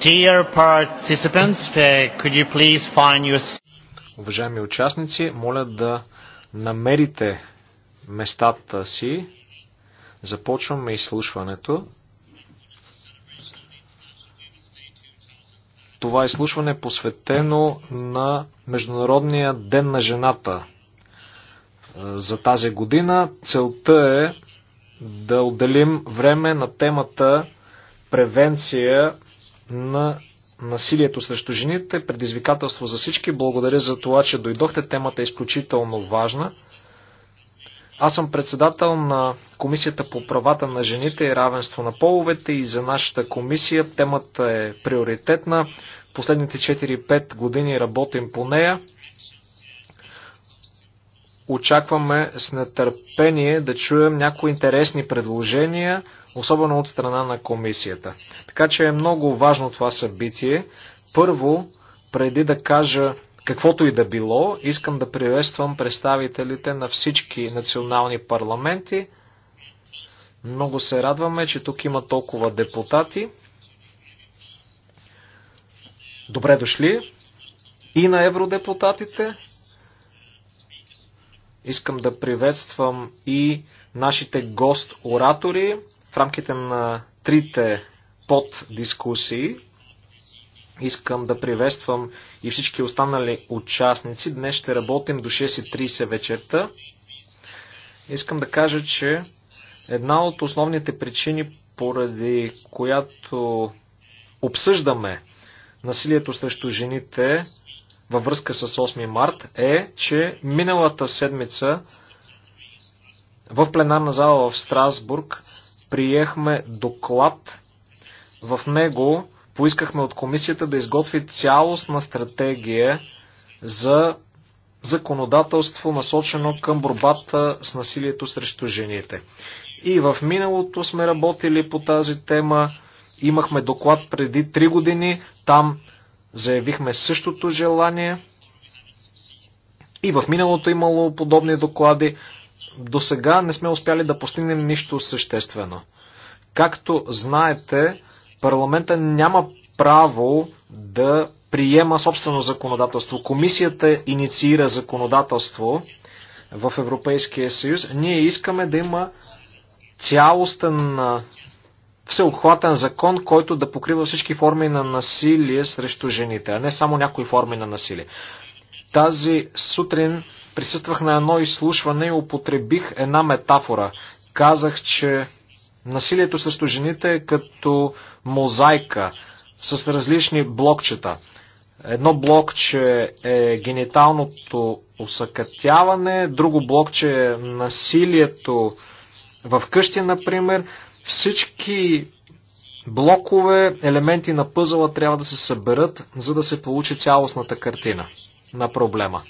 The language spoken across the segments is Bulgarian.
Dear participants, uh, could you please find your... Уважаеми участници, моля да намерите местата си. Започваме изслушването. Това изслушване е посветено на Международния ден на жената е, за тази година. Целта е да отделим време на темата превенция на насилието срещу жените, предизвикателство за всички. Благодаря за това, че дойдохте. Темата е изключително важна. Аз съм председател на Комисията по правата на жените и равенство на половете и за нашата комисия темата е приоритетна. Последните 4-5 години работим по нея. Очакваме с нетърпение да чуем някои интересни предложения особено от страна на комисията. Така че е много важно това събитие. Първо, преди да кажа каквото и да било, искам да приветствам представителите на всички национални парламенти. Много се радваме, че тук има толкова депутати. Добре дошли и на евродепутатите. Искам да приветствам и нашите гост-оратори, рамките на трите поддискусии. Искам да приветствам и всички останали участници. Днес ще работим до 6.30 вечерта. Искам да кажа, че една от основните причини, поради която обсъждаме насилието срещу жените във връзка с 8 март е, че миналата седмица в пленарна зала в Страсбург приехме доклад. В него поискахме от комисията да изготви цялостна стратегия за законодателство, насочено към борбата с насилието срещу жените. И в миналото сме работили по тази тема. Имахме доклад преди 3 години. Там заявихме същото желание. И в миналото имало подобни доклади до сега не сме успяли да постигнем нищо съществено. Както знаете, парламента няма право да приема собствено законодателство. Комисията инициира законодателство в Европейския съюз. Ние искаме да има цялостен всеобхватен закон, който да покрива всички форми на насилие срещу жените, а не само някои форми на насилие. Тази сутрин присъствах на едно изслушване и употребих една метафора. Казах, че насилието срещу жените е като мозайка с различни блокчета. Едно блокче е гениталното усъкътяване, друго блокче е насилието в къщи, например. Всички блокове, елементи на пъзела трябва да се съберат, за да се получи цялостната картина на проблема.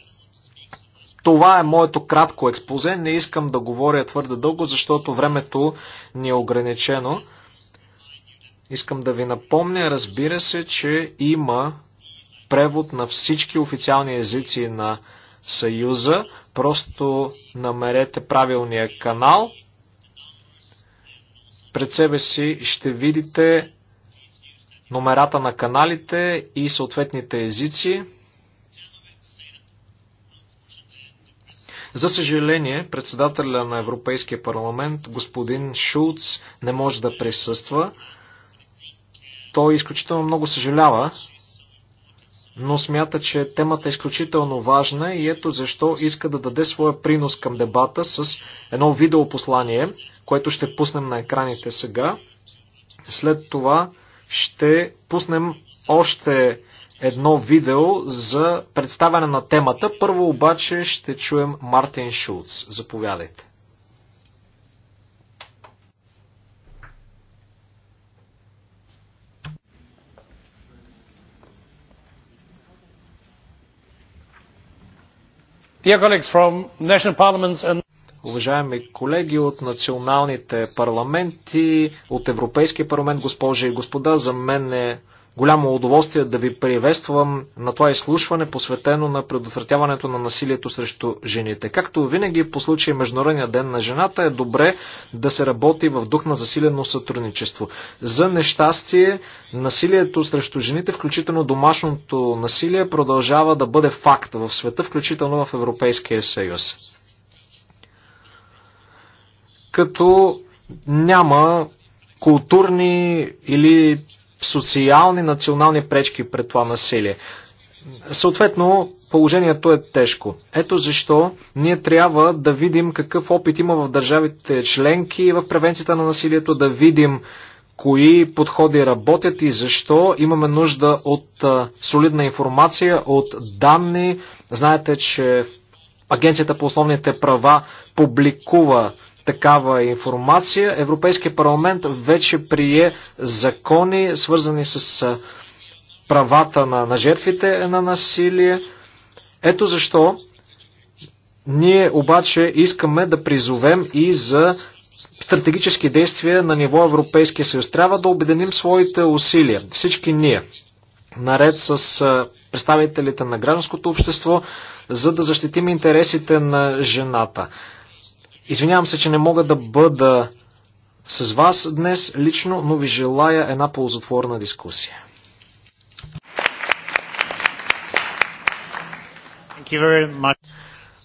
Това е моето кратко експозе. Не искам да говоря твърде дълго, защото времето ни е ограничено. Искам да ви напомня, разбира се, че има превод на всички официални езици на Съюза. Просто намерете правилния канал. Пред себе си ще видите номерата на каналите и съответните езици. За съжаление, председателя на Европейския парламент, господин Шулц, не може да присъства. Той изключително много съжалява, но смята, че темата е изключително важна и ето защо иска да даде своя принос към дебата с едно видеопослание, което ще пуснем на екраните сега. След това ще пуснем още едно видео за представяне на темата. Първо обаче ще чуем Мартин Шулц. Заповядайте. And... Уважаеми колеги от националните парламенти, от Европейския парламент, госпожи и господа, за мен е Голямо удоволствие да ви приветствам на това изслушване, посветено на предотвратяването на насилието срещу жените. Както винаги по случай Международния ден на жената е добре да се работи в дух на засилено сътрудничество. За нещастие, насилието срещу жените, включително домашното насилие, продължава да бъде факт в света, включително в Европейския съюз. Като няма културни или социални, национални пречки пред това насилие. Съответно, положението е тежко. Ето защо ние трябва да видим какъв опит има в държавите членки в превенцията на насилието, да видим кои подходи работят и защо. Имаме нужда от солидна информация, от данни. Знаете, че Агенцията по основните права публикува такава информация. Европейския парламент вече прие закони, свързани с правата на, на жертвите на насилие. Ето защо ние обаче искаме да призовем и за стратегически действия на ниво Европейския съюз. Трябва да обединим своите усилия, всички ние, наред с представителите на гражданското общество, за да защитим интересите на жената. Извинявам се, че не мога да бъда с вас днес лично, но ви желая една ползотворна дискусия.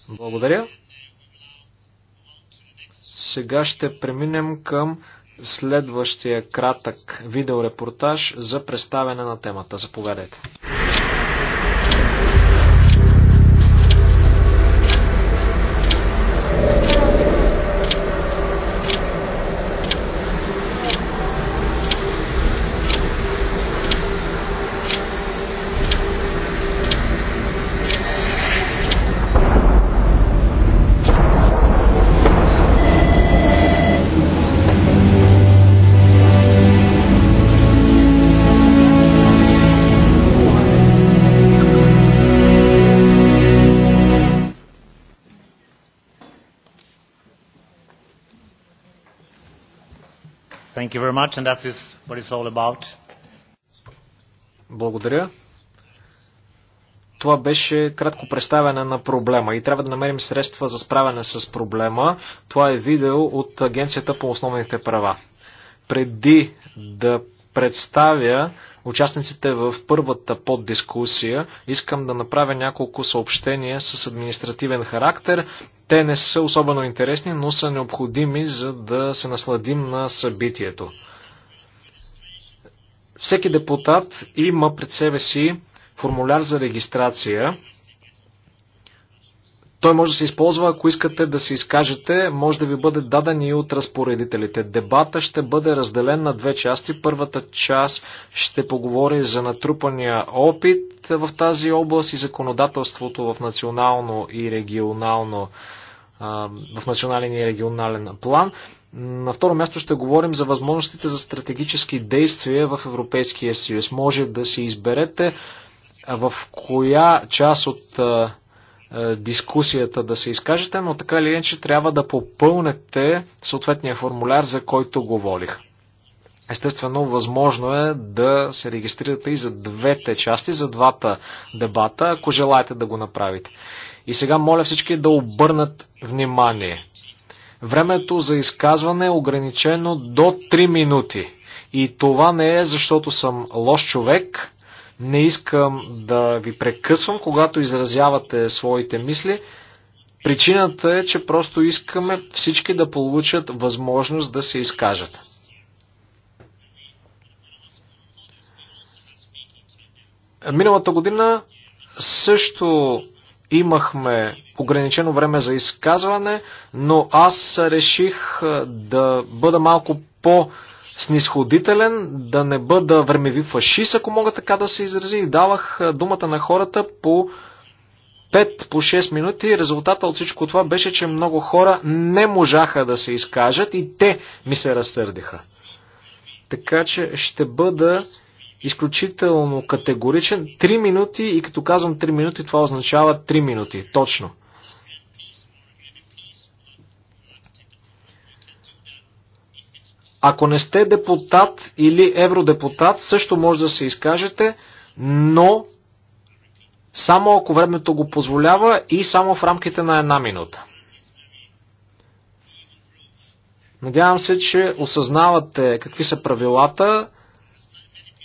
Благодаря. Сега ще преминем към следващия кратък видеорепортаж за представяне на темата. Заповядайте. very much, and that is what it's all about. Благодаря. Това беше кратко представяне на проблема и трябва да намерим средства за справяне с проблема. Това е видео от Агенцията по основните права. Преди да представя участниците в първата поддискусия. Искам да направя няколко съобщения с административен характер. Те не са особено интересни, но са необходими, за да се насладим на събитието. Всеки депутат има пред себе си формуляр за регистрация той може да се използва, ако искате да се изкажете, може да ви бъде даден и от разпоредителите. Дебата ще бъде разделен на две части. Първата част ще поговори за натрупания опит в тази област и законодателството в национално и регионално в национален и регионален план. На второ място ще говорим за възможностите за стратегически действия в Европейския съюз. Може да си изберете в коя част от е, дискусията да се изкажете, но така или иначе трябва да попълнете съответния формуляр, за който говорих. Естествено, възможно е да се регистрирате и за двете части, за двата дебата, ако желаете да го направите. И сега моля всички да обърнат внимание. Времето за изказване е ограничено до 3 минути. И това не е защото съм лош човек, не искам да ви прекъсвам, когато изразявате своите мисли. Причината е, че просто искаме всички да получат възможност да се изкажат. Миналата година също имахме ограничено време за изказване, но аз реших да бъда малко по- снисходителен, да не бъда времеви фашист, ако мога така да се изрази. И давах думата на хората по 5 по 6 минути. Резултата от всичко това беше, че много хора не можаха да се изкажат и те ми се разсърдиха. Така че ще бъда изключително категоричен. 3 минути и като казвам 3 минути, това означава 3 минути. Точно. Ако не сте депутат или евродепутат, също може да се изкажете, но само ако времето го позволява и само в рамките на една минута. Надявам се, че осъзнавате какви са правилата.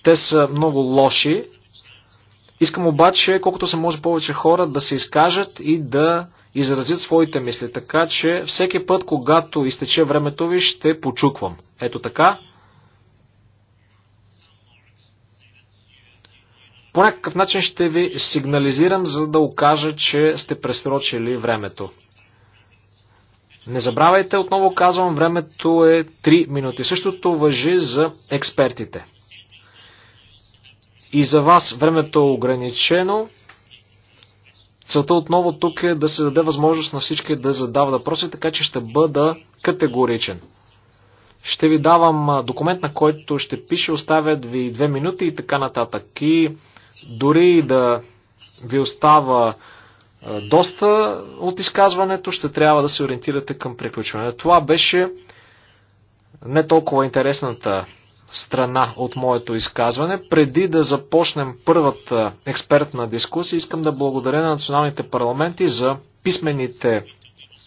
Те са много лоши. Искам обаче, колкото се може повече хора да се изкажат и да изразят своите мисли. Така че всеки път, когато изтече времето ви, ще почуквам. Ето така. По някакъв начин ще ви сигнализирам, за да окажа, че сте пресрочили времето. Не забравяйте, отново казвам, времето е 3 минути. Същото въжи за експертите. И за вас времето е ограничено. Целта отново тук е да се даде възможност на всички да задават въпроси, така че ще бъда категоричен. Ще ви давам документ, на който ще пише, оставят ви две минути и така нататък. И дори да ви остава доста от изказването, ще трябва да се ориентирате към приключване. Това беше не толкова интересната страна от моето изказване. Преди да започнем първата експертна дискусия, искам да благодаря на националните парламенти за писмените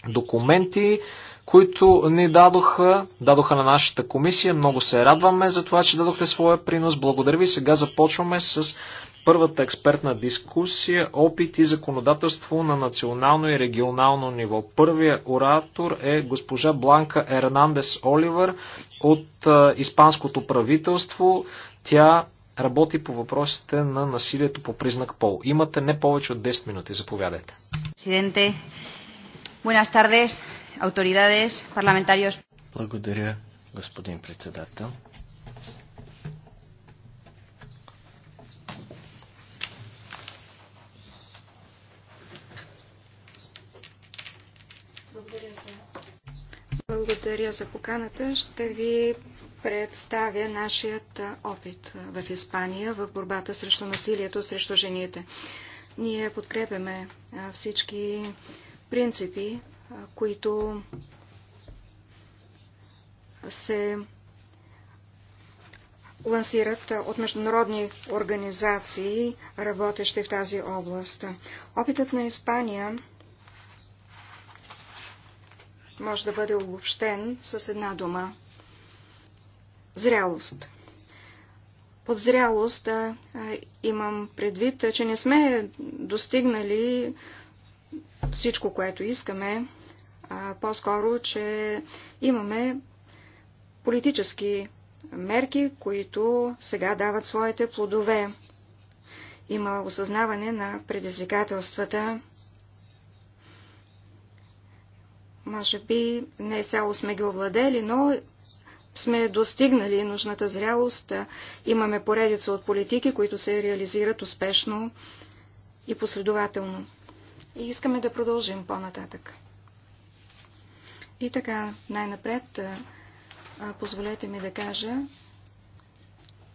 документи, които ни дадоха, дадоха на нашата комисия. Много се радваме за това, че дадохте своя принос. Благодаря ви. Сега започваме с Първата експертна дискусия – опит и законодателство на национално и регионално ниво. Първият оратор е госпожа Бланка Ернандес Оливер от Испанското правителство. Тя работи по въпросите на насилието по признак пол. Имате не повече от 10 минути. Заповядайте. Президенте, buenas tardes, autoridades, parlamentarios. Благодаря, господин председател. Благодаря за поканата. Ще ви представя нашият опит в Испания в борбата срещу насилието срещу жените. Ние подкрепяме всички принципи, които се лансират от международни организации, работещи в тази област. Опитът на Испания може да бъде обобщен с една дума. Зрялост. Под зрялост а, а, имам предвид, а, че не сме достигнали всичко, което искаме, а по-скоро, че имаме политически мерки, които сега дават своите плодове. Има осъзнаване на предизвикателствата, Може би не цяло сме ги овладели, но сме достигнали нужната зрялост. Имаме поредица от политики, които се реализират успешно и последователно. И искаме да продължим по-нататък. И така, най-напред, позволете ми да кажа,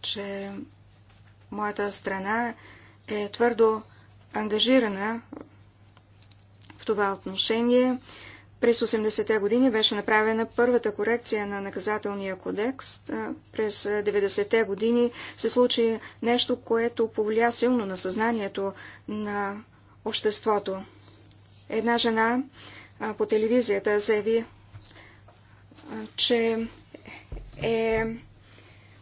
че моята страна е твърдо ангажирана в това отношение. През 80-те години беше направена първата корекция на наказателния кодекс. През 90-те години се случи нещо, което повлия силно на съзнанието на обществото. Една жена по телевизията заяви, че е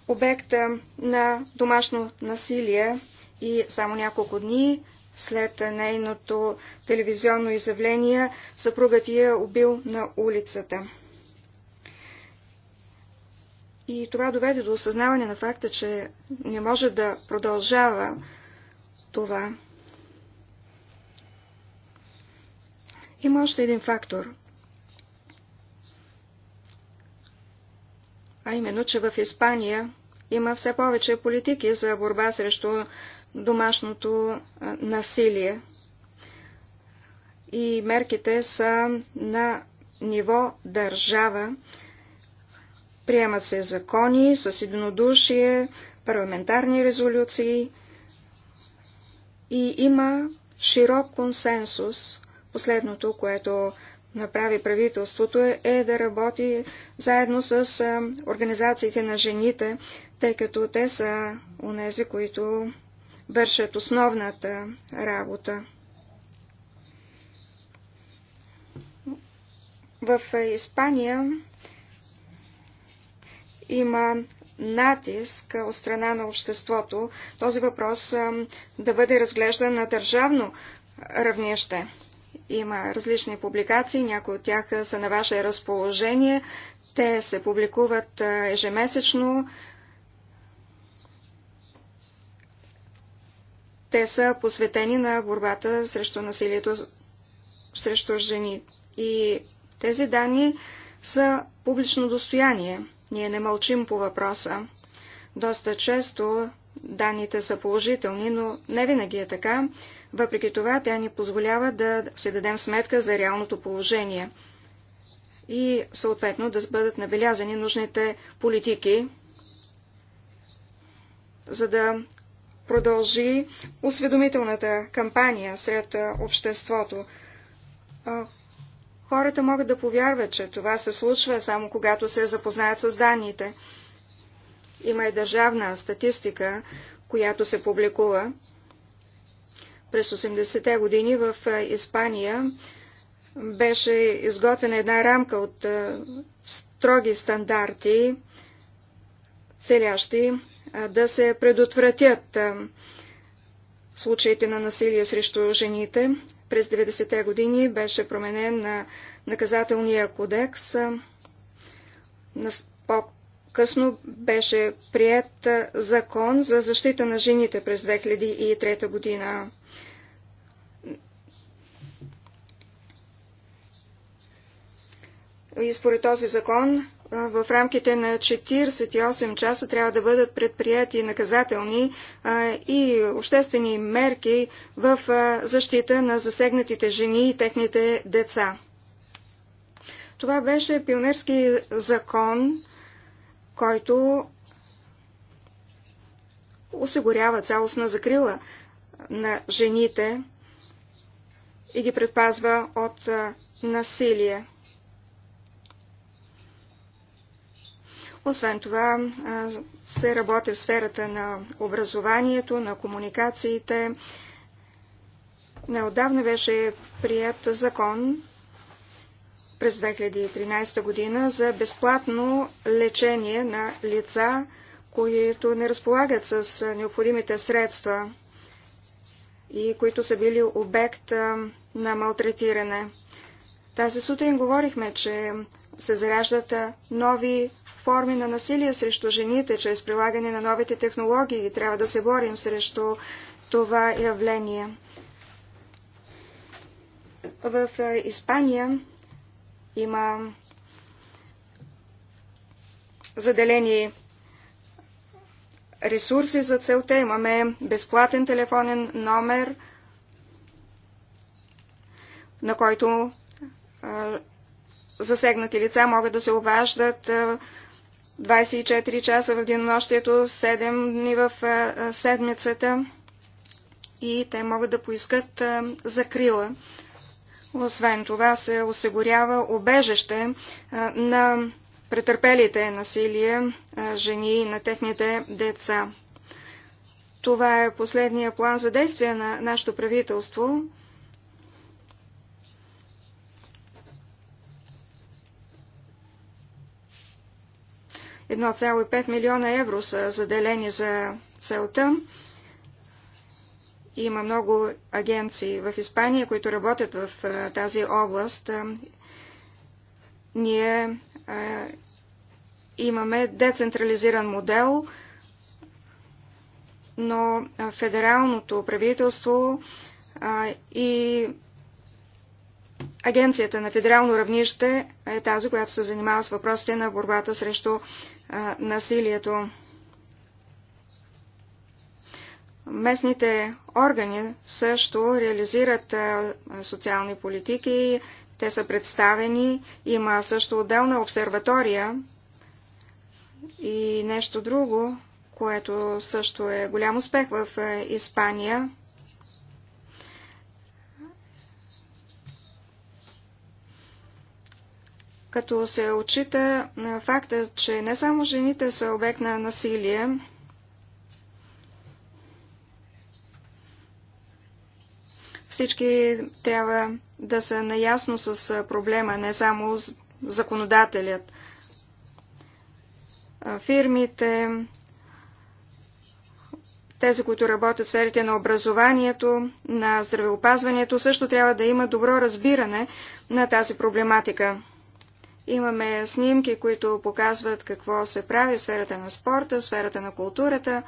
обект на домашно насилие и само няколко дни след нейното телевизионно изявление, съпругът я е убил на улицата. И това доведе до осъзнаване на факта, че не може да продължава това. Има още един фактор. А именно, че в Испания има все повече политики за борба срещу домашното насилие. И мерките са на ниво държава. Приемат се закони с единодушие, парламентарни резолюции и има широк консенсус. Последното, което направи правителството е, е да работи заедно с организациите на жените, тъй като те са унези, които вършат основната работа. В Испания има натиск от страна на обществото този въпрос да бъде разглеждан на държавно равнище. Има различни публикации, някои от тях са на ваше разположение. Те се публикуват ежемесечно Те са посветени на борбата срещу насилието срещу жени. И тези данни са публично достояние. Ние не мълчим по въпроса. Доста често данните са положителни, но не винаги е така. Въпреки това, тя ни позволява да се дадем сметка за реалното положение и съответно да бъдат набелязани нужните политики, за да продължи осведомителната кампания сред обществото. Хората могат да повярват, че това се случва само когато се запознаят с данните. Има и държавна статистика, която се публикува. През 80-те години в Испания беше изготвена една рамка от строги стандарти, целящи да се предотвратят случаите на насилие срещу жените. През 90-те години беше променен на наказателния кодекс. По-късно беше прият закон за защита на жените през 2003 година. И според този закон в рамките на 48 часа трябва да бъдат предприяти наказателни и обществени мерки в защита на засегнатите жени и техните деца. Това беше пионерски закон, който осигурява цялостна закрила на жените и ги предпазва от насилие. Освен това се работи в сферата на образованието, на комуникациите. Неодавна беше прият закон през 2013 година за безплатно лечение на лица, които не разполагат с необходимите средства и които са били обект на малтретиране. Тази сутрин говорихме, че се зараждат нови форми на насилие срещу жените, чрез прилагане на новите технологии. и Трябва да се борим срещу това явление. В е, Испания има заделени ресурси за целта. Имаме безплатен телефонен номер, на който е, засегнати лица могат да се обаждат е, 24 часа в денонощието, 7 дни в седмицата и те могат да поискат закрила. Освен това се осигурява обежище на претърпелите насилие, жени и на техните деца. Това е последния план за действие на нашето правителство. 1,5 милиона евро са заделени за целта. Има много агенции в Испания, които работят в тази област. Ние имаме децентрализиран модел, но федералното правителство и агенцията на федерално равнище е тази, която се занимава с въпросите на борбата срещу насилието. Местните органи също реализират социални политики, те са представени, има също отделна обсерватория и нещо друго, което също е голям успех в Испания – като се отчита факта, че не само жените са обект на насилие, всички трябва да са наясно с проблема, не само законодателят. Фирмите, тези, които работят в сферите на образованието, на здравеопазването, също трябва да има добро разбиране на тази проблематика. Имаме снимки, които показват какво се прави в сферата на спорта, сферата на културата.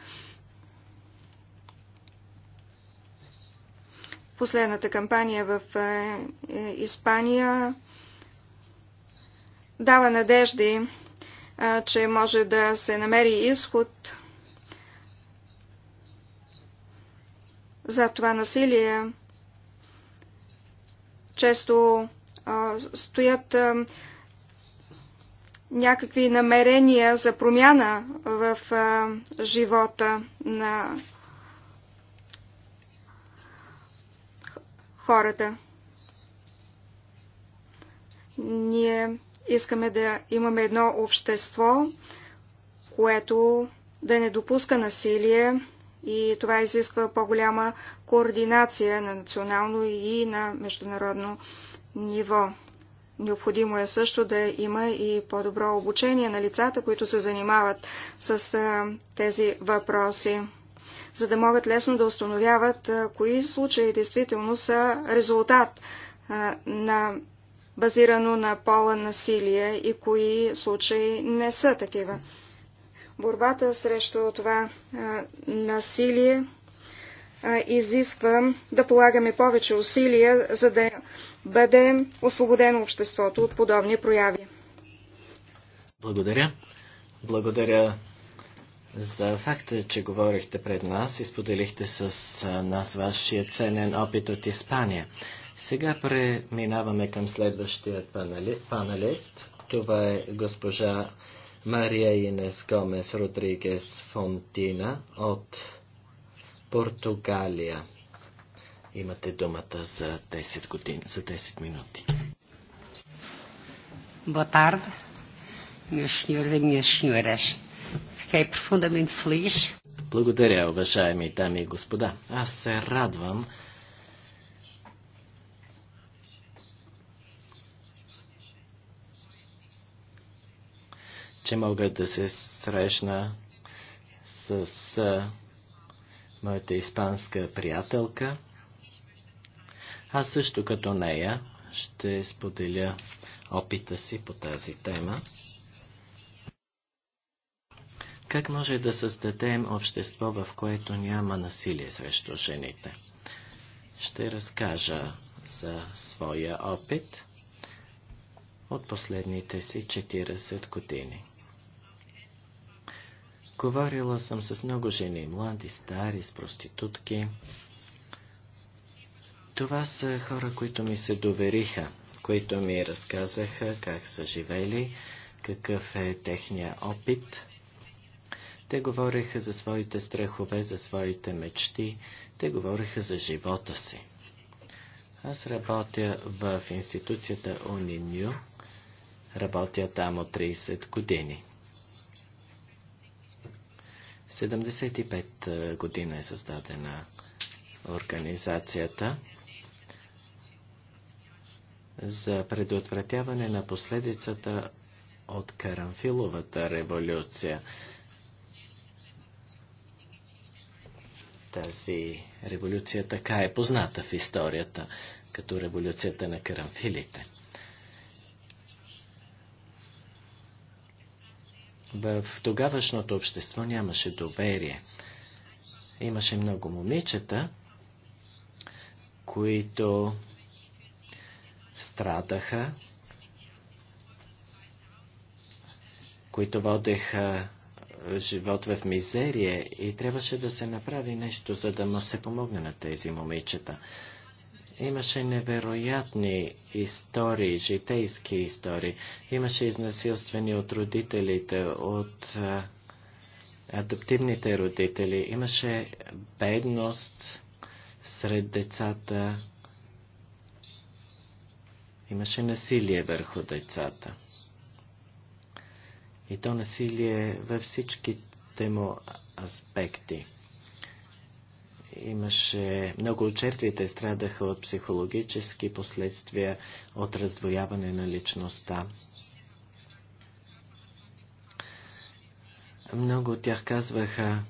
Последната кампания в е, е, Испания дава надежди, е, че може да се намери изход за това насилие. Често стоят някакви намерения за промяна в а, живота на хората. Ние искаме да имаме едно общество, което да не допуска насилие и това изисква по-голяма координация на национално и на международно ниво. Необходимо е също да има и по-добро обучение на лицата, които се занимават с тези въпроси, за да могат лесно да установяват кои случаи действително са резултат на базирано на пола насилие и кои случаи не са такива. Борбата срещу това насилие изисква да полагаме повече усилия, за да бъде освободено обществото от подобни прояви. Благодаря. Благодаря за факта, че говорихте пред нас и споделихте с нас вашия ценен опит от Испания. Сега преминаваме към следващия панели, панелист. Това е госпожа Мария Инес Гомес Родригес Фонтина от Португалия. Имате думата за 10, години, за 10 минути. Boa tarde, meus senhores e minhas senhoras. Fiquei profundamente feliz. Благодаря, уважаеми дами и господа. Аз се радвам, че мога да се срещна с моята испанска приятелка. Аз също като нея ще споделя опита си по тази тема. Как може да създадем общество, в което няма насилие срещу жените? Ще разкажа за своя опит от последните си 40 години. Говорила съм с много жени, млади, стари, с проститутки. Това са хора, които ми се довериха, които ми разказаха как са живели, какъв е техния опит. Те говореха за своите страхове, за своите мечти, те говореха за живота си. Аз работя в институцията Унинью, работя там от 30 години. 75 година е създадена организацията за предотвратяване на последицата от Карамфиловата революция. Тази революция така е позната в историята, като революцията на карамфилите. В тогавашното общество нямаше доверие. Имаше много момичета, които страдаха, които водеха живот в мизерия и трябваше да се направи нещо, за да му се помогне на тези момичета. Имаше невероятни истории, житейски истории. Имаше изнасилствени от родителите, от адаптивните родители. Имаше бедност сред децата. Имаше насилие върху децата. И то насилие във всичките му аспекти имаше много от жертвите страдаха от психологически последствия от раздвояване на личността. Много от тях казваха,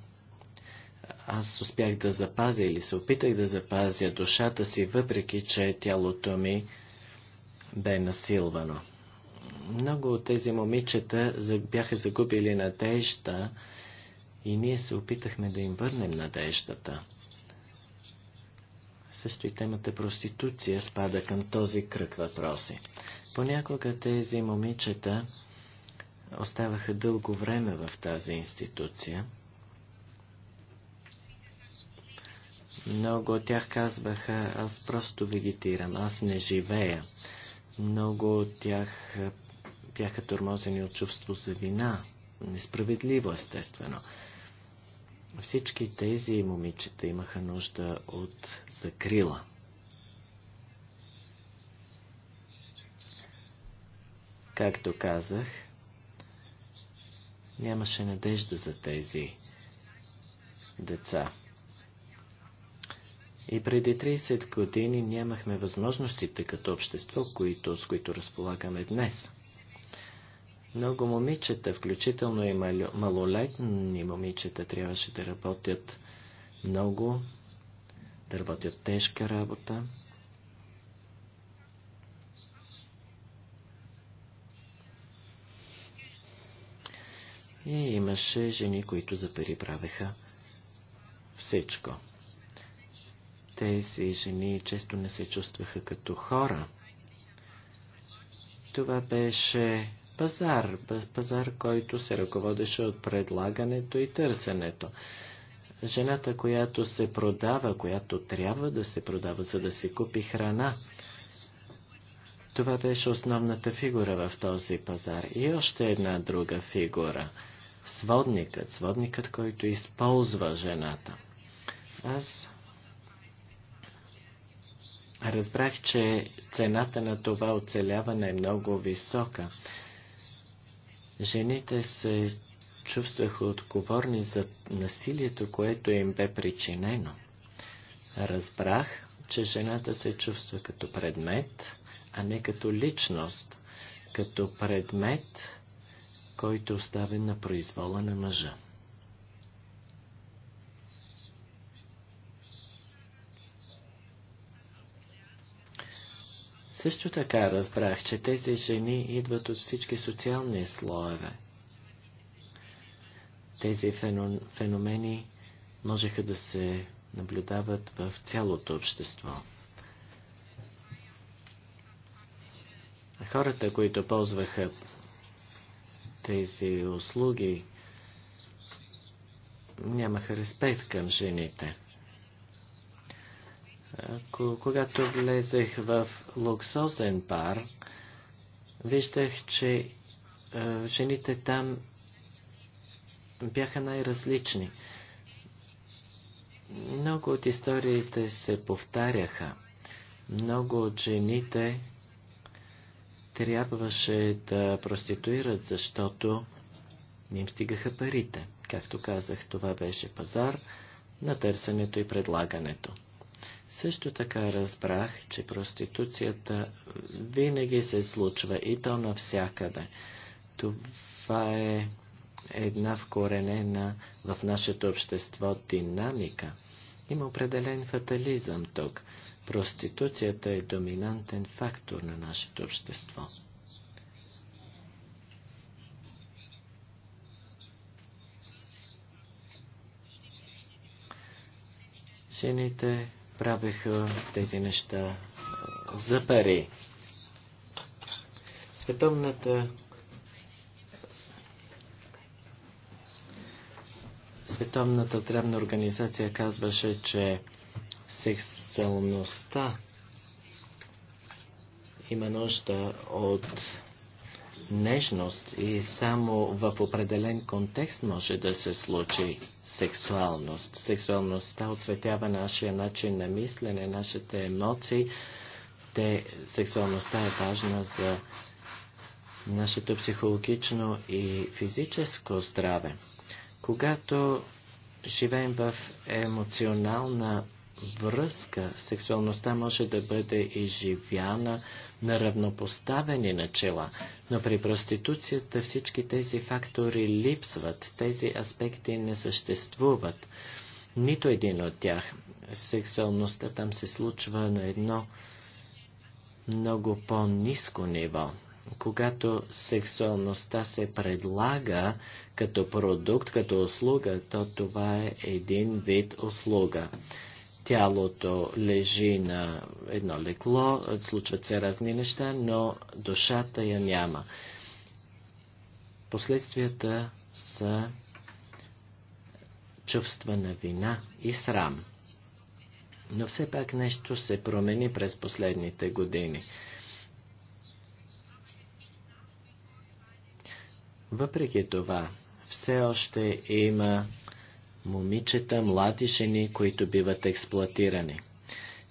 аз успях да запазя или се опитах да запазя душата си, въпреки че тялото ми бе насилвано. Много от тези момичета бяха загубили надежда и ние се опитахме да им върнем надеждата също и темата проституция спада към този кръг въпроси. Понякога тези момичета оставаха дълго време в тази институция. Много от тях казваха, аз просто вегетирам, аз не живея. Много от тях е, бяха тормозени от чувство за вина, несправедливо естествено. Всички тези момичета имаха нужда от закрила. Както казах, нямаше надежда за тези деца. И преди 30 години нямахме възможностите като общество, които, с които разполагаме днес. Много момичета, включително и малолетни момичета, трябваше да работят много, да работят тежка работа. И имаше жени, които за пари правеха всичко. Тези жени често не се чувстваха като хора. Това беше пазар, пазар, който се ръководеше от предлагането и търсенето. Жената, която се продава, която трябва да се продава, за да се купи храна, това беше основната фигура в този пазар. И още една друга фигура – сводникът, сводникът, който използва жената. Аз разбрах, че цената на това оцеляване е много висока. Жените се чувстваха отговорни за насилието, което им бе причинено. Разбрах, че жената се чувства като предмет, а не като личност, като предмет, който е оставен на произвола на мъжа. Също така разбрах, че тези жени идват от всички социални слоеве. Тези феномени можеха да се наблюдават в цялото общество. Хората, които ползваха тези услуги, нямаха респект към жените. Когато влезех в луксозен бар, виждах, че е, жените там бяха най-различни. Много от историите се повтаряха. Много от жените трябваше да проституират, защото не им стигаха парите. Както казах, това беше пазар на търсенето и предлагането. Също така разбрах, че проституцията винаги се случва и то навсякъде. Това е една вкоренена в нашето общество динамика. Има определен фатализъм тук. Проституцията е доминантен фактор на нашето общество. Жените правеха тези неща за пари. Световната Световната здравна организация казваше, че сексуалността има нужда от нежност и само в определен контекст може да се случи сексуалност. Сексуалността оцветява нашия начин на мислене, нашите емоции. Те, сексуалността е важна за нашето психологично и физическо здраве. Когато живеем в емоционална връзка. Сексуалността може да бъде изживяна на равнопоставени начала, но при проституцията всички тези фактори липсват, тези аспекти не съществуват. Нито един от тях. Сексуалността там се случва на едно много по-низко ниво. Когато сексуалността се предлага като продукт, като услуга, то това е един вид услуга тялото лежи на едно лекло, случват се разни неща, но душата я няма. Последствията са чувства на вина и срам. Но все пак нещо се промени през последните години. Въпреки това, все още има момичета, млади жени, които биват експлоатирани.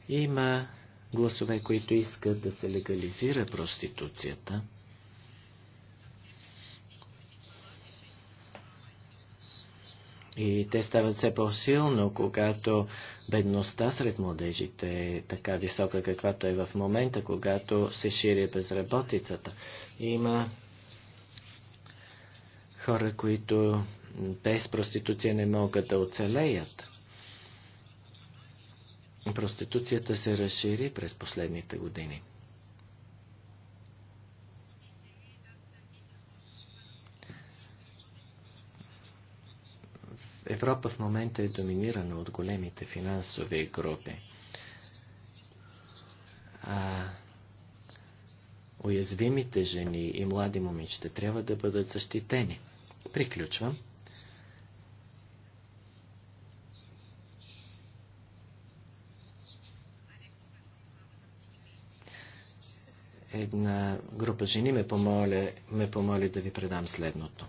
Има гласове, които искат да се легализира проституцията. И те стават все по-силно, когато бедността сред младежите е така висока, каквато е в момента, когато се шири безработицата. Има хора, които без проституция не могат да оцелеят. Проституцията се разшири през последните години. Европа в момента е доминирана от големите финансови групи. А уязвимите жени и млади момичета трябва да бъдат защитени. Приключвам. една група жени ме помоли, ме помоли да ви предам следното.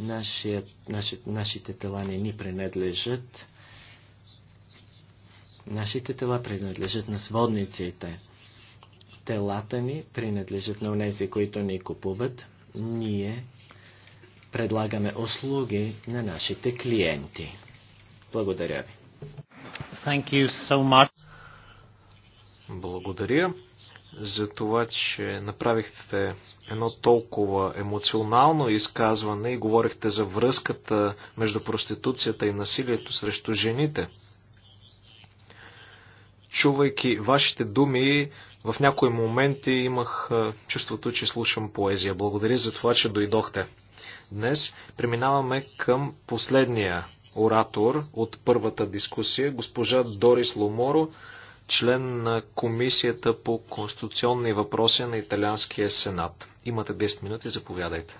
Нашия, наши, нашите тела не ни принадлежат. Нашите тела принадлежат на сводниците. Телата ни принадлежат на тези, които ни купуват. Ние предлагаме услуги на нашите клиенти. Благодаря ви. Thank you so much. Благодаря за това, че направихте едно толкова емоционално изказване и говорихте за връзката между проституцията и насилието срещу жените. Чувайки вашите думи, в някои моменти имах чувството, че слушам поезия. Благодаря за това, че дойдохте. Днес преминаваме към последния оратор от първата дискусия, госпожа Дорис Ломоро, член на Комисията по конституционни въпроси на Италианския сенат. Имате 10 минути, заповядайте.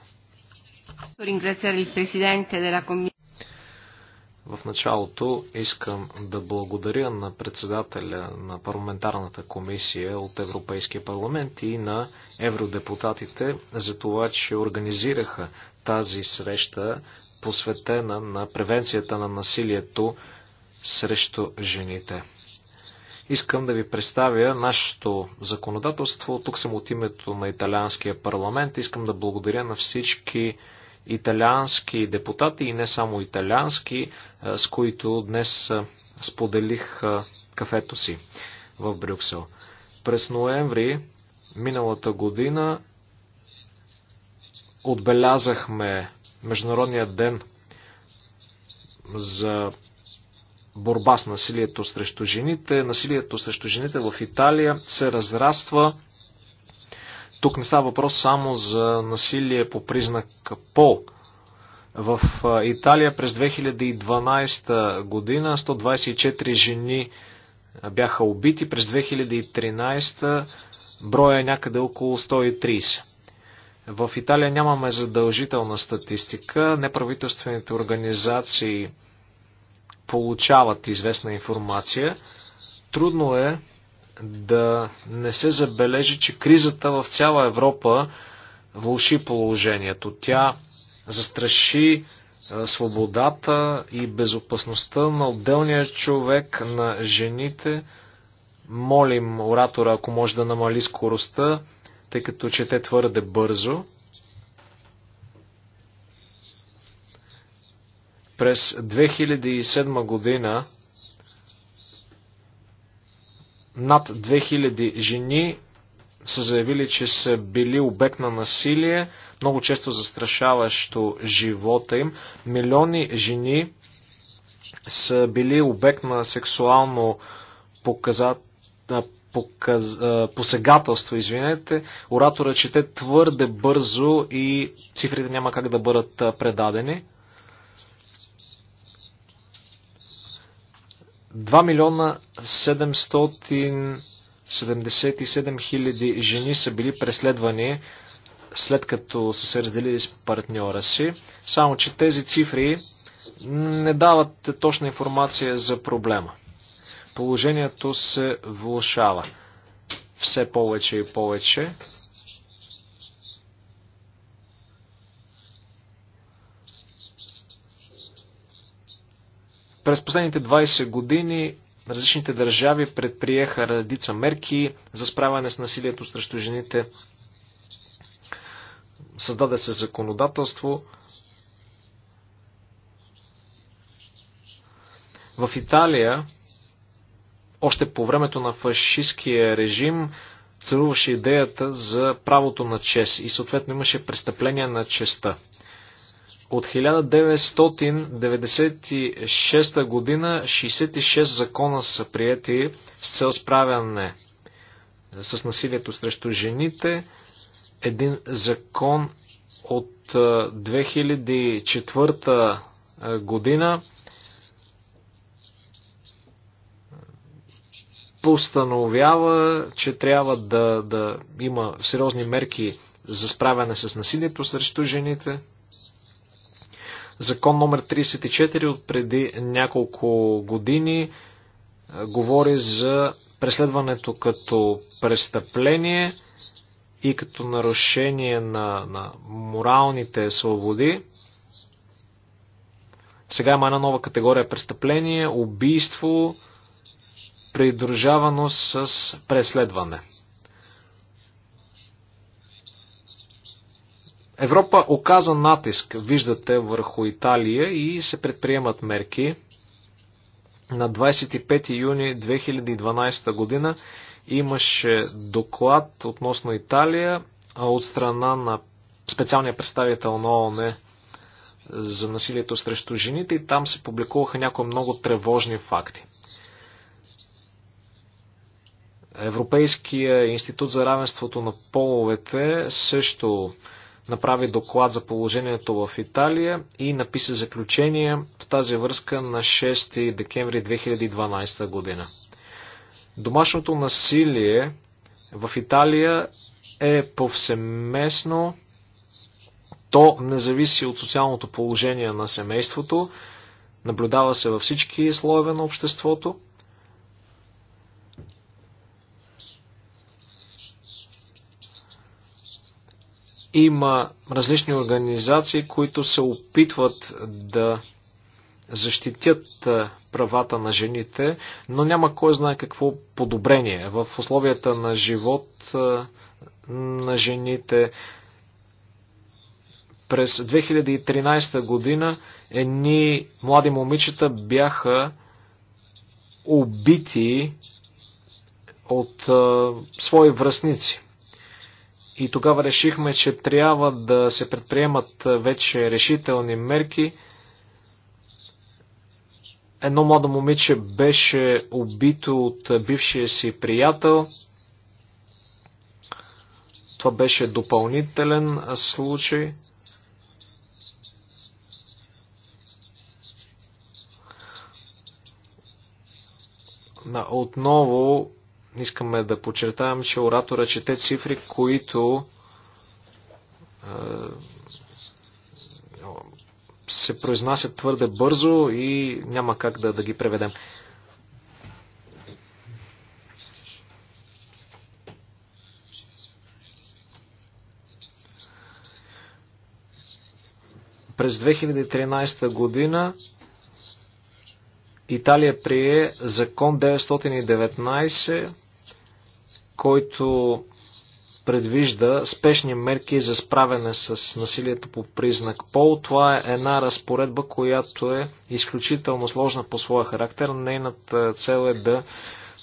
В началото искам да благодаря на председателя на парламентарната комисия от Европейския парламент и на евродепутатите за това, че организираха тази среща, посветена на превенцията на насилието срещу жените. Искам да ви представя нашето законодателство. Тук съм от името на Италианския парламент. Искам да благодаря на всички италиански депутати и не само италиански, с които днес споделих кафето си в Брюксел. През ноември миналата година отбелязахме Международния ден за борба с насилието срещу жените. Насилието срещу жените в Италия се разраства. Тук не става въпрос само за насилие по признак пол. В Италия през 2012 година 124 жени бяха убити, през 2013 броя е някъде около 130. В Италия нямаме задължителна статистика. Неправителствените организации получават известна информация. Трудно е да не се забележи, че кризата в цяла Европа влуши положението. Тя застраши е, свободата и безопасността на отделния човек, на жените. Молим оратора, ако може да намали скоростта, тъй като чете твърде бързо. През 2007 година над 2000 жени са заявили, че са били обект на насилие, много често застрашаващо живота им. Милиони жени са били обект на сексуално показат... Показ... посегателство, извинете. Оратора чете твърде бързо и цифрите няма как да бъдат предадени. 2 милиона 777 хиляди жени са били преследвани след като са се разделили с партньора си. Само, че тези цифри не дават точна информация за проблема. Положението се влушава все повече и повече. През последните 20 години различните държави предприеха редица мерки за справяне с насилието срещу жените. Създаде се законодателство. В Италия, още по времето на фашистския режим, царуваше идеята за правото на чест и съответно имаше престъпление на честа. От 1996 година 66 закона са приети с цел справяне с насилието срещу жените. Един закон от 2004 година постановява, че трябва да, да има сериозни мерки за справяне с насилието срещу жените. Закон номер 34 от преди няколко години е, говори за преследването като престъпление и като нарушение на, на моралните свободи. Сега има една нова категория престъпление убийство, придружавано с преследване. Европа оказа натиск, виждате, върху Италия и се предприемат мерки. На 25 юни 2012 година имаше доклад относно Италия от страна на специалния представител на ООН за насилието срещу жените и там се публикуваха някои много тревожни факти. Европейския институт за равенството на половете също направи доклад за положението в Италия и написа заключение в тази връзка на 6 декември 2012 година. Домашното насилие в Италия е повсеместно. То не зависи от социалното положение на семейството. Наблюдава се във всички слоеве на обществото. Има различни организации, които се опитват да защитят правата на жените, но няма кой знае какво подобрение в условията на живот на жените. През 2013 година едни млади момичета бяха убити от а, свои връзници. И тогава решихме, че трябва да се предприемат вече решителни мерки. Едно младо момиче беше убито от бившия си приятел. Това беше допълнителен случай. Отново Искаме да подчертаем, че оратора чете цифри, които е, се произнасят твърде бързо и няма как да, да ги преведем. През 2013 година Италия прие закон 919 който предвижда спешни мерки за справяне с насилието по признак пол. Това е една разпоредба, която е изключително сложна по своя характер. Нейната цел е да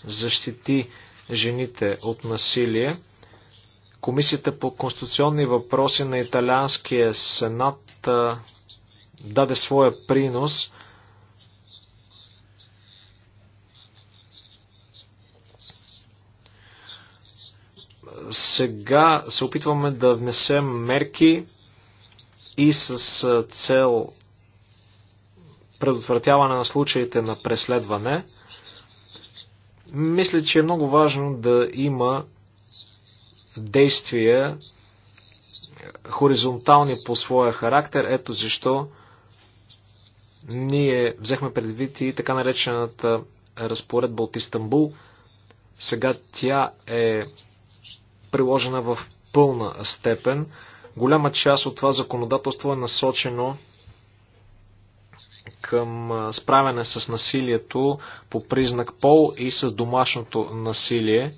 защити жените от насилие. Комисията по конституционни въпроси на Италианския сенат даде своя принос Сега се опитваме да внесем мерки и с цел предотвратяване на случаите на преследване. Мисля, че е много важно да има действия е, хоризонтални по своя характер. Ето защо ние взехме предвид и така наречената разпоредба от Истанбул. Сега тя е приложена в пълна степен. Голяма част от това законодателство е насочено към справяне с насилието по признак пол и с домашното насилие.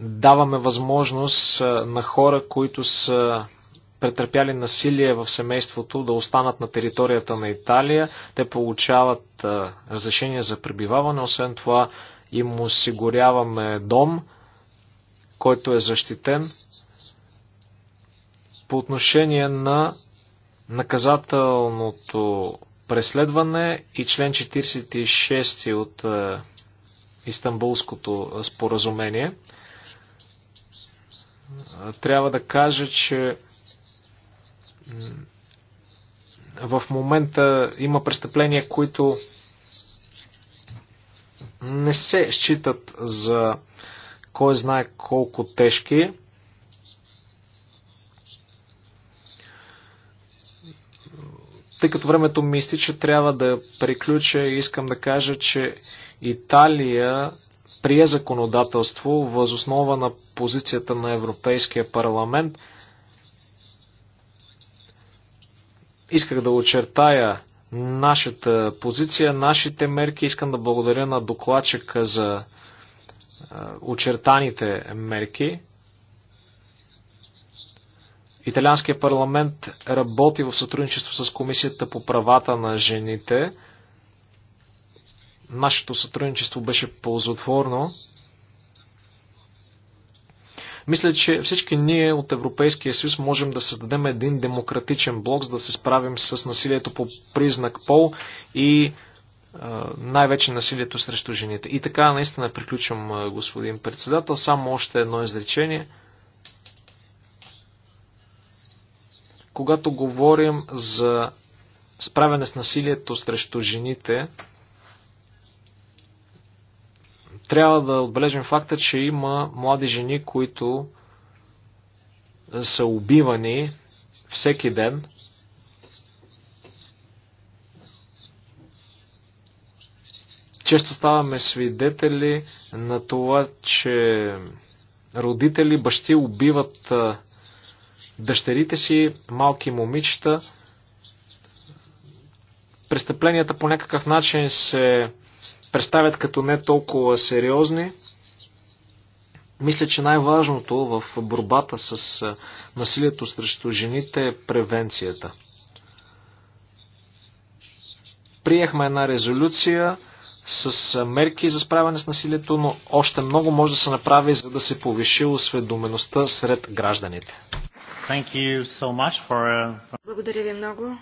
Даваме възможност на хора, които са претърпяли насилие в семейството да останат на територията на Италия. Те получават разрешение за пребиваване, освен това им осигуряваме дом – който е защитен по отношение на наказателното преследване и член 46 от е, Истанбулското споразумение. Трябва да кажа, че в момента има престъпления, които не се считат за кой знае колко тежки. Тъй като времето ми че трябва да приключа и искам да кажа, че Италия прие законодателство възоснова на позицията на Европейския парламент. Исках да очертая нашата позиция, нашите мерки. Искам да благодаря на докладчика за е, очертаните мерки. Италианския парламент работи в сътрудничество с Комисията по правата на жените. Нашето сътрудничество беше ползотворно. Мисля, че всички ние от Европейския съюз можем да създадем един демократичен блок, за да се справим с насилието по признак пол и най-вече насилието срещу жените. И така наистина приключвам, господин председател. Само още едно изречение. Когато говорим за справяне с насилието срещу жените, трябва да отбележим факта, че има млади жени, които са убивани всеки ден Често ставаме свидетели на това, че родители, бащи убиват дъщерите си, малки момичета. Престъпленията по някакъв начин се представят като не толкова сериозни. Мисля, че най-важното в борбата с насилието срещу жените е превенцията. Приехме една резолюция, с мерки за справяне с насилието, но още много може да се направи, за да се повиши осведомеността сред гражданите. So for... Uh, Благодаря ви много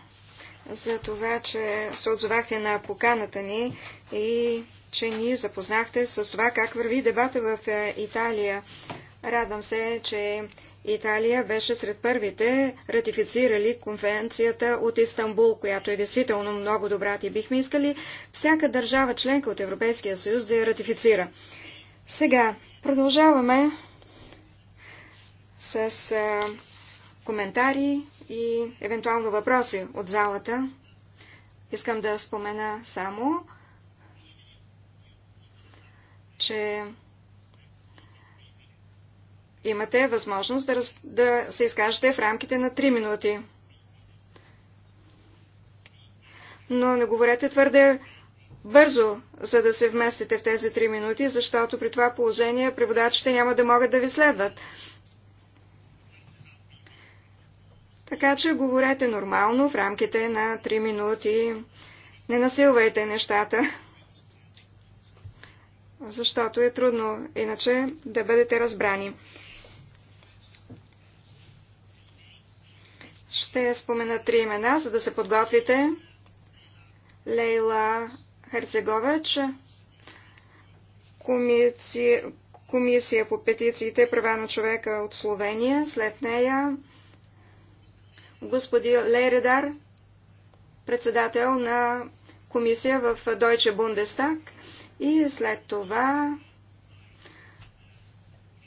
за това, че се отзовахте на поканата ни и че ни запознахте с това как върви дебата в е, Италия. Радвам се, че Италия беше сред първите ратифицирали конвенцията от Истанбул, която е действително много добра и бихме искали всяка държава членка от Европейския съюз да я ратифицира. Сега продължаваме с а, коментари и евентуално въпроси от залата. Искам да спомена само, че Имате възможност да, раз... да се изкажете в рамките на 3 минути. Но не говорете твърде бързо, за да се вместите в тези 3 минути, защото при това положение преводачите няма да могат да ви следват. Така че говорете нормално в рамките на 3 минути. Не насилвайте нещата, защото е трудно иначе да бъдете разбрани. Ще спомена три имена, за да се подготвите. Лейла Херцегович, комисия, комисия по петициите права на човека от Словения, след нея господин Лейредар, председател на комисия в Deutsche Bundestag и след това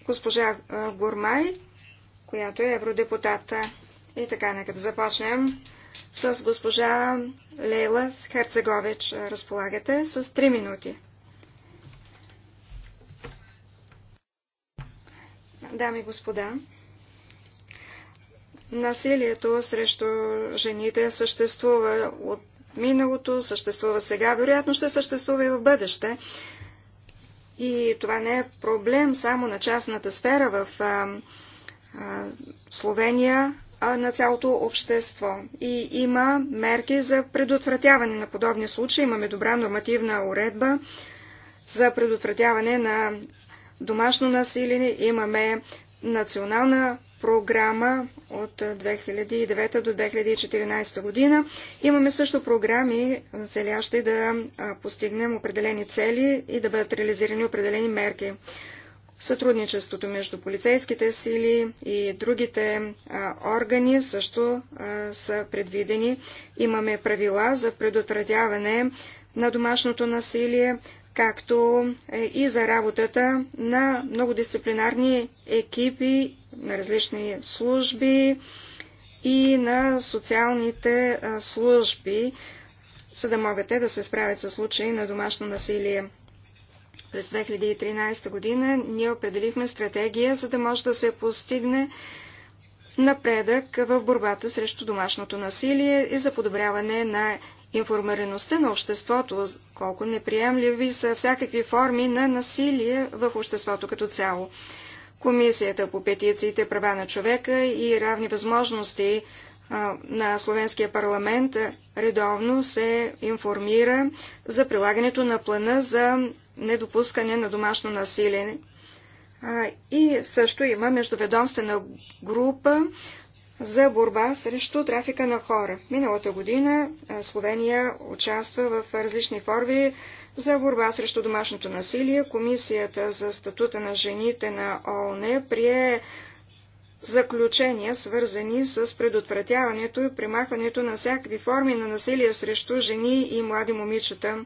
госпожа Гормай, която е евродепутата. И така, нека да започнем с госпожа Лейла Херцегович. Разполагате с 3 минути. Дами и господа, насилието срещу жените съществува от миналото, съществува сега, вероятно ще съществува и в бъдеще. И това не е проблем само на частната сфера в а, а, Словения, на цялото общество. И има мерки за предотвратяване на подобни случаи. Имаме добра нормативна уредба за предотвратяване на домашно насилие. Имаме национална програма от 2009 до 2014 година. Имаме също програми, целящи да постигнем определени цели и да бъдат реализирани определени мерки. Сътрудничеството между полицейските сили и другите а, органи също а, са предвидени. Имаме правила за предотвратяване на домашното насилие, както е, и за работата на многодисциплинарни екипи на различни служби и на социалните служби, за да могат те да се справят с случаи на домашно насилие. През 2013 година ние определихме стратегия, за да може да се постигне напредък в борбата срещу домашното насилие и за подобряване на информираността на обществото, колко неприемливи са всякакви форми на насилие в обществото като цяло. Комисията по петициите права на човека и равни възможности на Словенския парламент редовно се информира за прилагането на плана за недопускане на домашно насилие. И също има междуведомствена група за борба срещу трафика на хора. Миналата година Словения участва в различни форми за борба срещу домашното насилие. Комисията за статута на жените на ООН прие заключения, свързани с предотвратяването и примахването на всякакви форми на насилие срещу жени и млади момичета.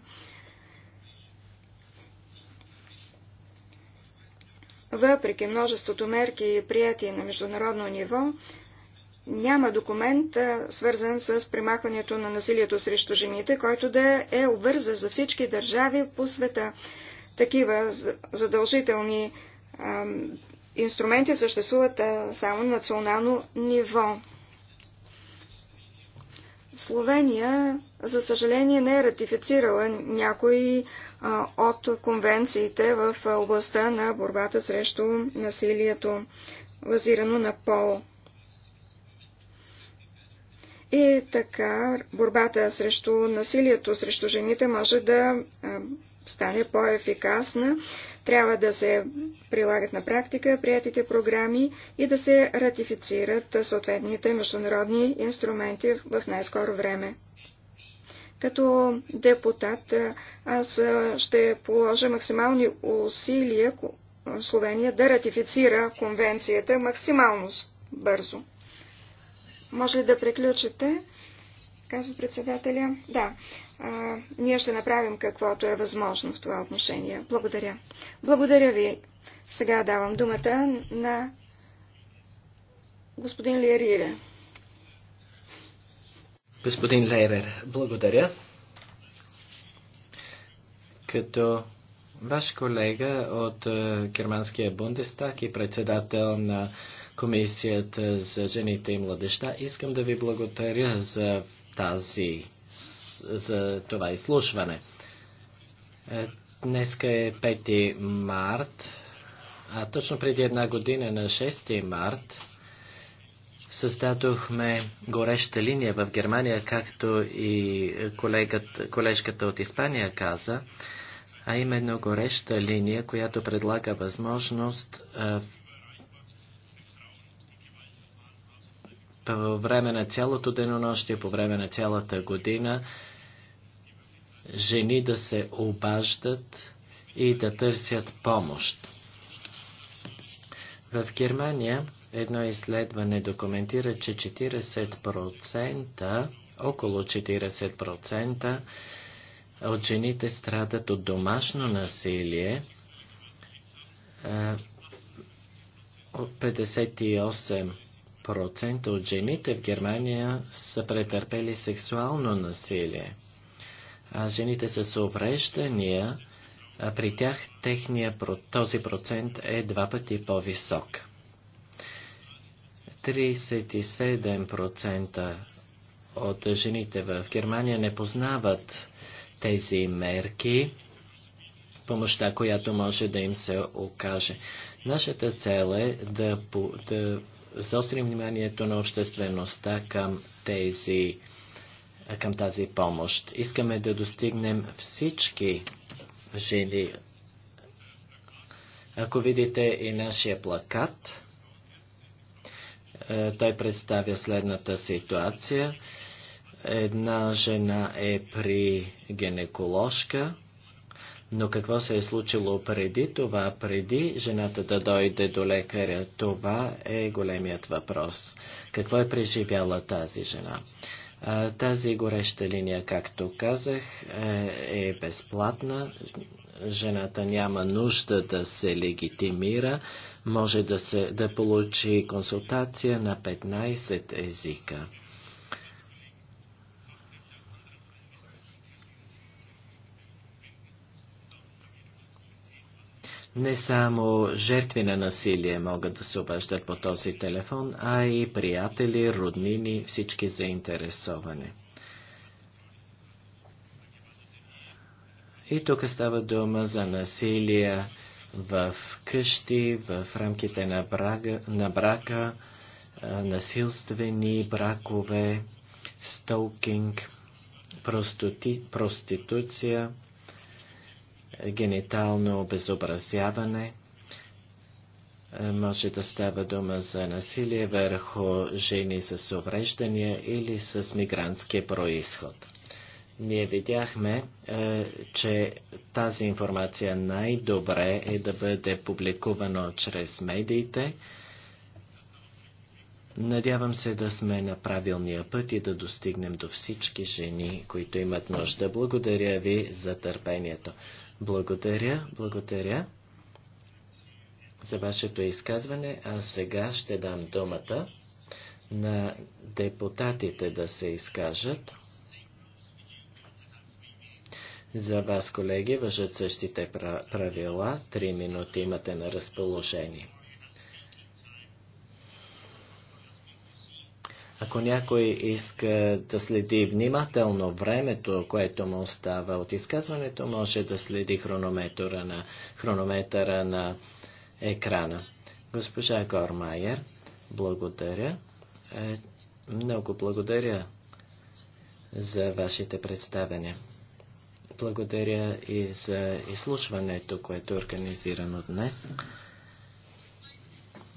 Въпреки множеството мерки, прияти на международно ниво, няма документ, свързан с примахването на насилието срещу жените, който да е обвързан за всички държави по света. Такива задължителни инструменти съществуват само на национално ниво. Словения, за съжаление, не е ратифицирала някои от конвенциите в областта на борбата срещу насилието, базирано на пол. И така, борбата срещу насилието срещу жените може да стане по-ефикасна трябва да се прилагат на практика приятите програми и да се ратифицират съответните международни инструменти в най-скоро време. Като депутат аз ще положа максимални усилия Словения да ратифицира конвенцията максимално бързо. Може ли да приключите? Казва председателя. Да а, ние ще направим каквото е възможно в това отношение. Благодаря. Благодаря ви. Сега давам думата на господин Лерире. Господин Лейрер, благодаря. Като ваш колега от е, Германския Бундестаг и председател на Комисията за жените и младеща, искам да ви благодаря за тази за това изслушване. Е, днеска е 5 март, а точно преди една година, на 6 март, създадохме гореща линия в Германия, както и колегът, колежката от Испания каза, а именно гореща линия, която предлага възможност е, по време на цялото денонощие, по време на цялата година, жени да се обаждат и да търсят помощ. В Германия едно изследване документира, че 40%, около 40% от жените страдат от домашно насилие, 58% от жените в Германия са претърпели сексуално насилие а жените с увреждания, при тях техния, този процент е два пъти по-висок. 37% от жените в Германия не познават тези мерки, помощта, която може да им се окаже. Нашата цел е да, да заострим вниманието на обществеността към тези мерки е, към тази помощ. Искаме да достигнем всички жени. Ако видите и нашия плакат, е, той представя следната ситуация. Една жена е при гинеколожка, но какво се е случило преди това, преди жената да дойде до лекаря, това е големият въпрос. Какво е преживяла тази жена? Тази гореща линия, както казах, е, е безплатна. Жената няма нужда да се легитимира. Може да, се, да получи консултация на 15 езика. Не само жертви на насилие могат да се обаждат по този телефон, а и приятели, роднини, всички заинтересовани. И тук става дума за насилие в къщи, в рамките на, брага, на брака, насилствени бракове, столкинг, проституция – генитално обезобразяване. Е, може да става дума за насилие върху жени с увреждания или с мигрантски происход. Ние видяхме, е, че тази информация най-добре е да бъде публикувана чрез медиите. Надявам се да сме на правилния път и да достигнем до всички жени, които имат нужда. Благодаря ви за търпението. Благодаря, благодаря за вашето изказване, а сега ще дам думата на депутатите да се изкажат. За вас, колеги, въжат същите правила. Три минути имате на разположение. Ако някой иска да следи внимателно времето, което му остава от изказването, може да следи хронометъра на, хронометъра на екрана. Госпожа Гормайер, благодаря. Е, много благодаря за вашите представения. Благодаря и за изслушването, което е организирано днес.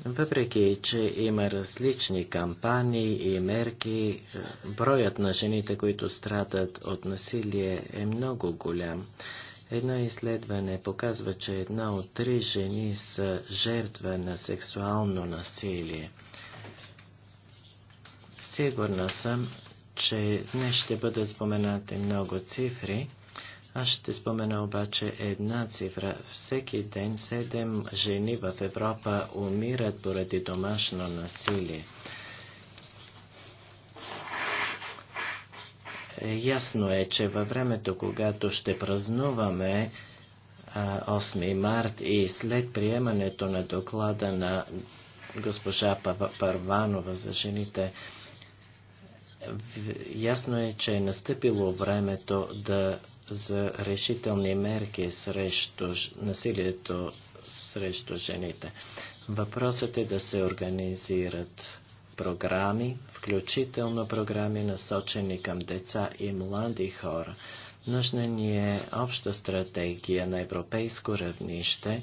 Въпреки, че има различни кампании и мерки, е, броят на жените, които страдат от насилие е много голям. Едно изследване показва, че една от три жени са жертва на сексуално насилие. Сигурна съм, че днес ще бъдат споменати много цифри, аз ще спомена обаче една цифра. Всеки ден седем жени в Европа умират поради домашно насилие. Е, ясно е, че във времето, когато ще празнуваме 8 март и след приемането на доклада на госпожа Парванова за жените, ясно е, че е настъпило времето да за решителни мерки срещу насилието срещу жените. Въпросът е да се организират програми, включително програми насочени към деца и млади хора. Нужна ни е обща стратегия на европейско равнище,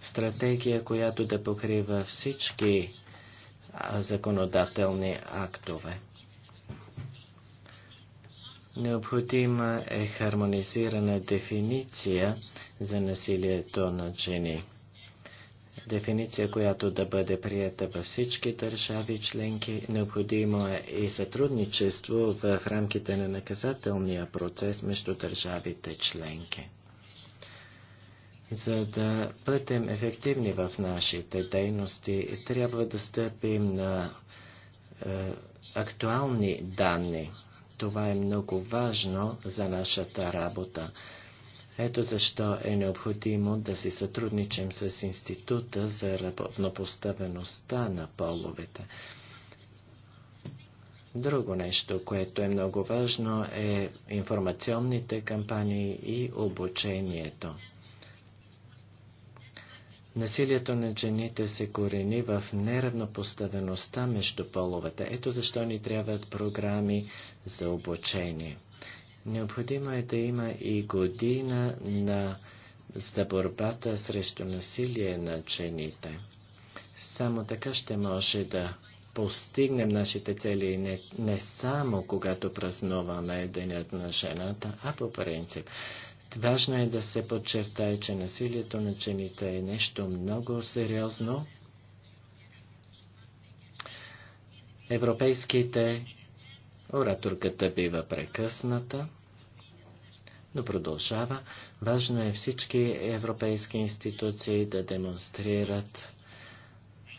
стратегия, която да покрива всички законодателни актове. Необходима е хармонизирана дефиниция за насилието на жени. Дефиниция, която да бъде прията във всички държави членки. Необходимо е и сътрудничество в рамките на наказателния процес между държавите членки. За да бъдем ефективни в нашите дейности, трябва да стъпим на е, актуални данни – това е много важно за нашата работа. Ето защо е необходимо да си сътрудничим с Института за равнопоставеността на половете. Друго нещо, което е много важно, е информационните кампании и обучението. Насилието на жените се корени в неравнопоставеността между половете. Ето защо ни трябват програми за обучение. Необходимо е да има и година на, за борбата срещу насилие на жените. Само така ще може да постигнем нашите цели не, не само когато празнуваме Денят на жената, а по принцип. Важно е да се подчертае, че насилието на жените е нещо много сериозно. Европейските ораторката бива прекъсната, но продължава. Важно е всички европейски институции да демонстрират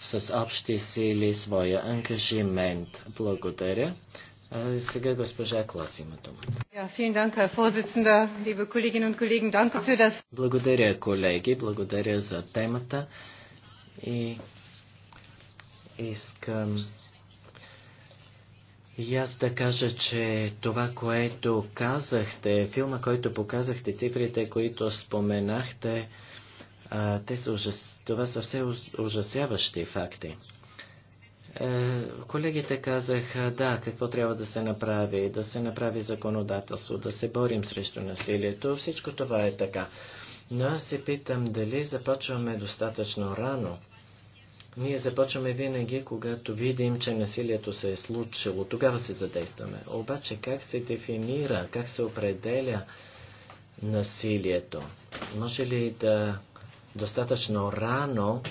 с общи сили своя ангажимент. Благодаря сега госпожа Клас има думата. Благодаря, колеги. Благодаря за темата. И искам и аз да кажа, че това, което казахте, филма, който показахте, цифрите, които споменахте, те са ужас... това са все ужасяващи факти. Е, колегите казаха, да, какво трябва да се направи, да се направи законодателство, да се борим срещу насилието, всичко това е така. Но аз се питам дали започваме достатъчно рано. Ние започваме винаги, когато видим, че насилието се е случило. Тогава се задействаме. Обаче как се дефинира, как се определя насилието? Може ли да достатъчно рано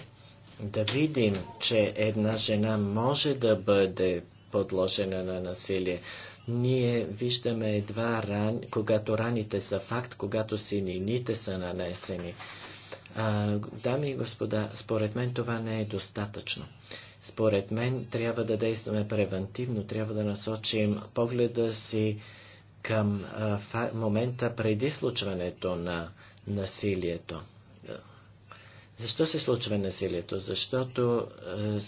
да видим, че една жена може да бъде подложена на насилие. Ние виждаме едва ран, когато раните са факт, когато синините са нанесени. А, дами и господа, според мен това не е достатъчно. Според мен трябва да действаме превентивно, трябва да насочим погледа си към а, момента преди случването на насилието. Защо се случва насилието? Защото, е,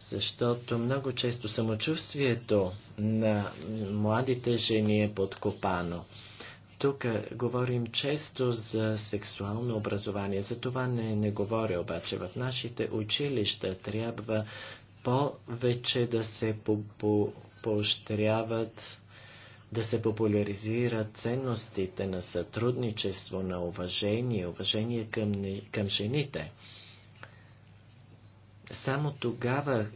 защото много често самочувствието на младите жени е подкопано. Тук е, говорим често за сексуално образование, за това не, не говоря обаче. В нашите училища трябва повече да се по, по, поощряват да се популяризират ценностите на сътрудничество, на уважение, уважение към, към жените. Само тогава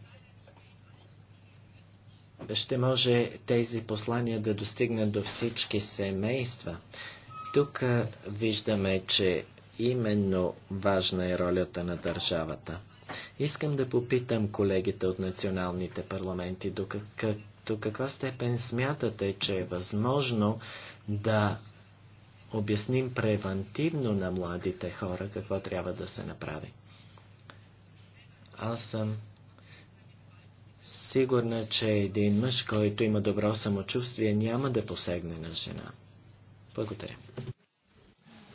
ще може тези послания да достигнат до всички семейства. Тук виждаме, че именно важна е ролята на държавата. Искам да попитам колегите от националните парламенти до какъв до каква степен смятате, че е възможно да обясним превантивно на младите хора какво трябва да се направи? Аз съм сигурна, че един мъж, който има добро самочувствие, няма да посегне на жена. Благодаря.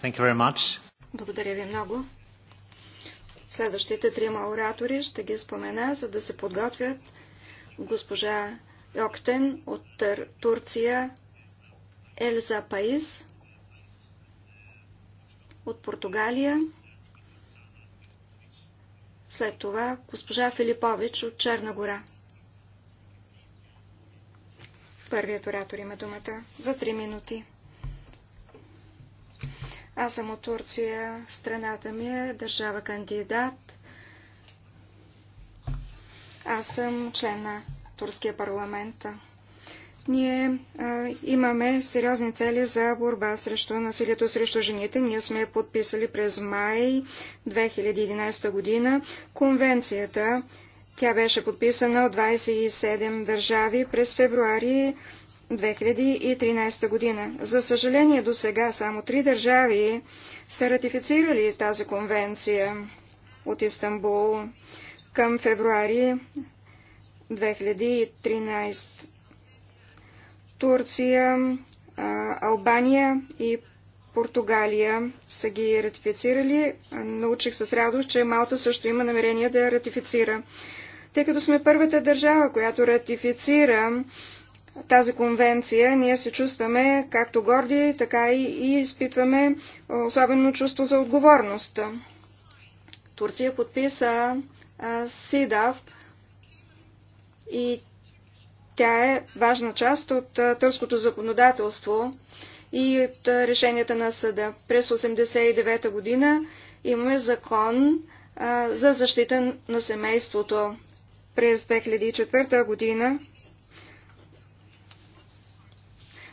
Thank you very much. Благодаря ви много. Следващите трима оратори ще ги спомена, за да се подготвят госпожа Йоктен от Турция, Елза Паис от Португалия, след това госпожа Филипович от Черна гора. Първият оратор има думата за 3 минути. Аз съм от Турция, страната ми е държава кандидат. Аз съм член на турския парламент. Ние а, имаме сериозни цели за борба срещу насилието срещу жените. Ние сме подписали през май 2011 година конвенцията. Тя беше подписана от 27 държави през февруари 2013 година. За съжаление до сега само три държави са ратифицирали тази конвенция от Истанбул към февруари 2013. Турция, Албания и Португалия са ги ратифицирали. Научих с радост, че Малта също има намерение да ратифицира. Тъй като сме първата държава, която ратифицира тази конвенция, ние се чувстваме както горди, така и, и изпитваме особено чувство за отговорност. Турция подписа СИДАВ и тя е важна част от търското законодателство и от решенията на съда. През 1989 година имаме закон за защита на семейството. През 2004 година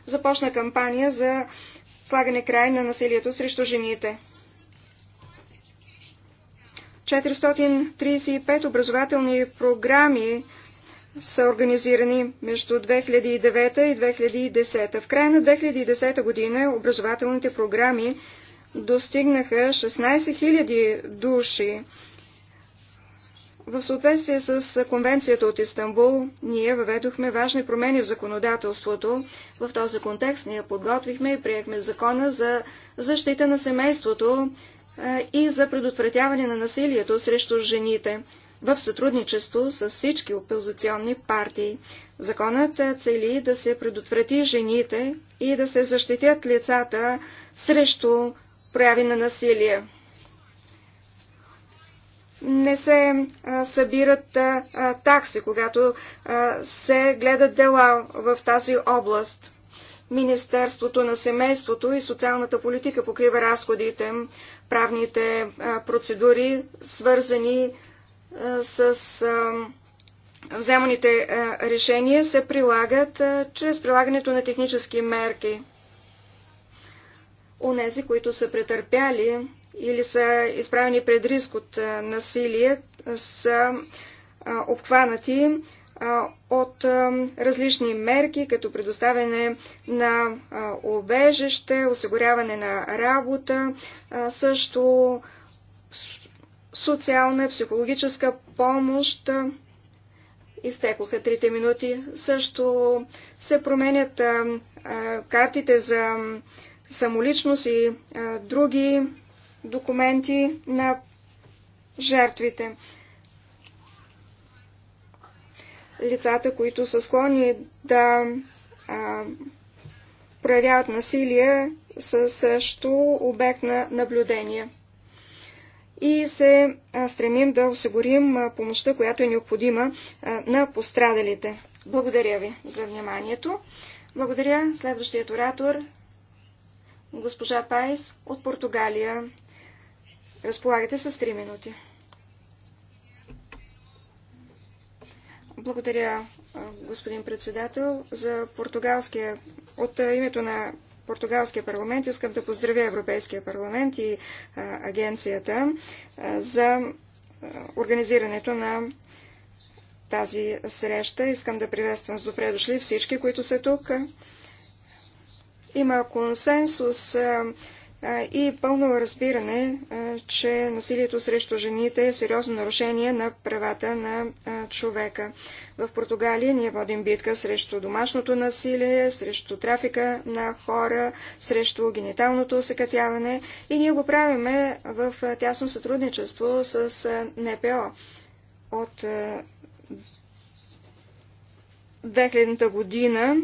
започна кампания за слагане край на насилието срещу жените. 435 образователни програми са организирани между 2009 и 2010. В края на 2010 година образователните програми достигнаха 16 000 души. В съответствие с конвенцията от Истанбул, ние въведохме важни промени в законодателството. В този контекст ние подготвихме и приехме закона за защита на семейството и за предотвратяване на насилието срещу жените в сътрудничество с всички опозиционни партии. Законът е, цели да се предотврати жените и да се защитят лицата срещу прояви на насилие. Не се а, събират а, такси, когато а, се гледат дела в тази област. Министерството на семейството и социалната политика покрива разходите, правните процедури, свързани с вземаните решения се прилагат чрез прилагането на технически мерки. Онези, които са претърпяли или са изправени пред риск от насилие, са обхванати от различни мерки, като предоставяне на обежище, осигуряване на работа, също социална и психологическа помощ. изтекоха трите минути. Също се променят а, а, картите за самоличност и а, други документи на жертвите. Лицата, които са склонни да а, проявяват насилие, са също обект на наблюдение и се стремим да осигурим помощта, която е необходима на пострадалите. Благодаря ви за вниманието. Благодаря. Следващият оратор, госпожа Пайс от Португалия. Разполагате с 3 минути. Благодаря, господин председател, за португалския, от името на португалския парламент. Искам да поздравя Европейския парламент и а, агенцията а, за а, организирането на тази среща. Искам да приветствам с добре дошли всички, които са тук. Има консенсус. А, и пълно разбиране, че насилието срещу жените е сериозно нарушение на правата на човека. В Португалия ние водим битка срещу домашното насилие, срещу трафика на хора, срещу гениталното осъкътяване и ние го правиме в тясно сътрудничество с НПО. От 2000 година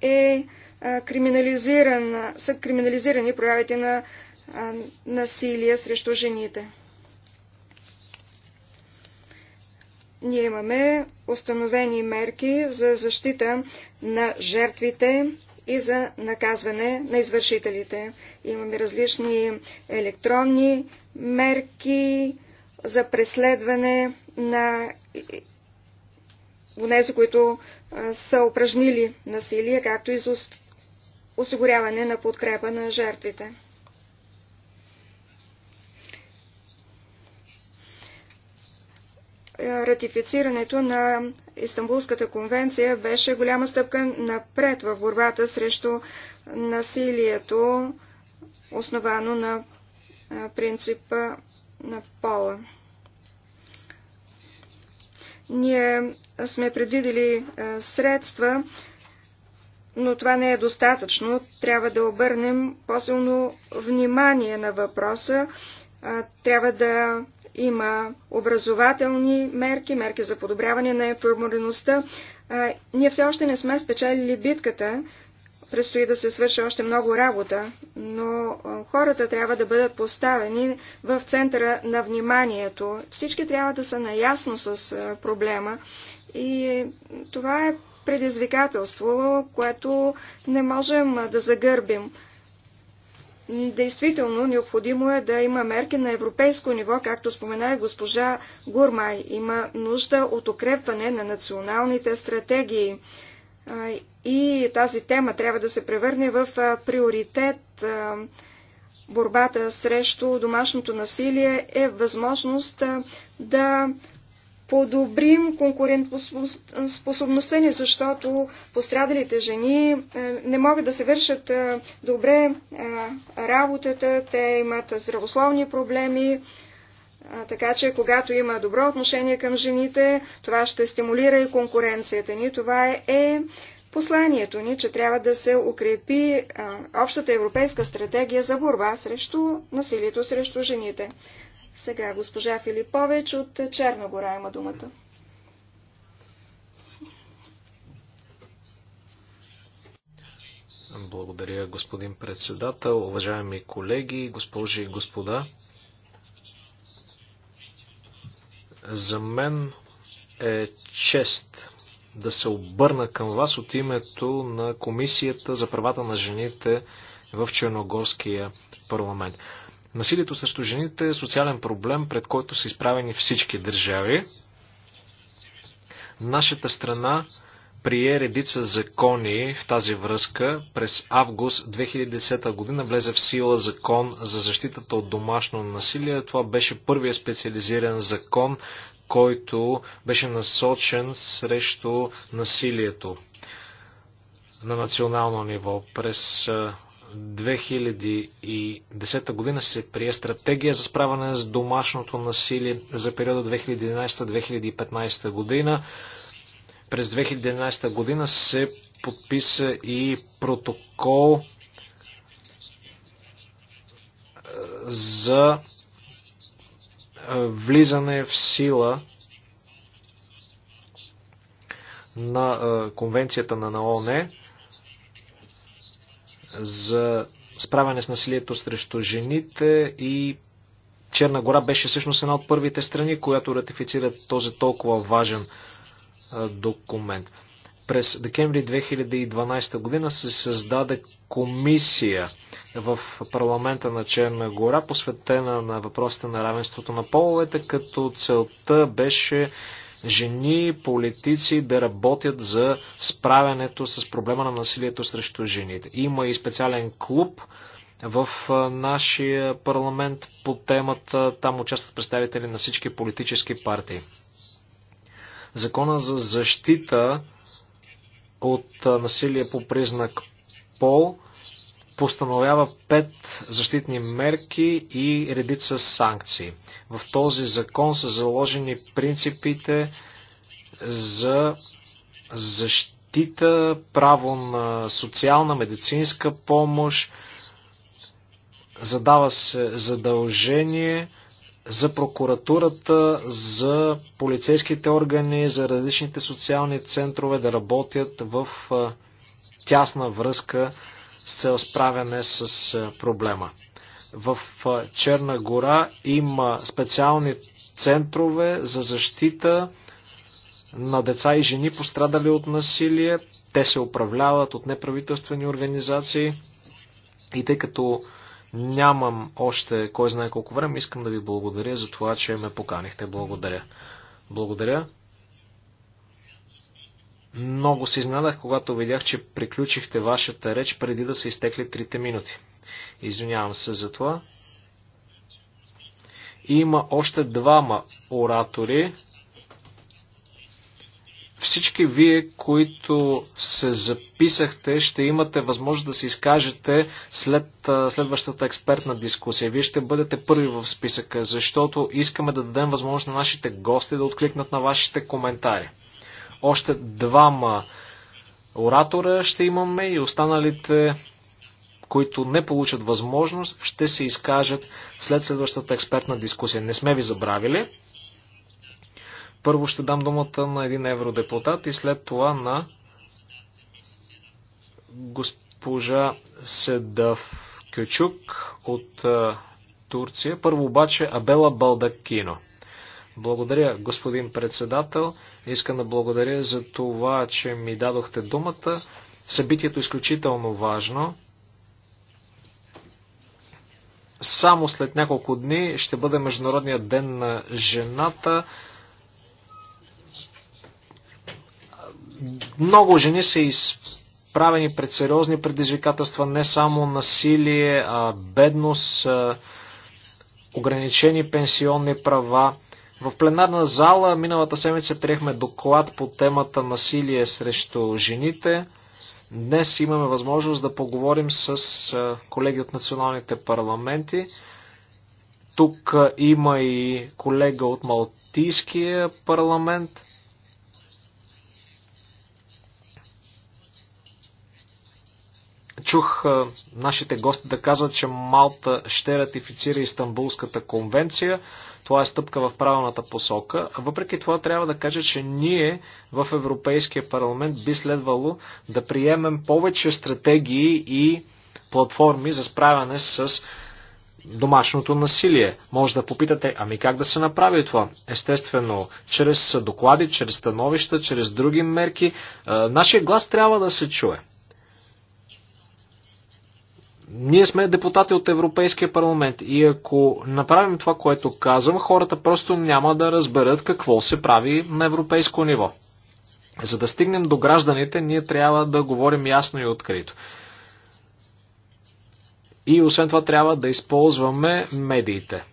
е са криминализирани проявите на а, насилие срещу жените. Ние имаме установени мерки за защита на жертвите и за наказване на извършителите. Имаме различни електронни мерки за преследване на унези, които а, са упражнили насилие, както и за осигуряване на подкрепа на жертвите. Ратифицирането на Истанбулската конвенция беше голяма стъпка напред в борбата срещу насилието, основано на принципа на пола. Ние сме предвидели средства но това не е достатъчно. Трябва да обърнем по-силно внимание на въпроса. Трябва да има образователни мерки, мерки за подобряване на информираността. Ние все още не сме спечелили битката. Предстои да се свърши още много работа, но хората трябва да бъдат поставени в центъра на вниманието. Всички трябва да са наясно с проблема и това е предизвикателство, което не можем да загърбим. Действително необходимо е да има мерки на европейско ниво, както спомена и госпожа Гурмай. Има нужда от укрепване на националните стратегии. И тази тема трябва да се превърне в приоритет. Борбата срещу домашното насилие е възможност да подобрим конкурентоспособността ни, защото пострадалите жени е, не могат да се вършат е, добре е, работата, те имат здравословни проблеми, така че когато има добро отношение към жените, това ще стимулира и конкуренцията ни. Това е посланието ни, че трябва да се укрепи общата европейска стратегия за борба срещу насилието срещу жените. Сега госпожа Филипович от Черна гора има думата. Благодаря, господин председател, уважаеми колеги, госпожи и господа. За мен е чест да се обърна към вас от името на Комисията за правата на жените в Черногорския парламент. Насилието срещу жените е социален проблем, пред който са изправени всички държави. Нашата страна прие редица закони в тази връзка. През август 2010 година влезе в сила закон за защитата от домашно насилие. Това беше първият специализиран закон, който беше насочен срещу насилието на национално ниво. През 2010 година се прие стратегия за справяне с домашното насилие за периода 2011-2015 година. През 2011 година се подписа и протокол е, за е, влизане в сила на е, конвенцията на ООН за справяне с насилието срещу жените и Черна гора беше всъщност една от първите страни, която ратифицира този толкова важен документ. През декември 2012 година се създаде комисия в парламента на Черна гора, посветена на въпросите на равенството на половете, като целта беше жени политици да работят за справянето с проблема на насилието срещу жените. Има и специален клуб в нашия парламент по темата. Там участват представители на всички политически партии. Закона за защита от насилие по признак пол – постановява пет защитни мерки и редица санкции. В този закон са заложени принципите за защита, право на социална, медицинска помощ, задава се задължение за прокуратурата, за полицейските органи, за различните социални центрове да работят в тясна връзка с цел справяне с проблема. В Черна гора има специални центрове за защита на деца и жени пострадали от насилие. Те се управляват от неправителствени организации. И тъй като нямам още кой знае колко време, искам да ви благодаря за това, че ме поканихте. Благодаря. Благодаря. Много се изненадах, когато видях, че приключихте вашата реч преди да са изтекли трите минути. Извинявам се за това. И има още двама оратори. Всички вие, които се записахте, ще имате възможност да се изкажете след следващата експертна дискусия. Вие ще бъдете първи в списъка, защото искаме да дадем възможност на нашите гости да откликнат на вашите коментари. Още двама оратора ще имаме и останалите, които не получат възможност, ще се изкажат след следващата експертна дискусия. Не сме ви забравили. Първо ще дам думата на един евродепутат и след това на госпожа Седав Кючук от Турция. Първо обаче Абела Балдакино. Благодаря, господин председател. Искам да благодаря за това, че ми дадохте думата. Събитието е изключително важно. Само след няколко дни ще бъде Международният ден на жената. Много жени са изправени пред сериозни предизвикателства, не само насилие, а бедност, ограничени пенсионни права. В пленарна зала миналата седмица приехме доклад по темата насилие срещу жените. Днес имаме възможност да поговорим с колеги от националните парламенти. Тук има и колега от Малтийския парламент. Чух нашите гости да казват, че Малта ще ратифицира Истанбулската конвенция. Това е стъпка в правилната посока. Въпреки това трябва да кажа, че ние в Европейския парламент би следвало да приемем повече стратегии и платформи за справяне с домашното насилие. Може да попитате, ами как да се направи това? Естествено, чрез доклади, чрез становища, чрез други мерки. Нашия глас трябва да се чуе. Ние сме депутати от Европейския парламент и ако направим това, което казвам, хората просто няма да разберат какво се прави на европейско ниво. За да стигнем до гражданите, ние трябва да говорим ясно и открито. И освен това трябва да използваме медиите.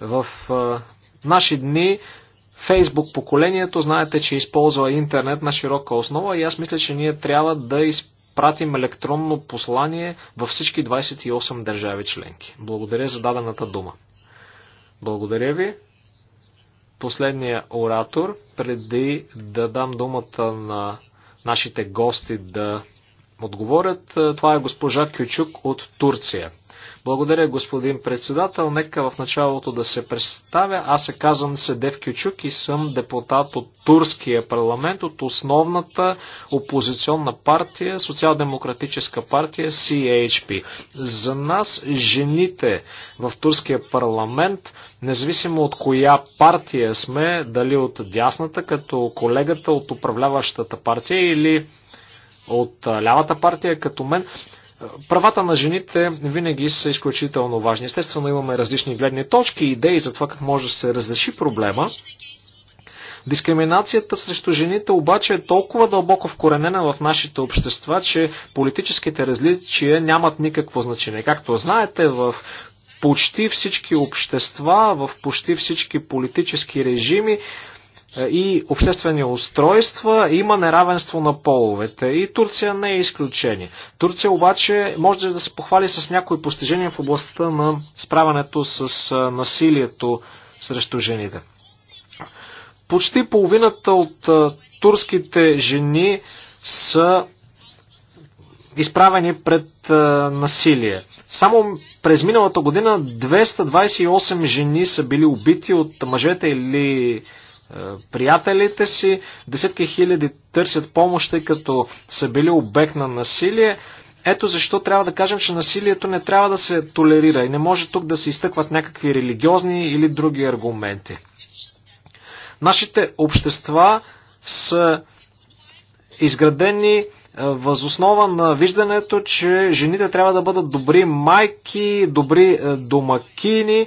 В а, наши дни Фейсбук поколението, знаете, че използва интернет на широка основа и аз мисля, че ние трябва да използваме Пратим електронно послание във всички 28 държави членки. Благодаря за дадената дума. Благодаря ви. Последния оратор, преди да дам думата на нашите гости да отговорят, е, това е госпожа Кючук от Турция. Благодаря, господин председател. Нека в началото да се представя. Аз се казвам Седев Кючук и съм депутат от Турския парламент, от основната опозиционна партия, социал-демократическа партия CHP. За нас, жените в Турския парламент, независимо от коя партия сме, дали от дясната, като колегата от управляващата партия или от лявата партия, като мен, Правата на жените винаги са изключително важни. Естествено имаме различни гледни точки и идеи за това как може да се разреши проблема. Дискриминацията срещу жените обаче е толкова дълбоко вкоренена в нашите общества, че политическите различия нямат никакво значение. Както знаете, в почти всички общества, в почти всички политически режими е, и обществени устройства, има неравенство на половете. И Турция не е изключение. Турция обаче може да се похвали с някои постижения в областта на справянето с е, насилието срещу жените. Почти половината от е, турските жени са изправени пред насилие. Само през миналата година 228 жени са били убити от мъжете или е, приятелите си. Десетки хиляди търсят помощ, тъй като са били обект на насилие. Ето защо трябва да кажем, че насилието не трябва да се толерира и не може тук да се изтъкват някакви религиозни или други аргументи. Нашите общества са изградени е, възоснова на виждането, че жените трябва да бъдат добри майки, добри е, домакини,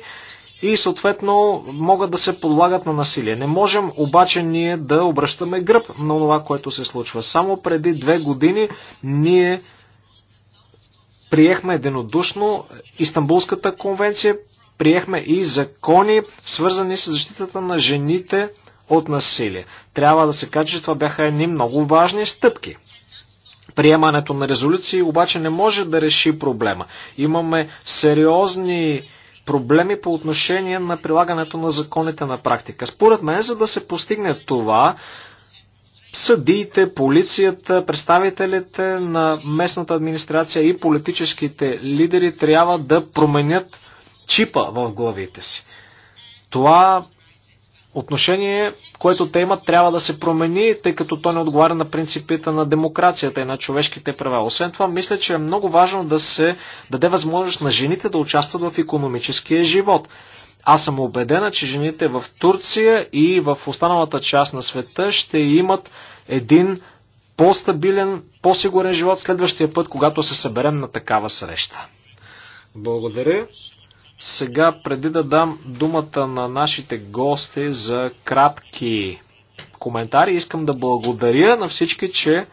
и съответно могат да се подлагат на насилие. Не можем обаче ние да обръщаме гръб на това, което се случва. Само преди две години ние приехме единодушно Истанбулската конвенция, приехме и закони, свързани с защитата на жените от насилие. Трябва да се каже, че това бяха едни много важни стъпки. Приемането на резолюции обаче не може да реши проблема. Имаме сериозни проблеми по отношение на прилагането на законите на практика. Според мен, за да се постигне това, съдиите, полицията, представителите на местната администрация и политическите лидери трябва да променят чипа в главите си. Това отношение, което те имат, трябва да се промени, тъй като то не отговаря на принципите на демокрацията и на човешките права. Освен това, мисля, че е много важно да се даде възможност на жените да участват в економическия живот. Аз съм убедена, че жените в Турция и в останалата част на света ще имат един по-стабилен, по-сигурен живот следващия път, когато се съберем на такава среща. Благодаря. Сега, преди да дам думата на нашите гости за кратки коментари, искам да благодаря на всички, че е,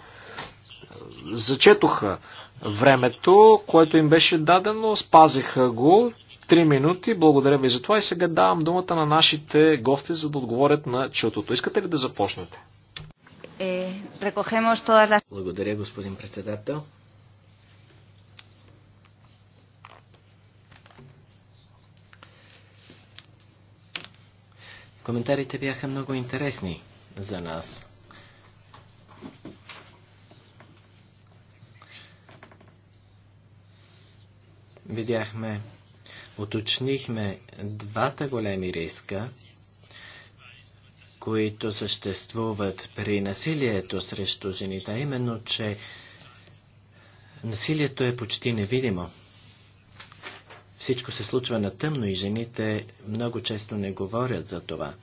зачетоха времето, което им беше дадено, спазиха го. Три минути. Благодаря ви за това и сега давам думата на нашите гости, за да отговорят на чутото. Искате ли да започнете? Е, благодаря, господин председател. Коментарите бяха много интересни за нас. Видяхме, уточнихме двата големи риска, които съществуват при насилието срещу жените, именно, че насилието е почти невидимо всичко се случва на тъмно и жените много често не говорят за това.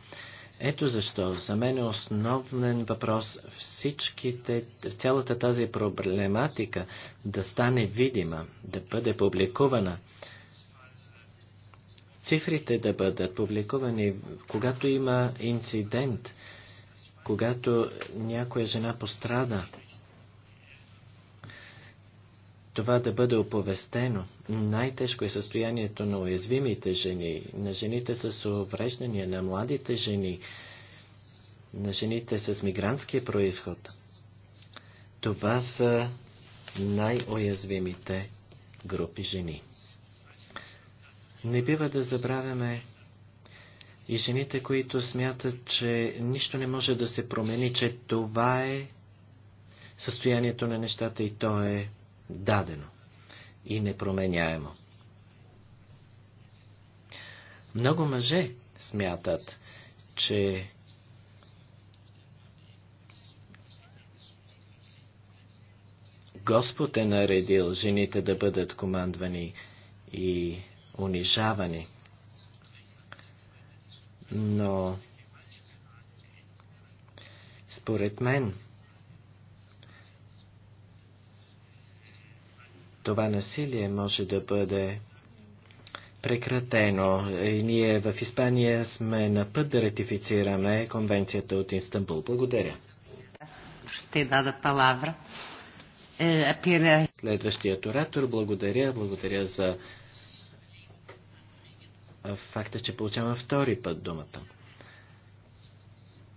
Ето защо за мен е основен въпрос всичките, цялата тази проблематика да стане видима, да бъде публикувана. Цифрите да бъдат публикувани, когато има инцидент, когато някоя жена пострада това да бъде оповестено. Най-тежко е състоянието на уязвимите жени, на жените с увреждания, на младите жени, на жените с мигрантския происход. Това са най-уязвимите групи жени. Не бива да забравяме и жените, които смятат, че нищо не може да се промени, че това е състоянието на нещата и то е дадено и непроменяемо. Много мъже смятат, че Господ е наредил жените да бъдат командвани и унижавани. Но според мен това насилие може да бъде прекратено. И ние в Испания сме на път да ратифицираме конвенцията от Истанбул. Благодаря. Ще дада палавра. Е, Следващият оратор, благодаря, благодаря за факта, че получавам втори път думата.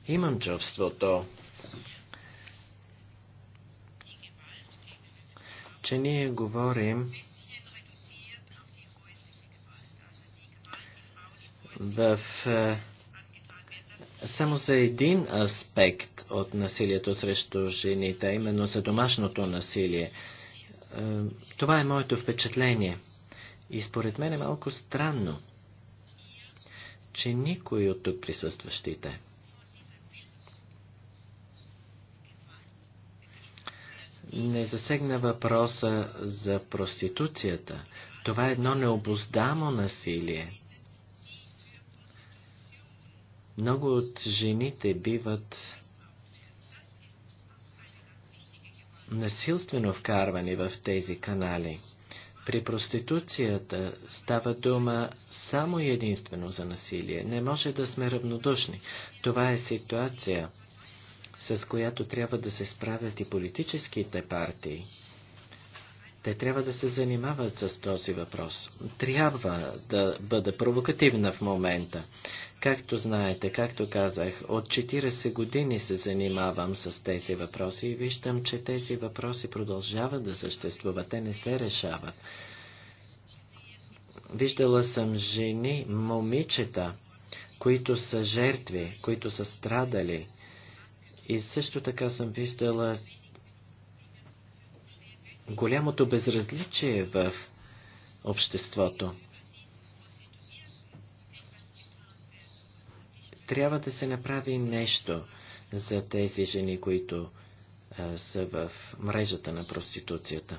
Имам чувството, че ние говорим в е, само за един аспект от насилието срещу жените, именно за домашното насилие. Е, това е моето впечатление. И според мен е малко странно, че никой от тук присъстващите не засегна въпроса за проституцията. Това е едно необоздамо насилие. Много от жените биват насилствено вкарвани в тези канали. При проституцията става дума само единствено за насилие. Не може да сме равнодушни. Това е ситуация – с която трябва да се справят и политическите партии. Те трябва да се занимават с този въпрос. Трябва да бъда провокативна в момента. Както знаете, както казах, от 40 години се занимавам с тези въпроси и виждам, че тези въпроси продължават да съществуват, те не се решават. Виждала съм жени, момичета, които са жертви, които са страдали, и също така съм виждала голямото безразличие в обществото. Трябва да се направи нещо за тези жени, които а, са в мрежата на проституцията.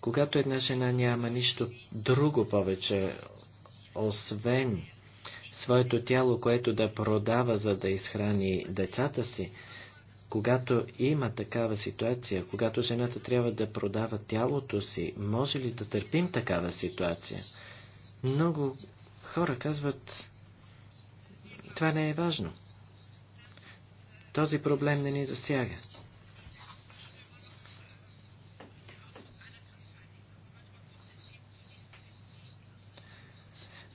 Когато една жена няма нищо друго повече освен своето тяло, което да продава, за да изхрани децата си, когато има такава ситуация, когато жената трябва да продава тялото си, може ли да търпим такава ситуация? Много хора казват, това не е важно. Този проблем не ни засяга.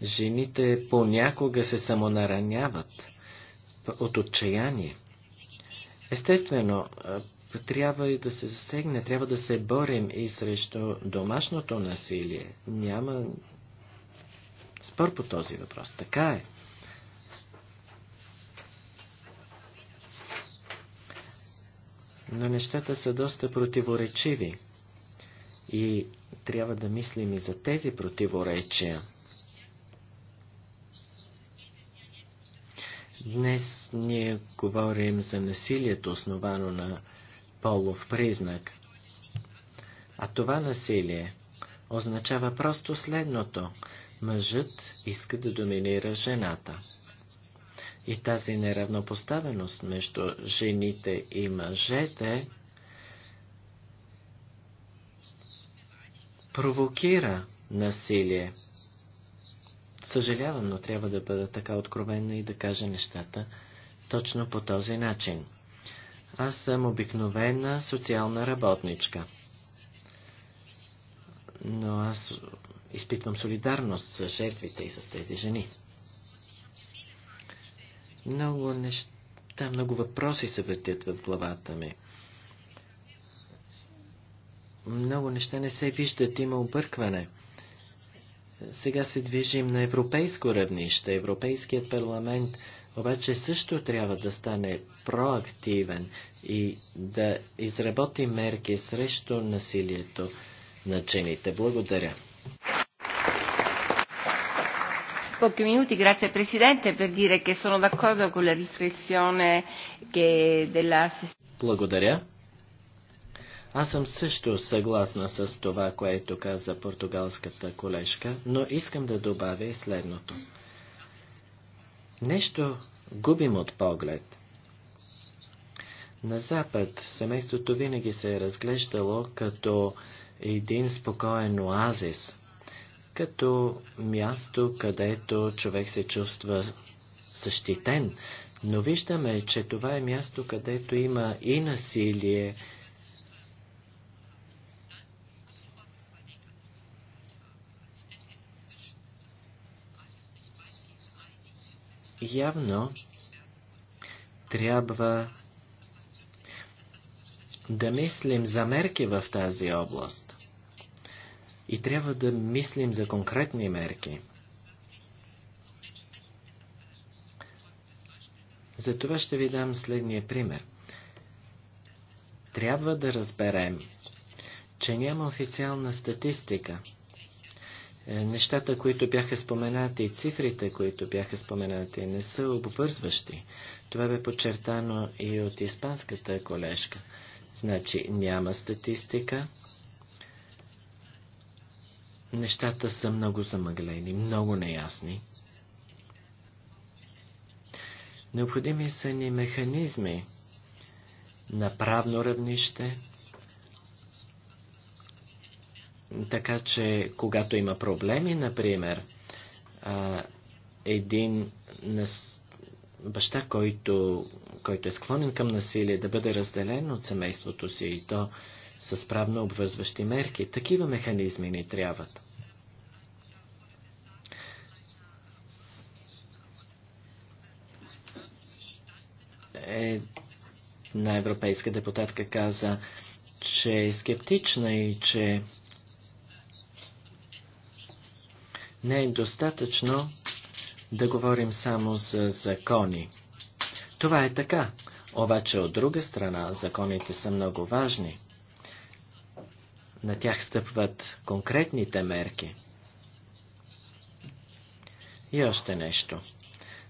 Жените понякога се самонараняват от отчаяние. Естествено, трябва и да се засегне, трябва да се борим и срещу домашното насилие. Няма спор по този въпрос. Така е. Но нещата са доста противоречиви. И трябва да мислим и за тези противоречия. Днес ние говорим за насилието, основано на полов признак. А това насилие означава просто следното. Мъжът иска да доминира жената. И тази неравнопоставеност между жените и мъжете провокира насилие. Съжалявам, но трябва да бъда така откровена и да кажа нещата точно по този начин. Аз съм обикновена социална работничка. Но аз изпитвам солидарност с жертвите и с тези жени. Много неща, много въпроси се въртят в главата ми. Много неща не се виждат, има объркване. Сега се движим на европейско равнище. Европейският парламент обаче също трябва да стане проактивен и да изработи мерки срещу насилието на чените. Благодаря. Pochi minuti, grazie Presidente, per dire che sono d'accordo con la riflessione che della... Благодаря. Аз съм също съгласна с това, което каза португалската колежка, но искам да добавя и следното. Нещо губим от поглед. На Запад семейството винаги се е разглеждало като един спокоен оазис, като място, където човек се чувства защитен, но виждаме, че това е място, където има и насилие, явно трябва да мислим за мерки в тази област. И трябва да мислим за конкретни мерки. За това ще ви дам следния пример. Трябва да разберем, че няма официална статистика – е, нещата, които бяха споменати и цифрите, които бяха споменати, не са обвързващи. Това бе подчертано и от испанската колежка. Значи няма статистика. Нещата са много замъглени, много неясни. Необходими са ни механизми на правно равнище, така че, когато има проблеми, например, а, един нас... баща, който, който е склонен към насилие, да бъде разделен от семейството си и то с правно обвързващи мерки, такива механизми ни трябват. Една европейска депутатка каза, че е скептична и че Не е достатъчно да говорим само за закони. Това е така, обаче от друга страна законите са много важни. На тях стъпват конкретните мерки. И още нещо.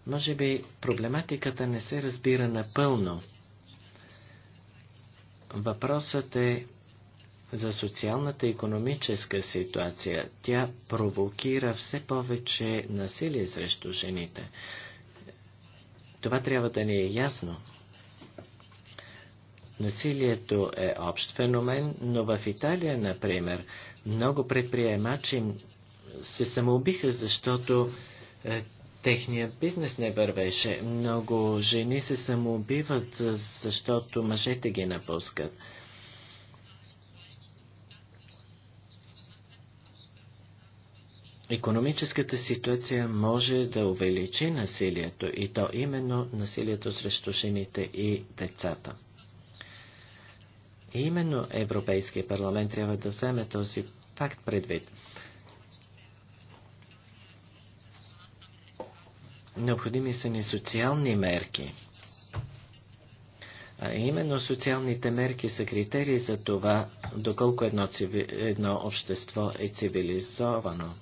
Може би проблематиката не се разбира напълно. Въпросът е за социалната и економическа ситуация. Тя провокира все повече насилие срещу жените. Това трябва да ни е ясно. Насилието е общ феномен, но в Италия, например, много предприемачи се самоубиха, защото е, техният бизнес не вървеше. Много жени се самоубиват, защото мъжете ги напускат. Економическата ситуация може да увеличи насилието и то именно насилието срещу жените и децата. И именно Европейския парламент трябва да вземе този факт предвид. Необходими са ни социални мерки. А именно социалните мерки са критерии за това, доколко едно, цивили... едно общество е цивилизовано.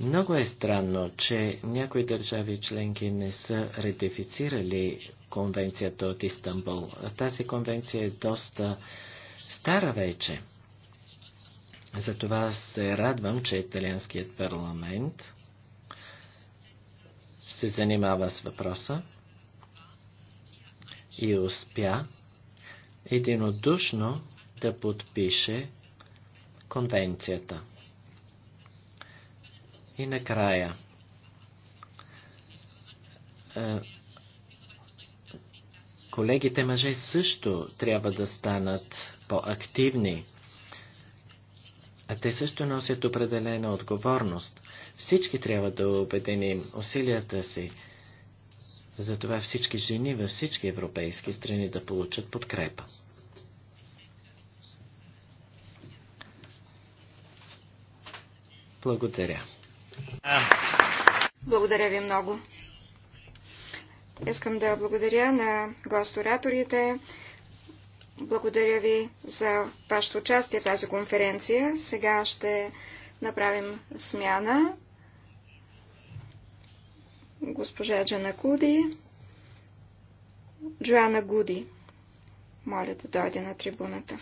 Много е странно, че някои държави членки не са ратифицирали конвенцията от Истанбул. Тази конвенция е доста стара вече. Затова се радвам, че италианският парламент се занимава с въпроса и успя единодушно да подпише конвенцията. И накрая. Е, колегите мъже също трябва да станат по-активни. А те също носят определена отговорност. Всички трябва да обединим усилията си. Затова всички жени във всички европейски страни да получат подкрепа. Благодаря. Благодаря ви много. Искам да благодаря на гостораторите. Благодаря ви за вашето участие в тази конференция. Сега ще направим смяна. Госпожа Джана Куди. Джоана Гуди. Моля да дойде на трибуната.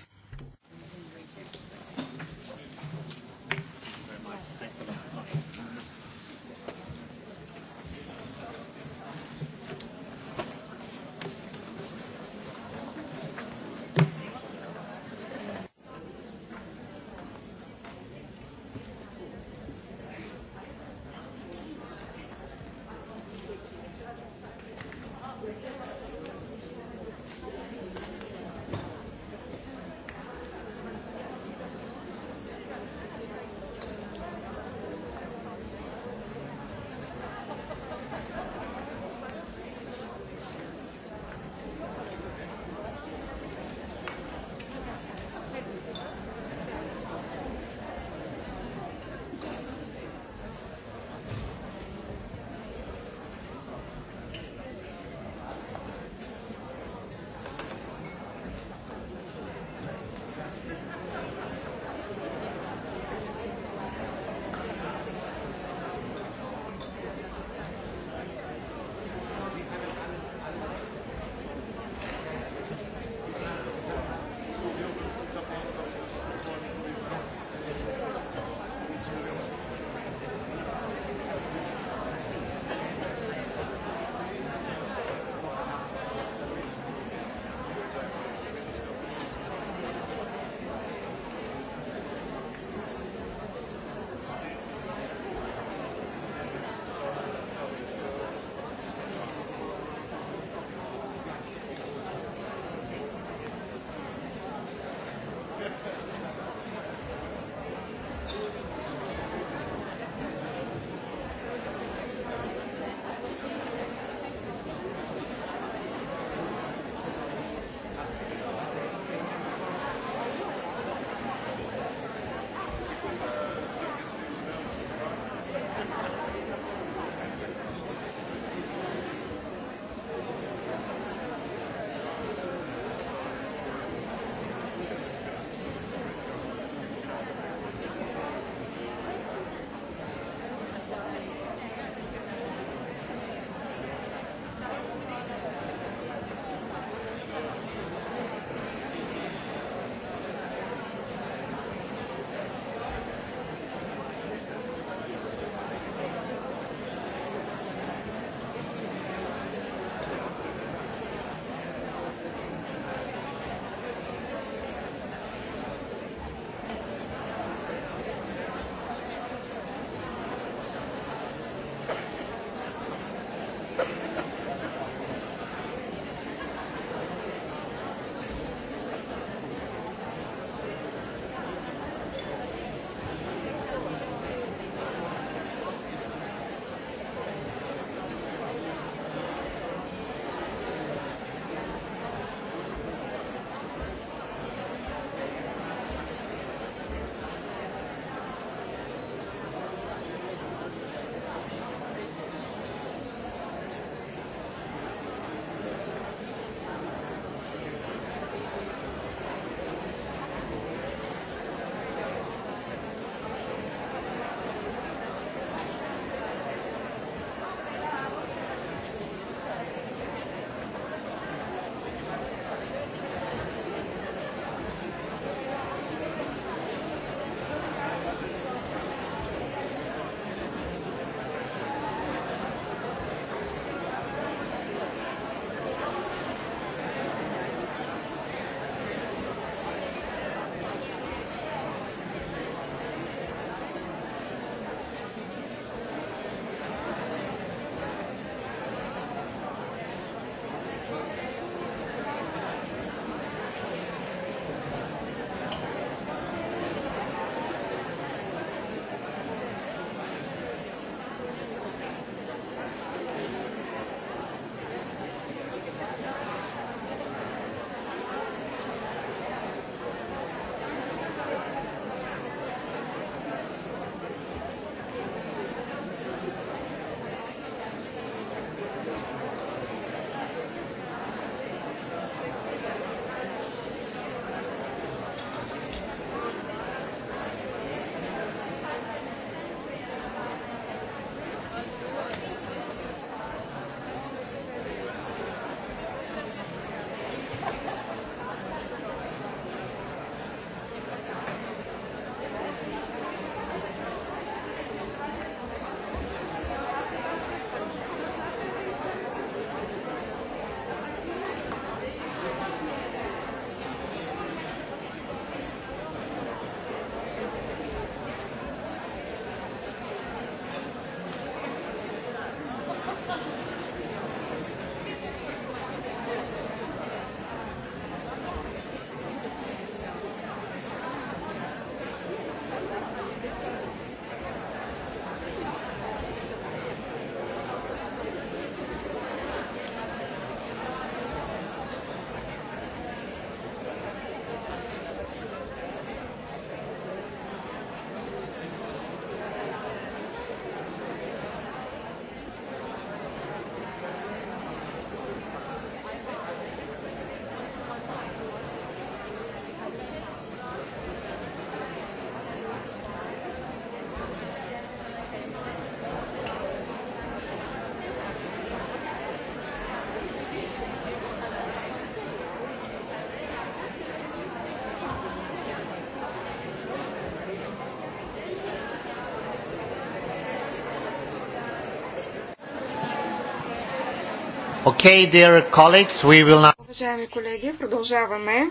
Okay, dear colleagues, we will now... Уважаеми колеги, продължаваме.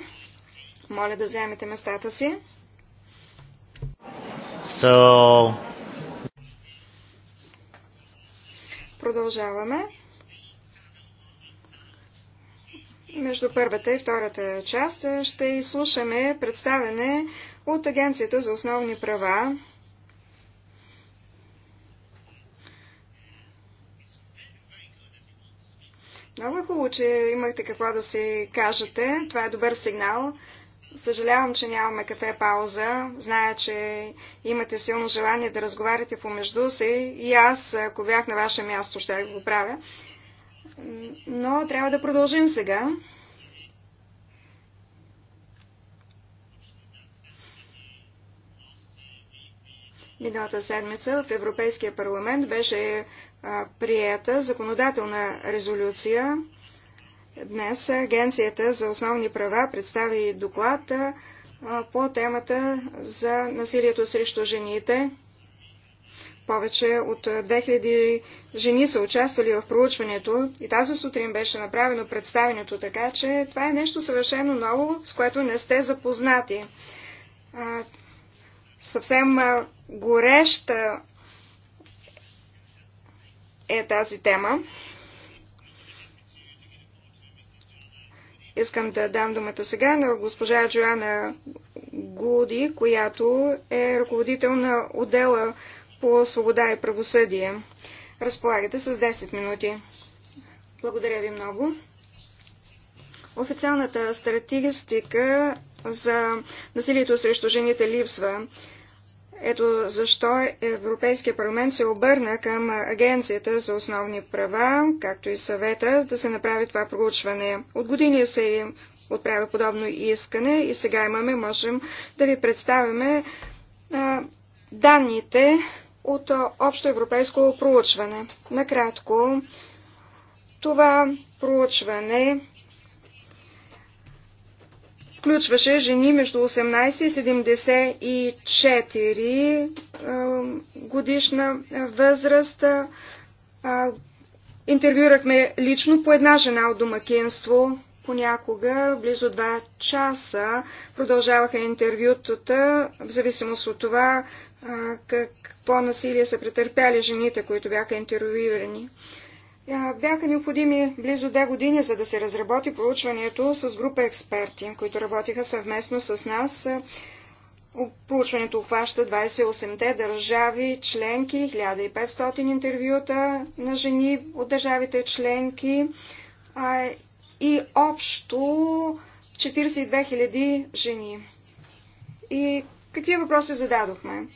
Моля да вземете местата си. So... Продължаваме. Между първата и втората част ще изслушаме представене от Агенцията за основни права че имахте какво да си кажете. Това е добър сигнал. Съжалявам, че нямаме кафе пауза. Зная, че имате силно желание да разговаряте помежду си и аз, ако бях на ваше място, ще го правя. Но трябва да продължим сега. Миналата седмица в Европейския парламент беше приета законодателна резолюция Днес Агенцията за основни права представи доклад по темата за насилието срещу жените. Повече от 2000 жени са участвали в проучването и тази сутрин беше направено представенето, така че това е нещо съвършено ново, с което не сте запознати. А, съвсем гореща е тази тема. Искам да дам думата сега на госпожа Джоана Гуди, която е ръководител на отдела по свобода и правосъдие. Разполагате с 10 минути. Благодаря ви много. Официалната статистика за насилието срещу жените липсва. Ето защо Европейския парламент се обърна към Агенцията за основни права, както и съвета, да се направи това проучване. От години се отправя подобно искане и сега имаме, можем да ви представяме данните от общо европейско проучване. Накратко, това проучване включваше жени между 18 и 74 годишна възраст. Интервюрахме лично по една жена от домакинство. Понякога близо 2 часа продължаваха интервютата, в зависимост от това какво насилие са претърпяли жените, които бяха интервюирани. Бяха необходими близо две години, за да се разработи проучването с група експерти, които работиха съвместно с нас. Проучването обхваща 28-те държави членки, 1500 интервюта на жени от държавите членки и общо 42 000 жени. И какви въпроси зададохме?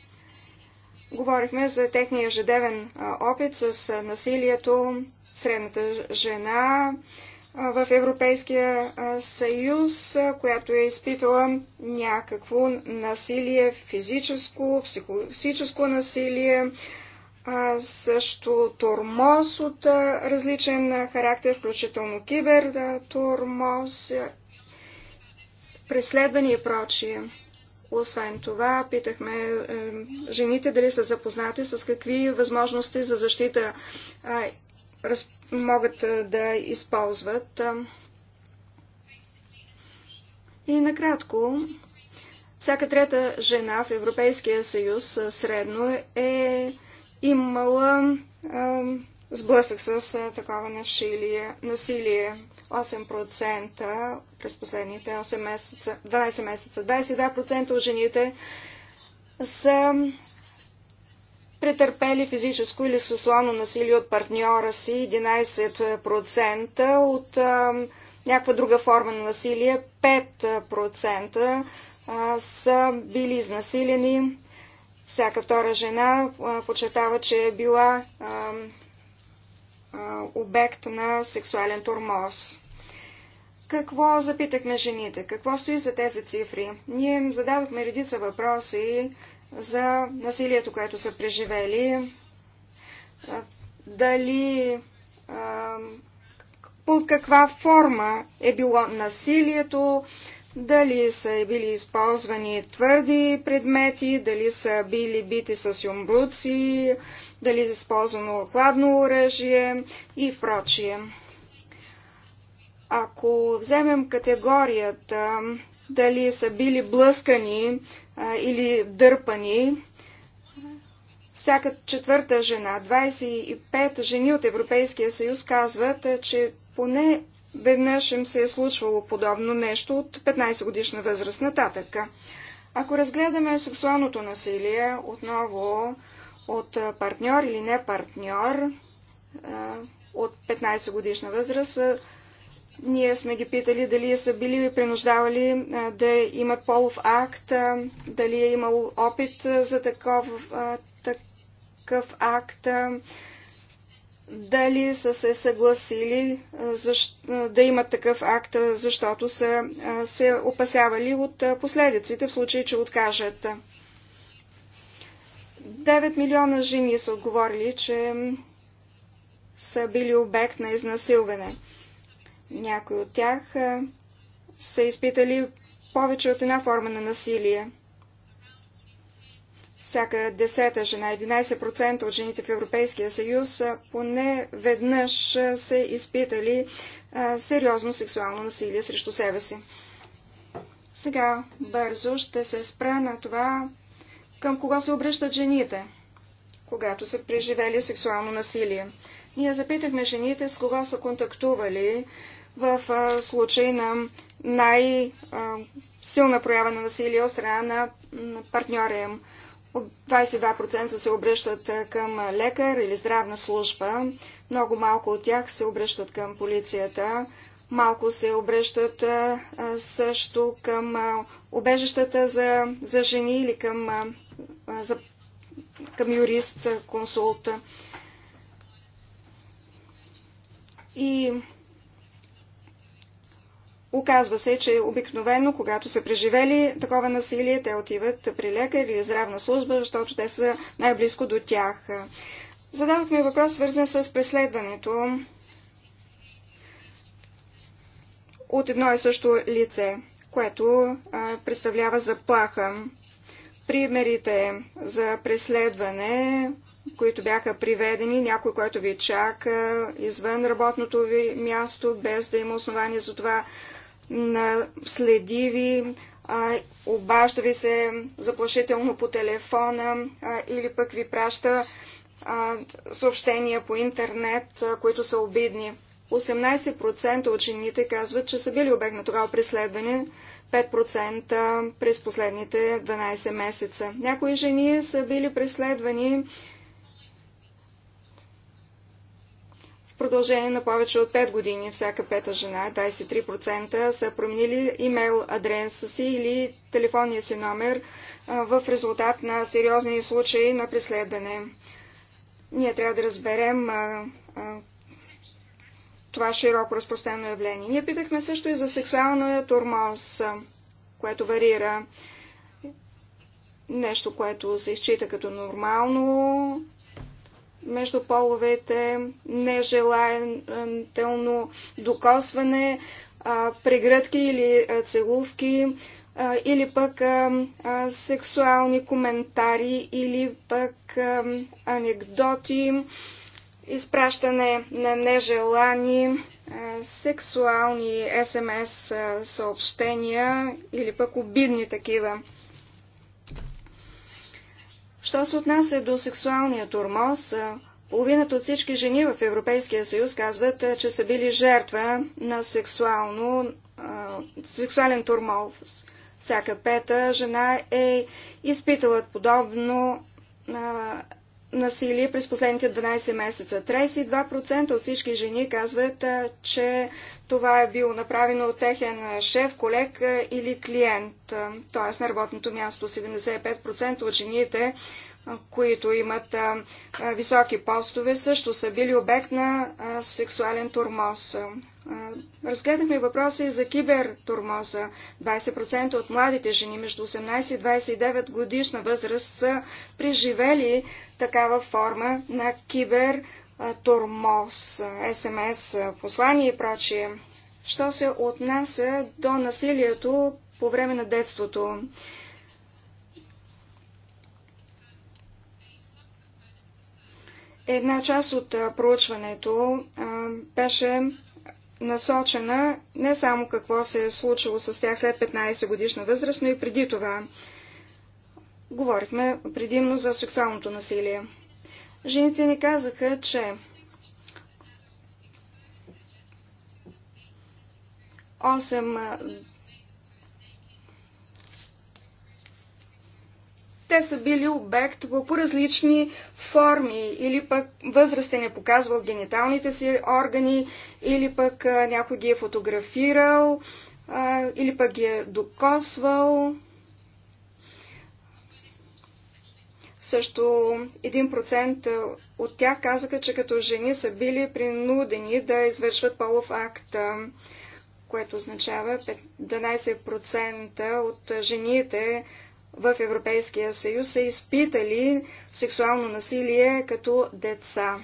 Говорихме за техния ежедневен опит с насилието, средната жена в Европейския съюз, която е изпитала някакво насилие, физическо, психическо насилие, също тормоз от различен характер, включително кибер, тормоз, преследване и прочие. Освен това, питахме е, жените дали са запознати с какви възможности за защита раз, могат да използват. И накратко, всяка трета жена в Европейския съюз средно е имала а, сблъсък с а, такова насилие, насилие 8% през последните 8 месеца, 12 месеца. 22% от жените са претърпели физическо или сексуално насилие от партньора си, 11% от а, някаква друга форма на насилие, 5% а, са били изнасилени. Всяка втора жена а, почетава, че е била а, а, обект на сексуален тормоз. Какво запитахме жените? Какво стои за тези цифри? Ние им зададохме редица въпроси за насилието, което са преживели, дали под каква форма е било насилието, дали са били използвани твърди предмети, дали са били бити с юмбруци, дали е използвано хладно оръжие и прочие. Ако вземем категорията дали са били блъскани или дърпани. Всяка четвърта жена, 25 жени от Европейския съюз казват, че поне веднъж им се е случвало подобно нещо от 15 годишна възраст нататък. Ако разгледаме сексуалното насилие отново от партньор или не партньор, от 15 годишна възраст, ние сме ги питали дали са били принуждавали да имат полов акт, дали е имал опит за таков, такъв акт, дали са се съгласили да имат такъв акт, защото са се опасявали от последиците в случай, че откажат. 9 милиона жени са отговорили, че са били обект на изнасилване. Някои от тях са изпитали повече от една форма на насилие. Всяка десета жена, 11% от жените в Европейския съюз поне веднъж са изпитали сериозно сексуално насилие срещу себе си. Сега бързо ще се спра на това към кого се обръщат жените, когато са преживели сексуално насилие. Ние запитахме жените с кого са контактували, в случай на най-силна проява на насилие от страна на партньора им. 22% се обръщат към лекар или здравна служба, много малко от тях се обръщат към полицията, малко се обръщат също към обежищата за, за жени или към, за, към юрист, консулт. И Оказва се, че обикновено, когато са преживели такова насилие, те отиват при лекар или здравна служба, защото те са най-близко до тях. Задавахме въпрос, свързан с преследването от едно и също лице, което а, представлява заплаха. Примерите за преследване, които бяха приведени, някой, който ви чака извън работното ви място, без да има основание за това, следи ви, обажда ви се заплашително по телефона или пък ви праща съобщения по интернет, които са обидни. 18% от жените казват, че са били обект на тогава преследване, 5% през последните 12 месеца. Някои жени са били преследвани в продължение на повече от 5 години. Всяка пета жена, 23%, са променили имейл адреса си или телефонния си номер в резултат на сериозни случаи на преследване. Ние трябва да разберем а, а, това широко разпространено явление. Ние питахме също и за сексуалния тормоз, което варира. Нещо, което се изчита като нормално, между половете, нежелателно докосване, прегръдки или целувки, или пък сексуални коментари, или пък анекдоти, изпращане на нежелани сексуални СМС съобщения или пък обидни такива. Що се отнася до сексуалния турмоз, половината от всички жени в Европейския съюз казват, че са били жертва на сексуално, сексуален турмоз. Всяка пета жена е изпитала подобно насилие през последните 12 месеца. 32% от всички жени казват, че това е било направено от техен шеф, колег или клиент, т.е. на работното място. 75% от жените, които имат високи постове, също са били обект на сексуален турмоз. Разгледахме въпроси за кибертурмоза. 20% от младите жени между 18 и 29 годишна възраст са преживели такава форма на кибертурмоз, СМС, послания и прочие. Що се отнася до насилието по време на детството? Една част от проучването беше насочена не само какво се е случило с тях след 15 годишна възраст, но и преди това. Говорихме предимно за сексуалното насилие. Жените ни казаха, че осем те са били обект по различни форми или пък възрастен е не показвал гениталните си органи или пък някой ги е фотографирал или пък ги е докосвал. Също 1% от тях казаха, че като жени са били принудени да извършват полов акт, което означава 12% от жените в Европейския съюз са изпитали сексуално насилие като деца.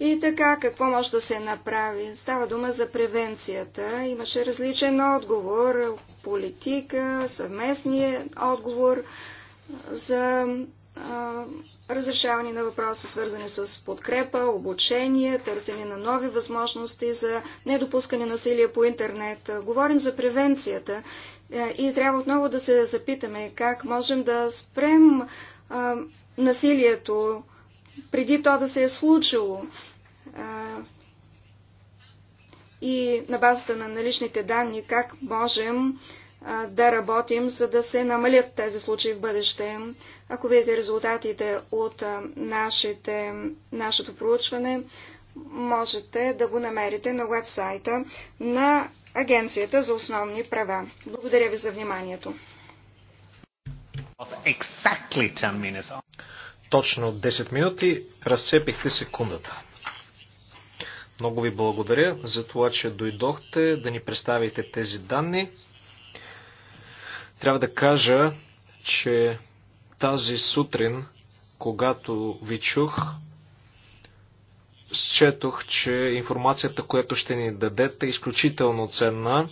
И така, какво може да се направи? Става дума за превенцията. Имаше различен отговор, политика, съвместния отговор за а, разрешаване на въпроси, свързани с подкрепа, обучение, търсене на нови възможности за недопускане насилие по интернет. Говорим за превенцията. Е, и трябва отново да се запитаме как можем да спрем а, насилието преди то да се е случило. А, и на базата на наличните данни как можем а, да работим, за да се намалят тези случаи в бъдеще. Ако видите резултатите от а, нашите, нашето проучване, можете да го намерите на вебсайта на Агенцията за основни права. Благодаря ви за вниманието. Точно 10 минути разцепихте секундата. Много ви благодаря за това, че дойдохте да ни представите тези данни. Трябва да кажа, че тази сутрин, когато ви чух, счетох, че информацията, която ще ни дадете, е изключително ценна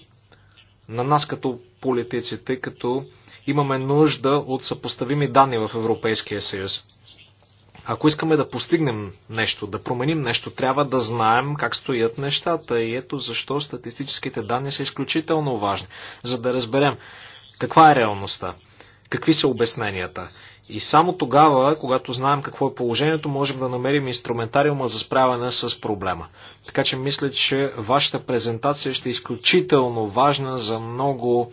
на нас като политици, тъй като имаме нужда от съпоставими данни в Европейския съюз. Ако искаме да постигнем нещо, да променим нещо, трябва да знаем как стоят нещата и ето защо статистическите данни са изключително важни, за да разберем каква е реалността, какви са обясненията и само тогава, когато знаем какво е положението, можем да намерим инструментариума за справяне с проблема. Така че мисля, че вашата презентация ще е изключително важна за много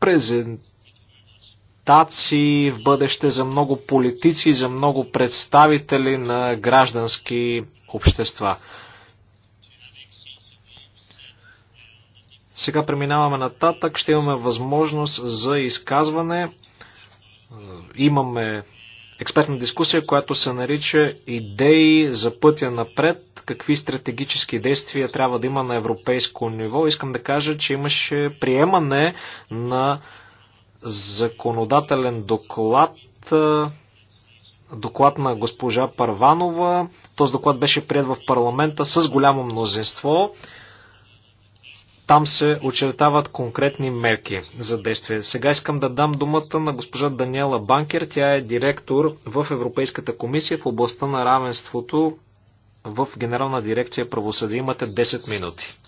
презентации в бъдеще, за много политици, за много представители на граждански общества. Сега преминаваме нататък. Ще имаме възможност за изказване имаме експертна дискусия, която се нарича Идеи за пътя напред, какви стратегически действия трябва да има на европейско ниво. Искам да кажа, че имаше приемане на законодателен доклад, доклад на госпожа Парванова. Този доклад беше прият в парламента с голямо мнозинство. Там се очертават конкретни мерки за действие. Сега искам да дам думата на госпожа Даниела Банкер. Тя е директор в Европейската комисия в областта на равенството в Генерална дирекция правосъдие. Имате 10 минути.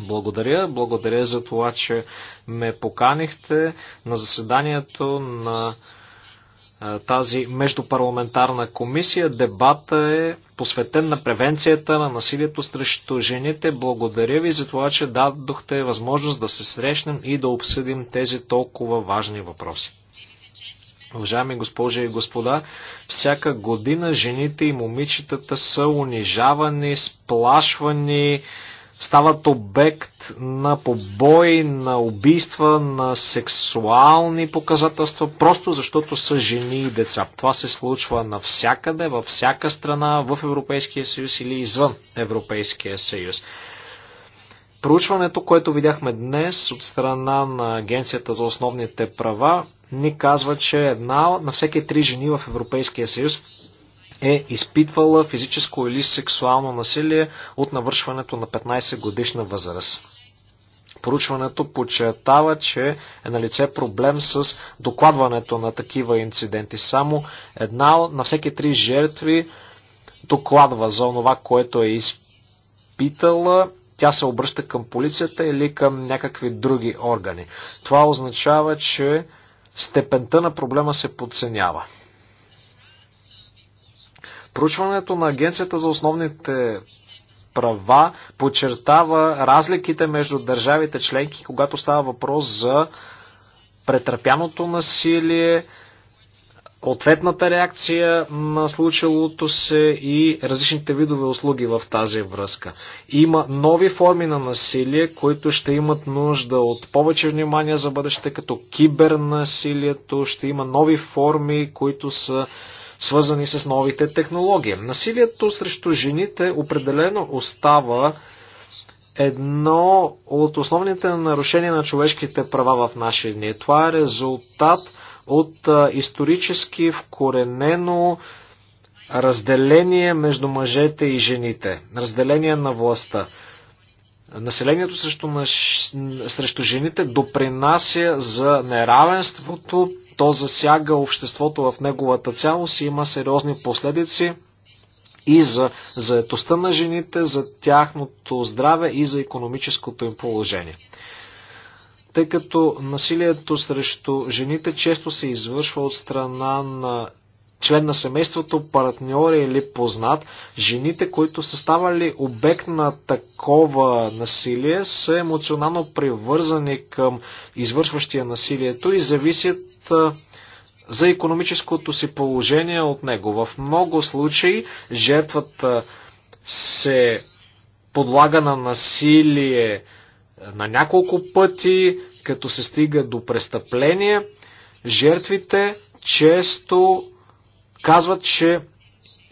Благодаря. Благодаря за това, че ме поканихте на заседанието на е, тази междупарламентарна комисия. Дебата е посветен на превенцията на насилието срещу жените. Благодаря ви за това, че дадохте възможност да се срещнем и да обсъдим тези толкова важни въпроси. Уважаеми госпожи и господа, всяка година жените и момичетата са унижавани, сплашвани, стават обект на побои, на убийства, на сексуални показателства, просто защото са жени и деца. Това се случва навсякъде, във всяка страна, в Европейския съюз или извън Европейския съюз. Проучването, което видяхме днес от страна на Агенцията за основните права, ни казва, че една на всеки три жени в Европейския съюз е изпитвала физическо или сексуално насилие от навършването на 15 годишна възраст. Поручването подчертава, че е на лице проблем с докладването на такива инциденти. Само една на всеки три жертви докладва за това, което е изпитала. Тя се обръща към полицията или към някакви други органи. Това означава, че степента на проблема се подценява. Проучването на Агенцията за основните права подчертава разликите между държавите членки, когато става въпрос за претърпяното насилие, ответната реакция на случилото се и различните видове услуги в тази връзка. Има нови форми на насилие, които ще имат нужда от повече внимание за бъдеще, като кибернасилието, ще има нови форми, които са свързани с новите технологии. Насилието срещу жените определено остава едно от основните нарушения на човешките права в наши дни. Това е резултат от исторически вкоренено разделение между мъжете и жените, разделение на властта. Населението срещу, срещу жените допринася за неравенството, то засяга обществото в неговата цялост и има сериозни последици и за заетостта на жените, за тяхното здраве и за економическото им положение. Тъй като насилието срещу жените често се извършва от страна на член на семейството, партньор или познат, жените, които са ставали обект на такова насилие, са емоционално привързани към извършващия насилието и зависят за економическото си положение от него. В много случаи жертвата се подлага на насилие на няколко пъти, като се стига до престъпление. Жертвите често казват, че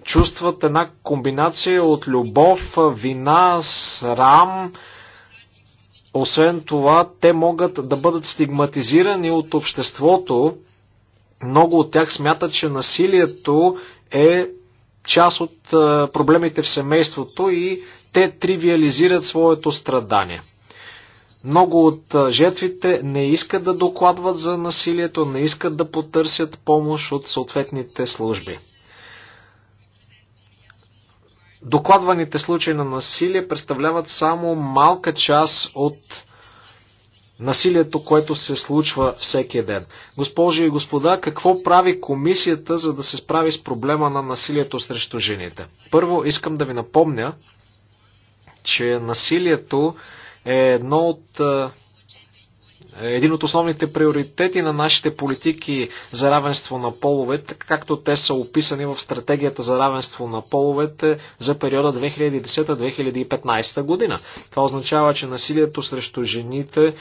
чувстват една комбинация от любов, вина, срам, освен това, те могат да бъдат стигматизирани от обществото. Много от тях смятат, че насилието е част от е, проблемите в семейството и те тривиализират своето страдание. Много от е, жертвите не искат да докладват за насилието, не искат да потърсят помощ от съответните служби докладваните случаи на насилие представляват само малка част от насилието, което се случва всеки ден. Госпожи и господа, какво прави комисията, за да се справи с проблема на насилието срещу жените? Първо искам да ви напомня, че насилието е едно от един от основните приоритети на нашите политики за равенство на половете, както те са описани в стратегията за равенство на половете за периода 2010-2015 година. Това означава, че насилието срещу жените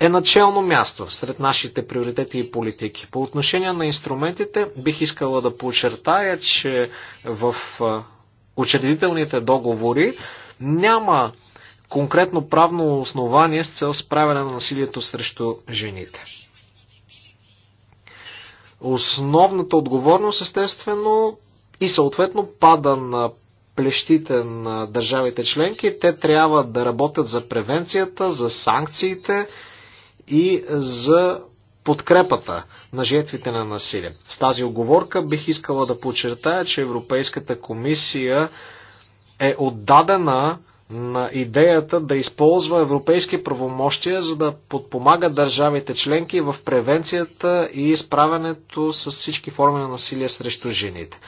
е начално място сред нашите приоритети и политики. По отношение на инструментите, бих искала да подчертая, че в учредителните договори няма конкретно правно основание с цел справяне на насилието срещу жените. Основната отговорност, естествено, и съответно пада на плещите на държавите членки. Те трябва да работят за превенцията, за санкциите и за подкрепата на жертвите на насилие. С тази оговорка бих искала да подчертая, че Европейската комисия е отдадена на идеята да използва европейски правомощия, за да подпомага държавите членки в превенцията и справянето с всички форми на насилие срещу жените.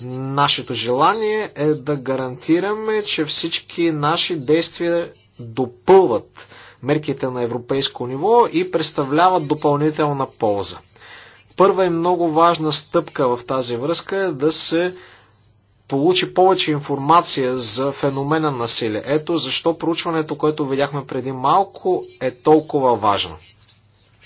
Нашето желание е да гарантираме, че всички наши действия допълват мерките на европейско ниво и представляват допълнителна полза. Първа и много важна стъпка в тази връзка е да се получи повече информация за феномена насилие. Ето защо проучването, което видяхме преди малко, е толкова важно.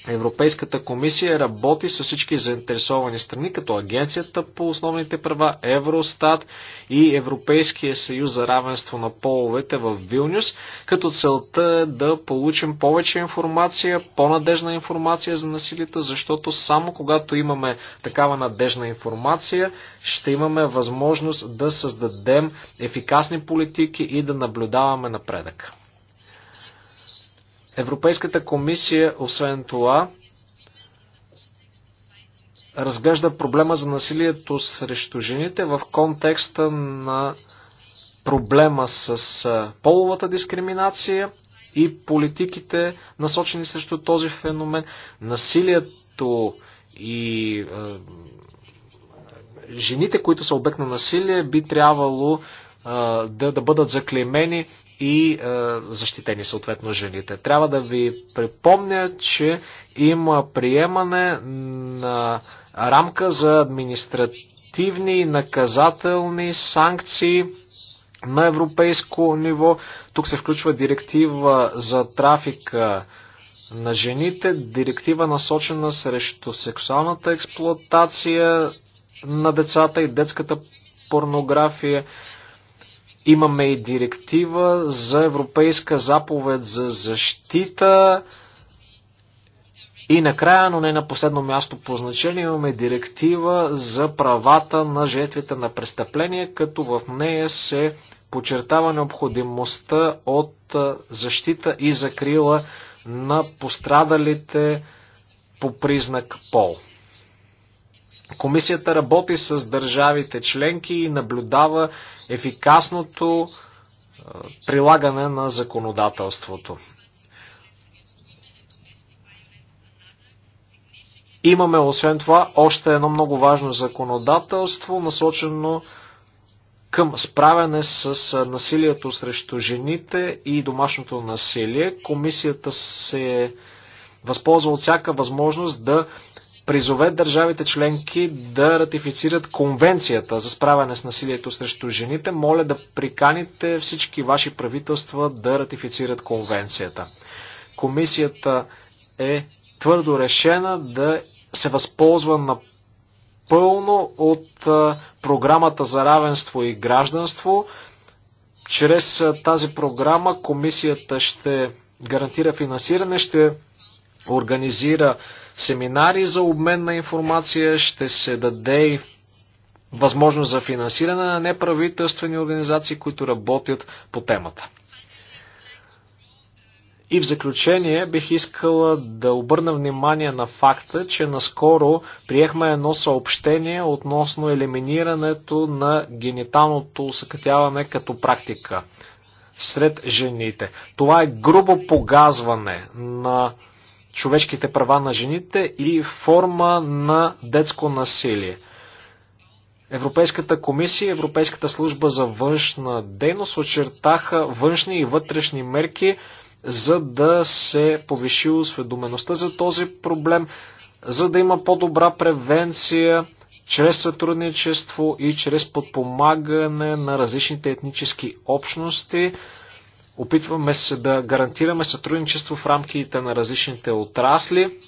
Европейската комисия работи с всички заинтересовани страни, като Агенцията по основните права, Евростат и Европейския съюз за равенство на половете в Вилнюс, като целта е да получим повече информация, по-надежна информация за насилието, защото само когато имаме такава надежна информация, ще имаме възможност да създадем ефикасни политики и да наблюдаваме напредък. Европейската комисия, освен това, разглежда проблема за насилието срещу жените в контекста на проблема с половата дискриминация и политиките насочени срещу този феномен. Насилието и е, жените, които са обект на насилие, би трябвало е, да, да бъдат заклеймени и е, защитени съответно жените. Трябва да ви припомня, че има приемане на рамка за административни и наказателни санкции на европейско ниво. Тук се включва директива за трафика на жените, директива насочена срещу сексуалната експлоатация на децата и детската порнография. Имаме и директива за Европейска заповед за защита. И накрая, но не на последно място по значение, имаме директива за правата на жертвите на престъпления, като в нея се подчертава необходимостта от защита и закрила на пострадалите по признак пол. Комисията работи с държавите членки и наблюдава ефикасното прилагане на законодателството. Имаме освен това още едно много важно законодателство, насочено към справяне с насилието срещу жените и домашното насилие. Комисията се възползва от всяка възможност да призове държавите членки да ратифицират конвенцията за справяне с насилието срещу жените. Моля да приканите всички ваши правителства да ратифицират конвенцията. Комисията е твърдо решена да се възползва на пълно от програмата за равенство и гражданство. Чрез тази програма комисията ще гарантира финансиране, ще организира семинари за обмен на информация, ще се даде възможност за финансиране на неправителствени организации, които работят по темата. И в заключение бих искала да обърна внимание на факта, че наскоро приехме едно съобщение относно елиминирането на гениталното усъкътяване като практика сред жените. Това е грубо погазване на човешките права на жените и форма на детско насилие. Европейската комисия и Европейската служба за външна дейност очертаха външни и вътрешни мерки, за да се повиши осведомеността за този проблем, за да има по-добра превенция чрез сътрудничество и чрез подпомагане на различните етнически общности, Опитваме се да гарантираме сътрудничество в рамките на различните отрасли.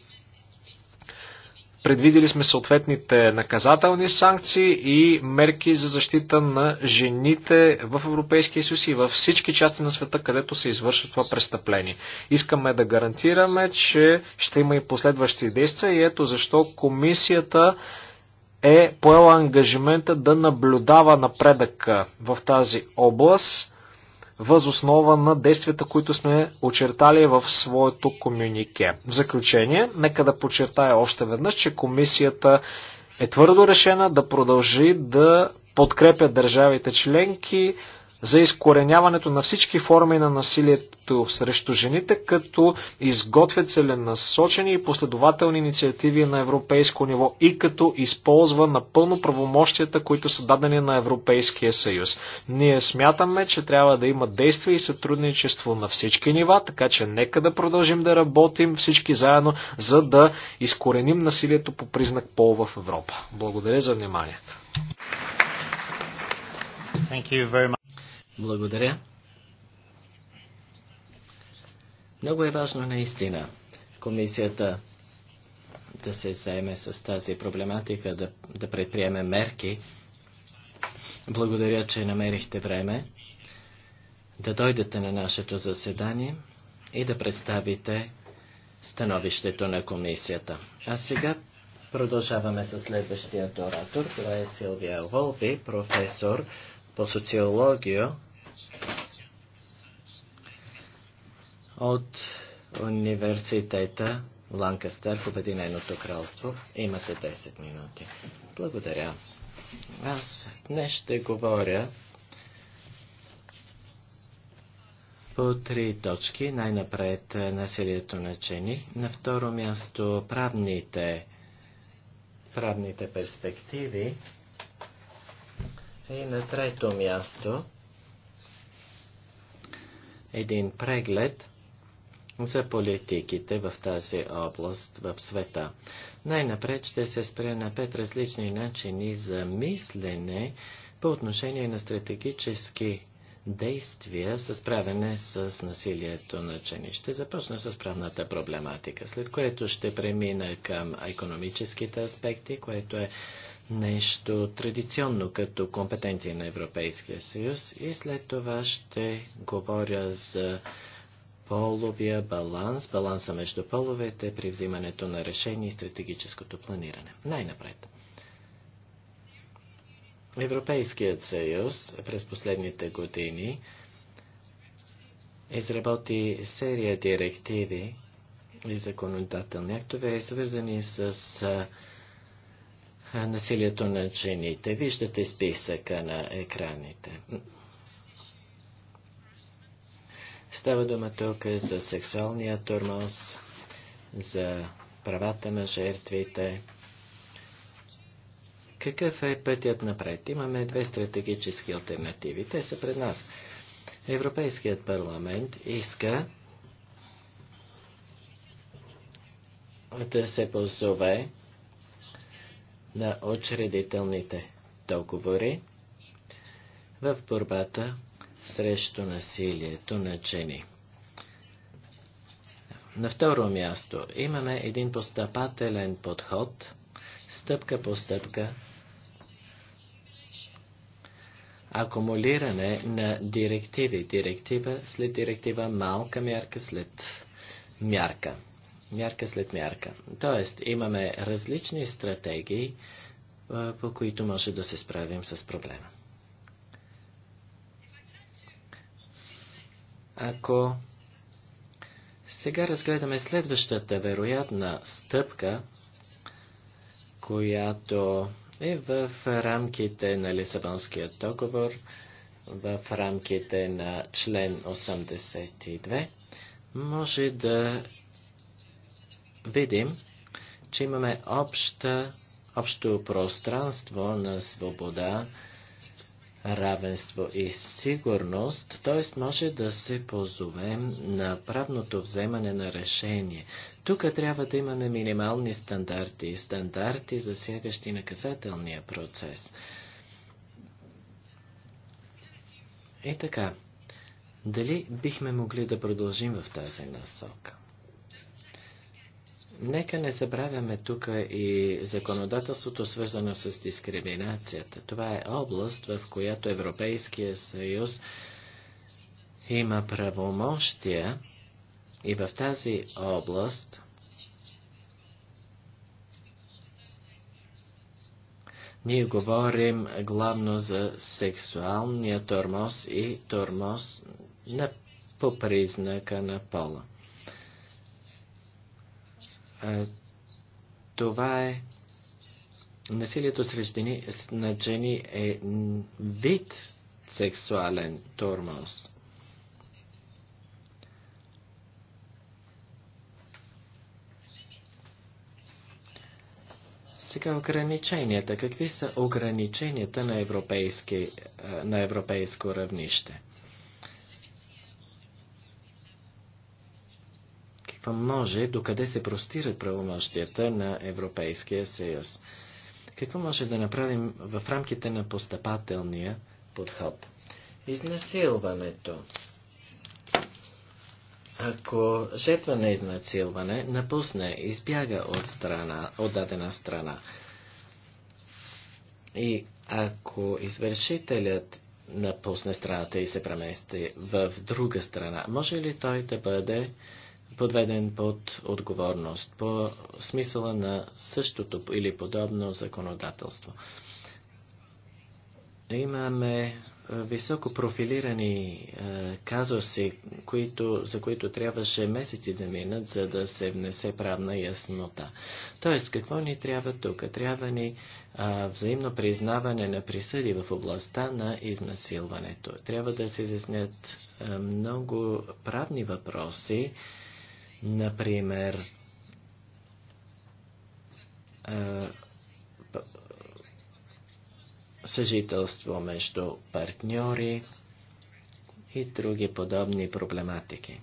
Предвидили сме съответните наказателни санкции и мерки за защита на жените в Европейския съюз и във всички части на света, където се извършва това престъпление. Искаме да гарантираме, че ще има и последващи действия и ето защо комисията е поела ангажимента да наблюдава напредъка в тази област възоснова на действията, които сме очертали в своето комюнике. В заключение, нека да подчертая още веднъж, че комисията е твърдо решена да продължи да подкрепя държавите членки за изкореняването на всички форми на насилието срещу жените, като изготвя целенасочени и последователни инициативи на европейско ниво и като използва напълно правомощията, които са дадени на Европейския съюз. Ние смятаме, че трябва да има действие и сътрудничество на всички нива, така че нека да продължим да работим всички заедно, за да изкореним насилието по признак пол в Европа. Благодаря за вниманието. Благодаря. Много е важно наистина комисията да се заеме с тази проблематика, да, да предприеме мерки. Благодаря, че намерихте време да дойдете на нашето заседание и да представите становището на комисията. А сега продължаваме с следващия оратор. Това е Силвия Волби, професор по социология от университета Ланкастър в Обединеното кралство. Имате 10 минути. Благодаря. Аз днес ще говоря по три точки. Най-напред е, насилието на чени. На второ място правните, правните перспективи. И на трето място един преглед за политиките в тази област в света. Най-напред ще се спре на пет различни начини за мислене по отношение на стратегически действия за справяне с насилието на чени. Ще започна с правната проблематика, след което ще премина към економическите аспекти, което е нещо традиционно като компетенция на Европейския съюз и след това ще говоря за половия баланс, баланса между половете при взимането на решение и стратегическото планиране. Най-напред. Европейският съюз през последните години изработи серия директиви и законодателни актове, свързани с насилието на жените. Виждате списъка на екраните. Става дума тук за сексуалния тормоз, за правата на жертвите. Какъв е пътят напред? Имаме две стратегически альтернативи. Те са пред нас. Европейският парламент иска да се позове на очредителните договори в борбата срещу насилието на жени. На второ място имаме един постъпателен подход, стъпка по стъпка, акумулиране на директиви, директива след директива, малка мярка след мярка мярка след мярка. Тоест, имаме различни стратегии, по които може да се справим с проблема. Ако сега разгледаме следващата вероятна стъпка, която е в рамките на Лисабонския договор, в рамките на член 82, може да видим, че имаме обща, общо пространство на свобода, равенство и сигурност, т.е. може да се позовем на правното вземане на решение. Тук трябва да имаме минимални стандарти и стандарти, засягащи наказателния процес. И така, дали бихме могли да продължим в тази насока? Нека не забравяме тук и законодателството, свързано с дискриминацията. Това е област, в която Европейския съюз има правомощия и в тази област ние говорим главно за сексуалния тормоз и тормоз на, по признака на пола. Това е насилието срещу жени е вид сексуален тормоз. Сега ограниченията. Какви са ограниченията на, на европейско равнище? може, докъде се простират правомощията на Европейския съюз. Какво може да направим в рамките на постъпателния подход? Изнасилването. Ако жертва на изнасилване напусне, избяга от, страна, от дадена страна, и ако извършителят напусне страната и се премести в друга страна, може ли той да бъде подведен под отговорност по смисъла на същото или подобно законодателство. Имаме е, високо профилирани е, казуси, които, за които трябваше месеци да минат, за да се внесе правна яснота. Тоест, какво ни трябва тук? Трябва ни а, е, взаимно признаване на присъди в областта на изнасилването. Трябва да се изяснят е, много правни въпроси, Например, съжителство между партньори и други подобни проблематики.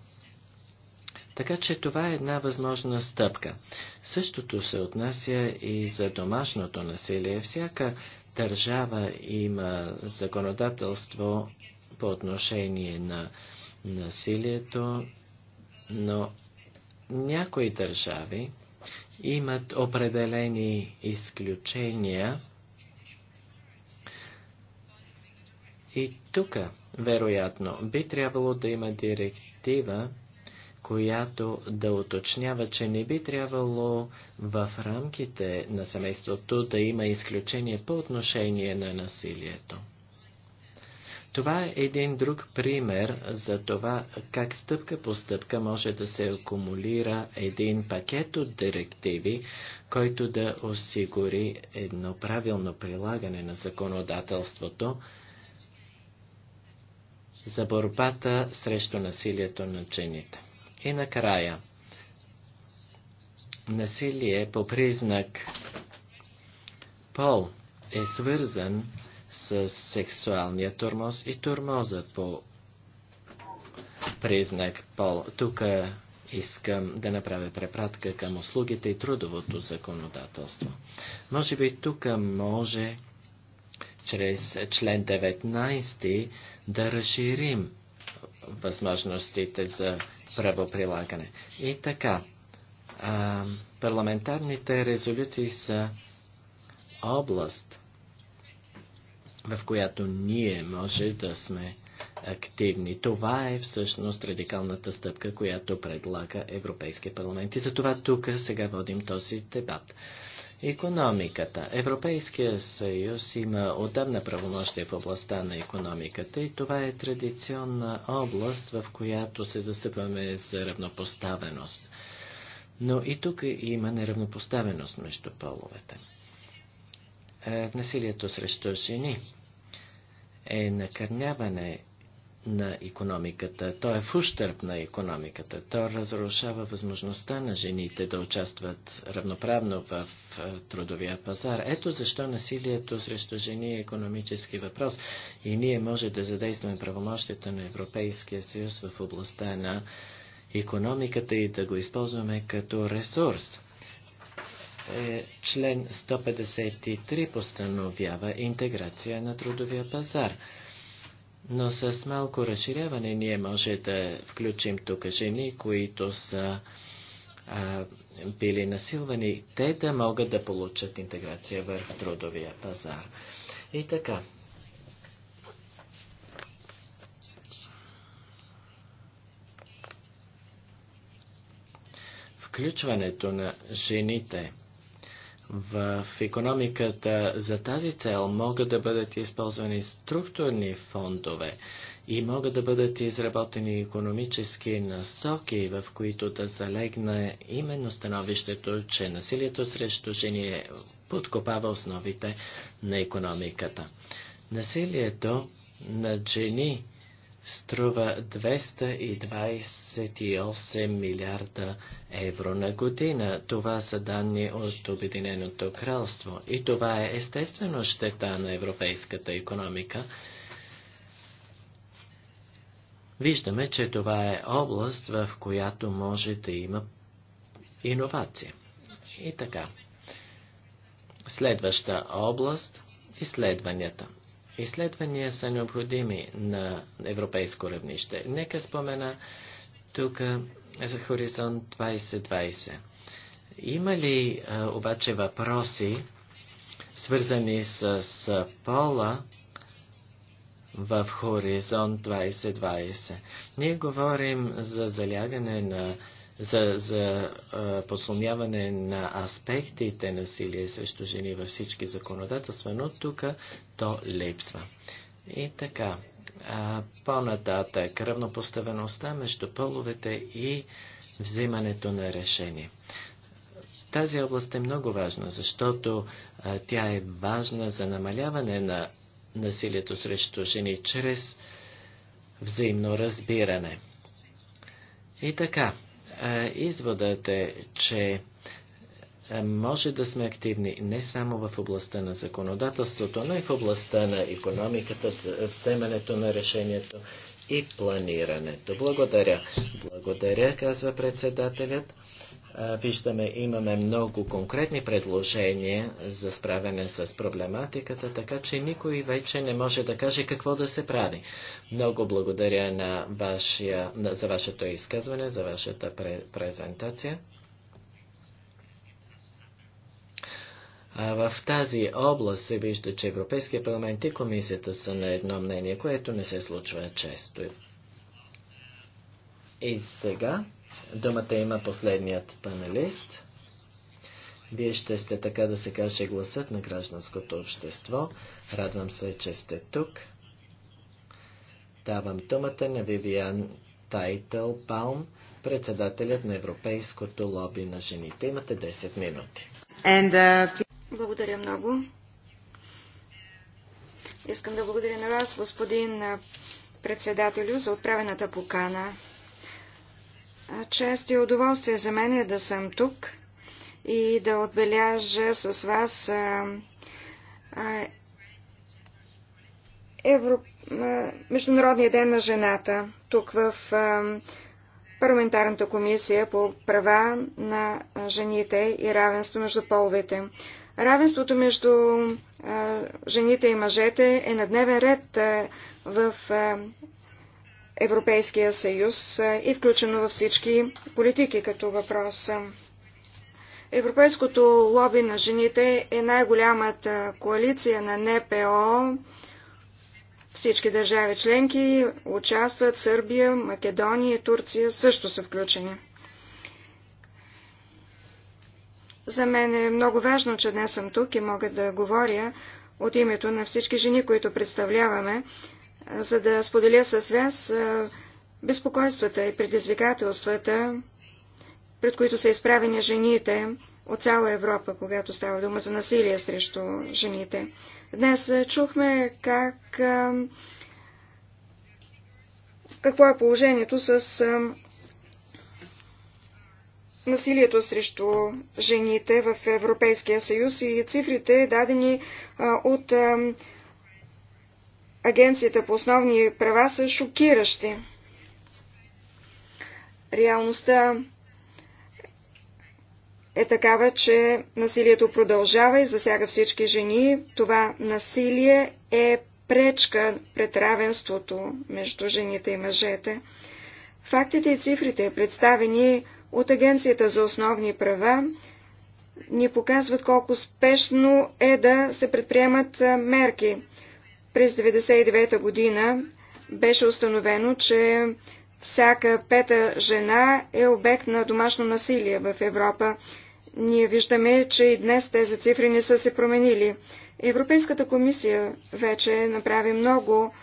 Така че това е една възможна стъпка. Същото се отнася и за домашното насилие. Всяка държава има законодателство по отношение на насилието, но някои държави имат определени изключения и тук, вероятно, би трябвало да има директива, която да уточнява, че не би трябвало в рамките на семейството да има изключение по отношение на насилието. Това е един друг пример за това как стъпка по стъпка може да се акумулира един пакет от директиви, който да осигури едно правилно прилагане на законодателството за борбата срещу насилието на жените. И накрая, насилие по признак пол е свързан с сексуалния тормоз и тормоза по признак пол. Тук искам да направя препратка към услугите и трудовото законодателство. Може би тук може чрез член 19 да разширим възможностите за правоприлагане. И така, парламентарните резолюции са област, в която ние може да сме активни. Това е всъщност радикалната стъпка, която предлага Европейския парламент. И затова тук сега водим този дебат. Економиката. Европейския съюз има отдавна правомощие в областта на економиката и това е традиционна област, в която се застъпваме за равнопоставеност. Но и тук има неравнопоставеност между половете. Е, насилието срещу жени е накърняване на економиката. То е в ущърп на економиката. То разрушава възможността на жените да участват равноправно в е, трудовия пазар. Ето защо насилието срещу жени е економически въпрос и ние може да задействаме правомощите на Европейския съюз в областта на економиката и да го използваме като ресурс е, член 153 постановява интеграция на трудовия пазар. Но с малко разширяване ние може да включим тук жени, които са а, били насилвани, те да могат да получат интеграция върху трудовия пазар. И така. Включването на жените в економиката за тази цел могат да бъдат използвани структурни фондове и могат да бъдат изработени економически насоки, в които да залегне именно становището, че насилието срещу жени е- подкопава основите на економиката. Насилието на жени струва 228 милиарда евро на година. Това са данни от Обединеното кралство. И това е естествено щета на европейската економика. Виждаме, че това е област, в която може да има иновация. И така. Следваща област – изследванията. Изследвания са необходими на европейско равнище. Нека спомена тук за Хоризонт 2020. Има ли а, обаче въпроси, свързани с, с пола в Хоризонт 2020? Ние говорим за залягане на за, за а, подслоняване на аспектите насилие срещу жени във всички законодателства, но тук то липсва. И така, по-нататък равнопоставеността между половете и взимането на решение. Тази област е много важна, защото а, тя е важна за намаляване на насилието срещу жени чрез взаимно разбиране. И така, Изводът е, че може да сме активни не само в областта на законодателството, но и в областта на економиката, вземането на решението и планирането. Благодаря. Благодаря, казва председателят. Виждаме, имаме много конкретни предложения за справяне с проблематиката, така че никой вече не може да каже какво да се прави. Много благодаря на вашия, за вашето изказване, за вашата презентация. А в тази област се вижда, че Европейския парламент и комисията са на едно мнение, което не се случва често. И сега Думата има последният панелист. Вие ще сте, така да се каже, гласът на гражданското общество. Радвам се, че сте тук. Давам думата на Вивиан Тайтъл Палм, председателят на Европейското лоби на жените. Имате 10 минути. And, uh... Благодаря много. Искам да благодаря на вас, господин председателю, за отправената покана. Чест и удоволствие за мен е да съм тук и да отбележа с вас а, а, Евро... а, Международния ден на жената тук в а, Парламентарната комисия по права на жените и равенство между половете. Равенството между а, жените и мъжете е на дневен ред а, в а, Европейския съюз и включено във всички политики като въпрос. Европейското лоби на жените е най-голямата коалиция на НПО. Всички държави членки участват. Сърбия, Македония и Турция също са включени. За мен е много важно, че днес съм тук и мога да говоря от името на всички жени, които представляваме, за да споделя с вас безпокойствата и предизвикателствата, пред които са изправени жените от цяла Европа, когато става дума за насилие срещу жените. Днес чухме как, какво е положението с насилието срещу жените в Европейския съюз и цифрите дадени от агенцията по основни права са шокиращи. Реалността е такава, че насилието продължава и засяга всички жени. Това насилие е пречка пред равенството между жените и мъжете. Фактите и цифрите, представени от Агенцията за основни права, ни показват колко спешно е да се предприемат мерки. През 1999 година беше установено, че всяка пета жена е обект на домашно насилие в Европа. Ние виждаме, че и днес тези цифри не са се променили. Европейската комисия вече направи много,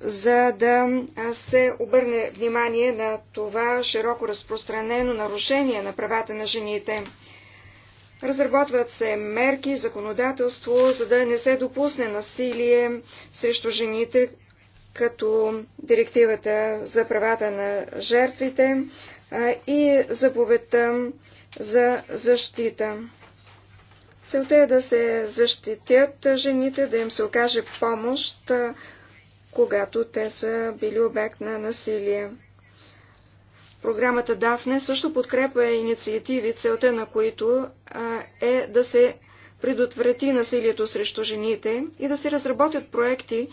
за да се обърне внимание на това широко разпространено нарушение на правата на жените. Разработват се мерки, законодателство, за да не се допусне насилие срещу жените, като директивата за правата на жертвите и заповедта за защита. Целта е да се защитят жените, да им се окаже помощ, когато те са били обект на насилие. Програмата Дафне също подкрепа инициативи, целта на които е да се предотврати насилието срещу жените и да се разработят проекти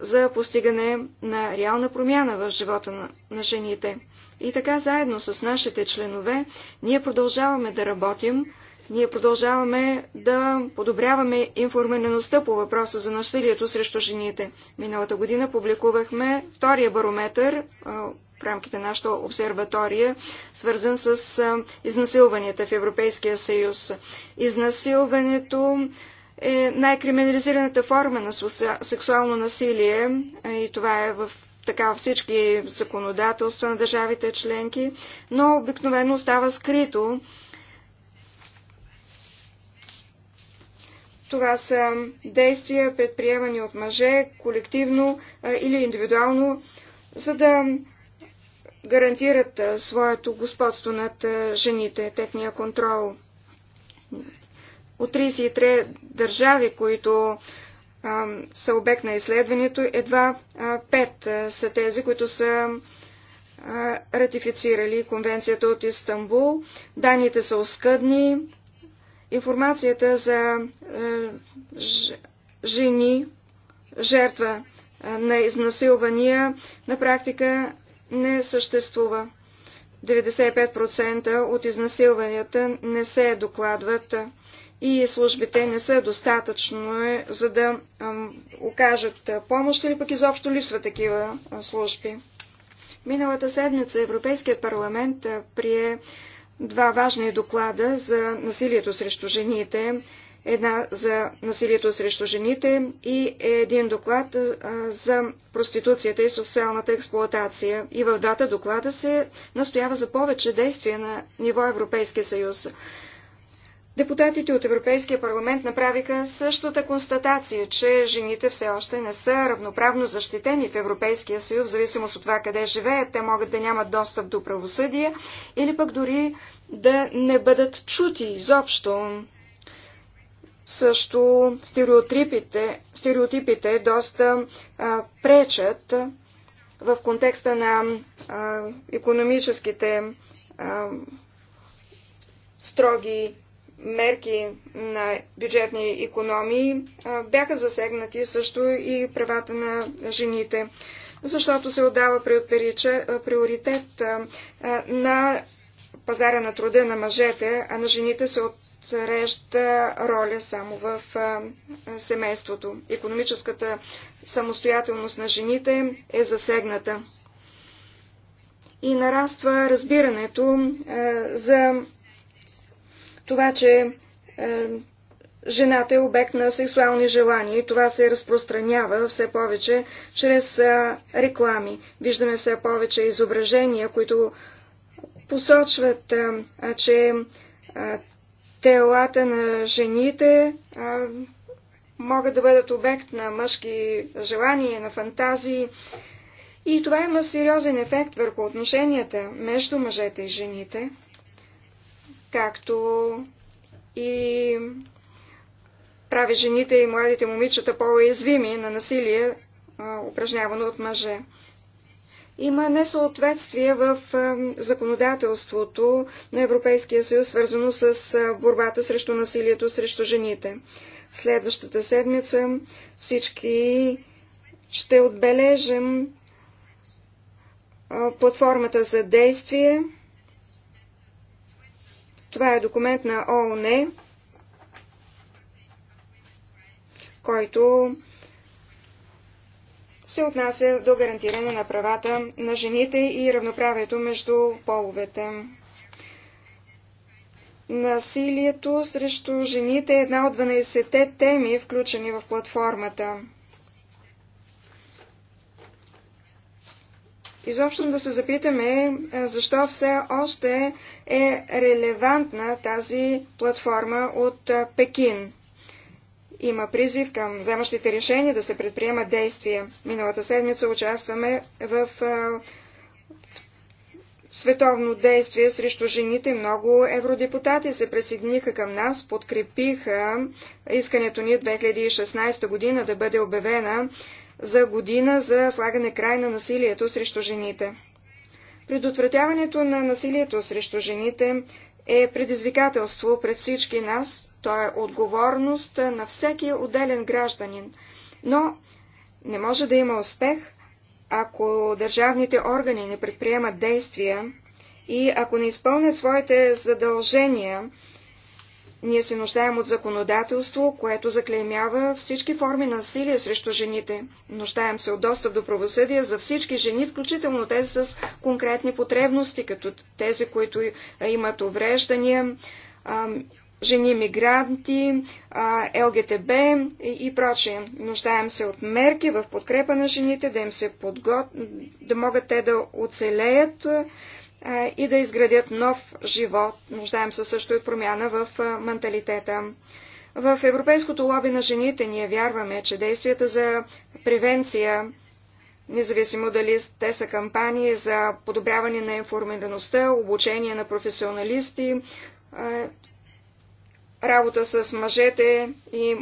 за постигане на реална промяна в живота на, на жените. И така заедно с нашите членове ние продължаваме да работим, ние продължаваме да подобряваме информираността по въпроса за насилието срещу жените. Миналата година публикувахме втория барометър в рамките на нашата обсерватория, свързан с изнасилванията в Европейския съюз. Изнасилването е най-криминализираната форма на сексуално насилие и това е в така всички законодателства на държавите членки, но обикновено става скрито. Това са действия, предприемани от мъже, колективно а, или индивидуално, за да гарантират своето господство над жените, техния контрол. От 33 държави, които са обект на изследването, едва 5 са тези, които са ратифицирали конвенцията от Истанбул. Даните са оскъдни. Информацията за жени, жертва на изнасилвания, на практика не съществува. 95% от изнасилванията не се докладват и службите не са достатъчно, е, за да ам, окажат помощ или пък изобщо липсва такива служби. Миналата седмица Европейският парламент прие два важни доклада за насилието срещу жените една за насилието срещу жените и един доклад за проституцията и социалната експлоатация. И в двата доклада се настоява за повече действия на ниво Европейския съюз. Депутатите от Европейския парламент направиха същата констатация, че жените все още не са равноправно защитени в Европейския съюз, в зависимост от това къде живеят. Те могат да нямат достъп до правосъдие или пък дори да не бъдат чути изобщо. Също стереотипите, стереотипите доста а, пречат в контекста на а, економическите а, строги мерки на бюджетни економии бяха засегнати също и правата на жените, защото се отдава приоритет на пазара на труда на мъжете, а на жените се среща роля само в семейството. Економическата самостоятелност на жените е засегната. И нараства разбирането за това, че жената е обект на сексуални желания и това се разпространява все повече чрез реклами. Виждаме все повече изображения, които посочват, че телата на жените а, могат да бъдат обект на мъжки желания, на фантазии. И това има сериозен ефект върху отношенията между мъжете и жените, както и прави жените и младите момичета по-уязвими на насилие, упражнявано от мъже. Има несъответствие в законодателството на Европейския съюз, свързано с борбата срещу насилието срещу жените. В следващата седмица всички ще отбележим платформата за действие. Това е документ на ООН, който се отнася до гарантиране на правата на жените и равноправието между половете. Насилието срещу жените е една от 12-те теми, включени в платформата. Изобщо да се запитаме е, защо все още е релевантна тази платформа от е, Пекин. Има призив към вземащите решения да се предприемат действия. Миналата седмица участваме в световно действие срещу жените. Много евродепутати се присъединиха към нас, подкрепиха искането ни 2016 година да бъде обявена за година за слагане край на насилието срещу жените. Предотвратяването на насилието срещу жените е предизвикателство пред всички нас, то е отговорност на всеки отделен гражданин. Но не може да има успех, ако държавните органи не предприемат действия и ако не изпълнят своите задължения ние се нуждаем от законодателство, което заклеймява всички форми на насилие срещу жените. Нуждаем се от достъп до правосъдие за всички жени, включително тези с конкретни потребности, като тези, които имат увреждания, жени мигранти, ЛГТБ и прочее. Нуждаем се от мерки в подкрепа на жените, да им се подготвят, да могат те да оцелеят и да изградят нов живот. Нуждаем се също и промяна в менталитета. В Европейското лоби на жените ние вярваме, че действията за превенция, независимо дали те са кампании за подобряване на информираността, обучение на професионалисти, работа с мъжете и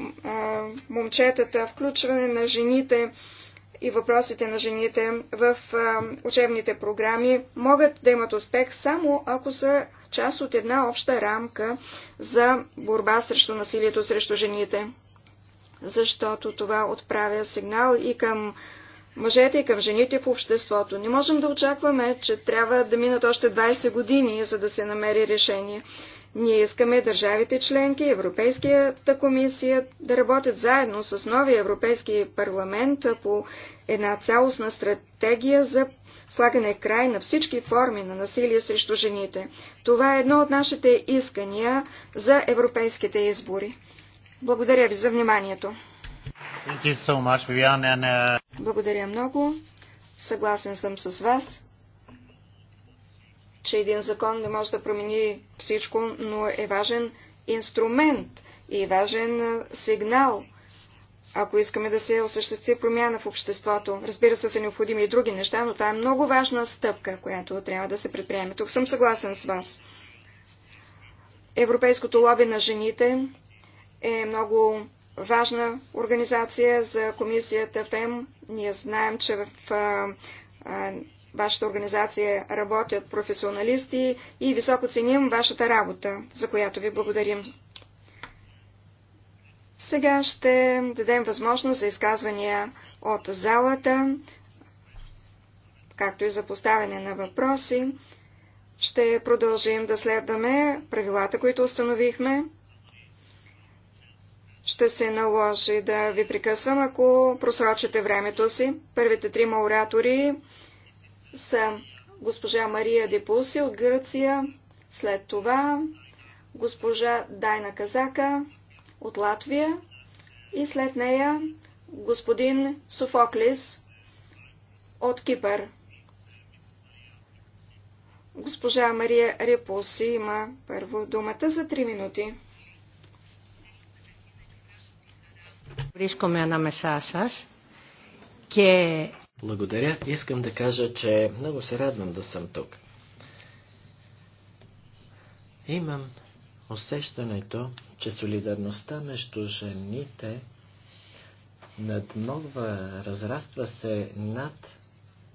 момчетата, включване на жените и въпросите на жените в учебните програми могат да имат успех само ако са част от една обща рамка за борба срещу насилието срещу жените. Защото това отправя сигнал и към мъжете и към жените в обществото. Не можем да очакваме, че трябва да минат още 20 години, за да се намери решение. Ние искаме държавите членки, Европейската комисия да работят заедно с новия Европейски парламент по една цялостна стратегия за слагане край на всички форми на насилие срещу жените. Това е едно от нашите искания за европейските избори. Благодаря ви за вниманието. Uh, Благодаря много. Съгласен съм с вас че един закон не може да промени всичко, но е важен инструмент и важен сигнал, ако искаме да се осъществи промяна в обществото. Разбира се, са необходими и други неща, но това е много важна стъпка, която трябва да се предприеме. Тук съм съгласен с вас. Европейското лоби на жените е много важна организация за комисията ФЕМ. Ние знаем, че в вашата организация работят професионалисти и високо ценим вашата работа, за която ви благодарим. Сега ще дадем възможност за изказвания от залата, както и за поставяне на въпроси. Ще продължим да следваме правилата, които установихме. Ще се наложи да ви прекъсвам, ако просрочите времето си. Първите трима оратори са госпожа Мария Депуси от Гърция, след това госпожа Дайна Казака от Латвия и след нея господин Софоклис от Кипър. Госпожа Мария Репуси има първо думата за 3 минути. Βρίσκομαι ανάμεσά σας και благодаря. Искам да кажа, че много се радвам да съм тук. Имам усещането, че солидарността между жените надмогва, разраства се над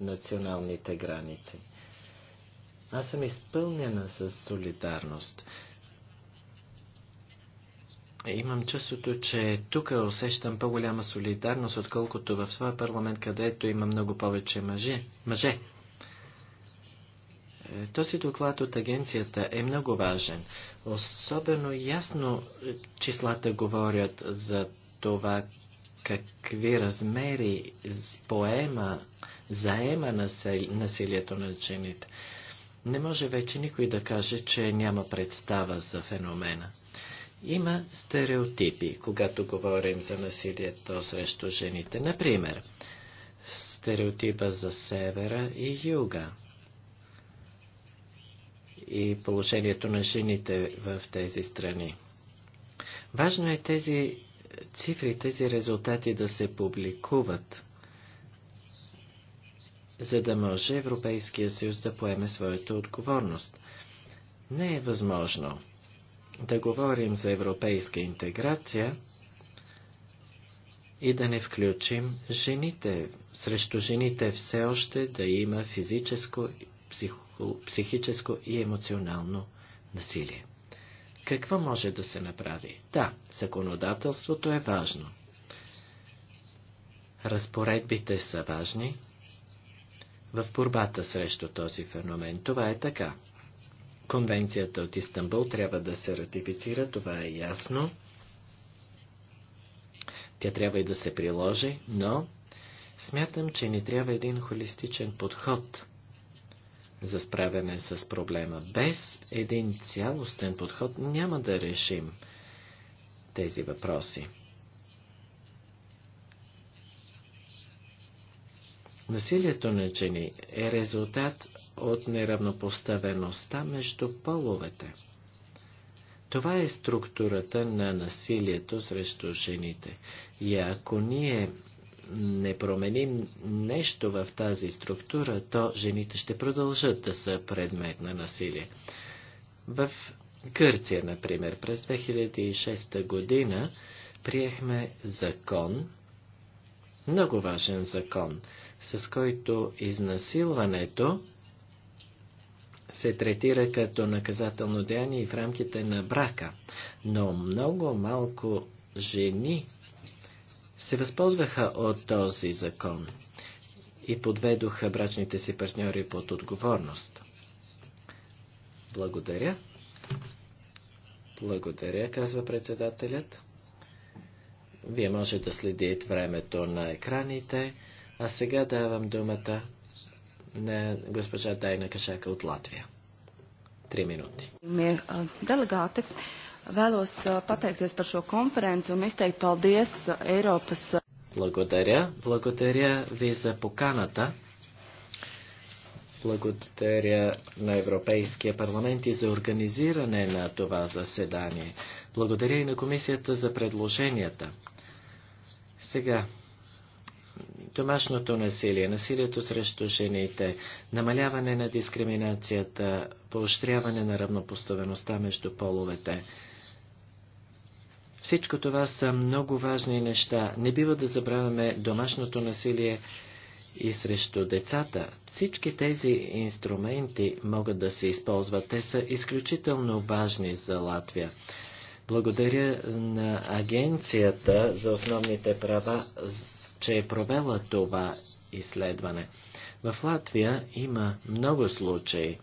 националните граници. Аз съм изпълнена с солидарност. Е, имам чувството, че тук усещам по-голяма солидарност, отколкото в своя парламент, където има много повече мъже. мъже. Е, този доклад от агенцията е много важен. Особено ясно е, числата говорят за това какви размери поема, заема насилието на жените. Не може вече никой да каже, че няма представа за феномена. Има стереотипи, когато говорим за насилието срещу жените. Например, стереотипа за севера и юга и положението на жените в тези страни. Важно е тези цифри, тези резултати да се публикуват, за да може Европейския съюз да поеме своята отговорност. Не е възможно да говорим за европейска интеграция и да не включим жените. Срещу жените все още да има физическо, психо, психическо и емоционално насилие. Какво може да се направи? Да, законодателството е важно. Разпоредбите са важни в борбата срещу този феномен. Това е така. Конвенцията от Истанбул трябва да се ратифицира, това е ясно. Тя трябва и да се приложи, но смятам, че ни трябва един холистичен подход за справяне с проблема. Без един цялостен подход няма да решим тези въпроси. Насилието на жени е резултат от неравнопоставеността между половете. Това е структурата на насилието срещу жените. И ако ние не променим нещо в тази структура, то жените ще продължат да са предмет на насилие. В Гърция, например, през 2006 година приехме закон, много важен закон, с който изнасилването се третира като наказателно деяние и в рамките на брака. Но много малко жени се възползваха от този закон и подведоха брачните си партньори под отговорност. Благодаря. Благодаря, казва председателят. Вие може да следите времето на екраните, а сега давам думата на госпожа Дайна Кашака от Латвия. Три минути. Е, делегати, велос патекте par šo konferenci un izteikt paldies Европас. Благодаря. Благодаря ви за поканата. Благодаря на Европейския парламент и за организиране на това заседание. Благодаря и на комисията за предложенията. Сега домашното насилие, насилието срещу жените, намаляване на дискриминацията, поощряване на равнопоставеността между половете. Всичко това са много важни неща. Не бива да забравяме домашното насилие и срещу децата. Всички тези инструменти могат да се използват. Те са изключително важни за Латвия. Благодаря на Агенцията за основните права че е провела това изследване. В Латвия има много случаи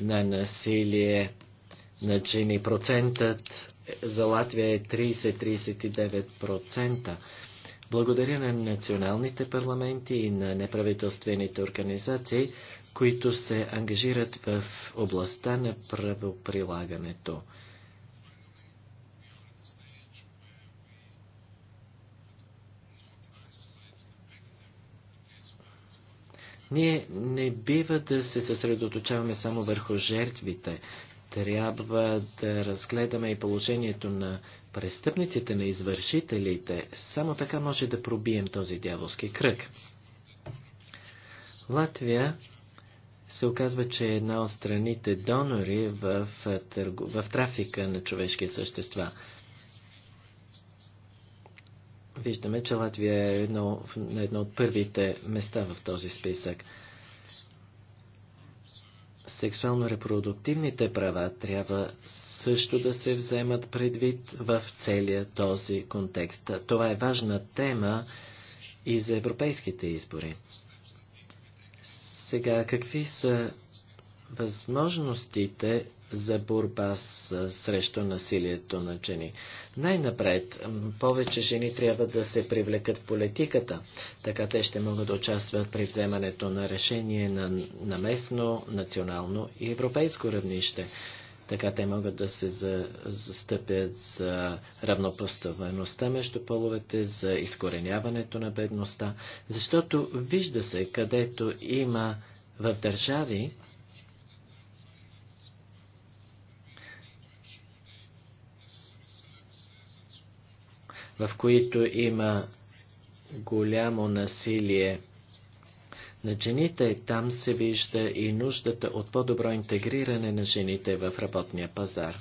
на насилие на чини Процентът за Латвия е 30-39%. Благодаря на националните парламенти и на неправителствените организации, които се ангажират в областта на правоприлагането. Ние не бива да се съсредоточаваме само върху жертвите. Трябва да разгледаме и положението на престъпниците, на извършителите. Само така може да пробием този дяволски кръг. Латвия се оказва, че е една от страните донори в, търгу... в трафика на човешки същества виждаме, че Латвия е едно, на едно от първите места в този списък. Сексуално-репродуктивните права трябва също да се вземат предвид в целия този контекст. Това е важна тема и за европейските избори. Сега, какви са възможностите за борба с, срещу насилието на жени. Най-напред, повече жени трябва да се привлекат в политиката, така те ще могат да участват при вземането на решение на, на местно, национално и европейско равнище. Така те могат да се за, застъпят за равнопоставеността между половете, за изкореняването на бедността, защото вижда се, където има в държави, в които има голямо насилие на жените, там се вижда и нуждата от по-добро интегриране на жените в работния пазар.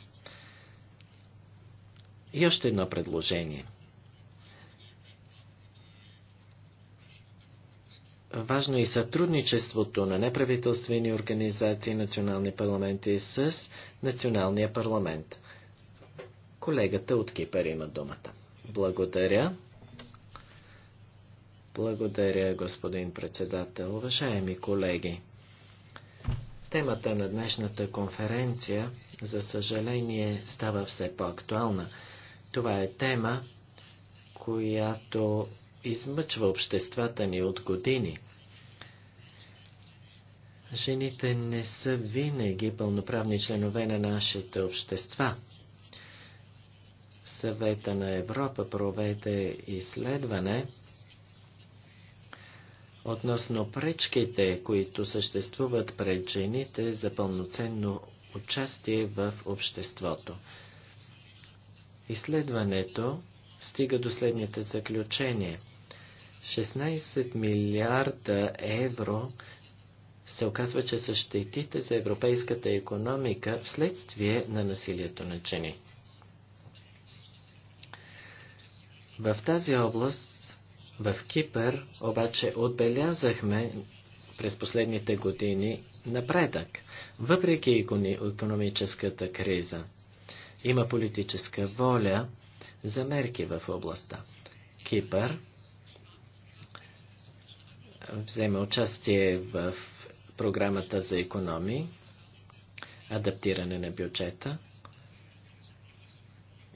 И още едно предложение. Важно е и сътрудничеството на неправителствени организации, национални парламенти с националния парламент. Колегата от Кипър има думата. Благодаря. Благодаря, господин председател. Уважаеми колеги, темата на днешната конференция, за съжаление, става все по-актуална. Това е тема, която измъчва обществата ни от години. Жените не са винаги пълноправни членове на нашите общества – Съвета на Европа проведе изследване относно пречките, които съществуват пред жените за пълноценно участие в обществото. Изследването стига до следните заключения. 16 милиарда евро се оказва, че са щетите за европейската економика вследствие на насилието на жени. В тази област, в Кипър, обаче отбелязахме през последните години напредък, въпреки економическата криза. Има политическа воля за мерки в областта. Кипър взема участие в програмата за економии, адаптиране на бюджета –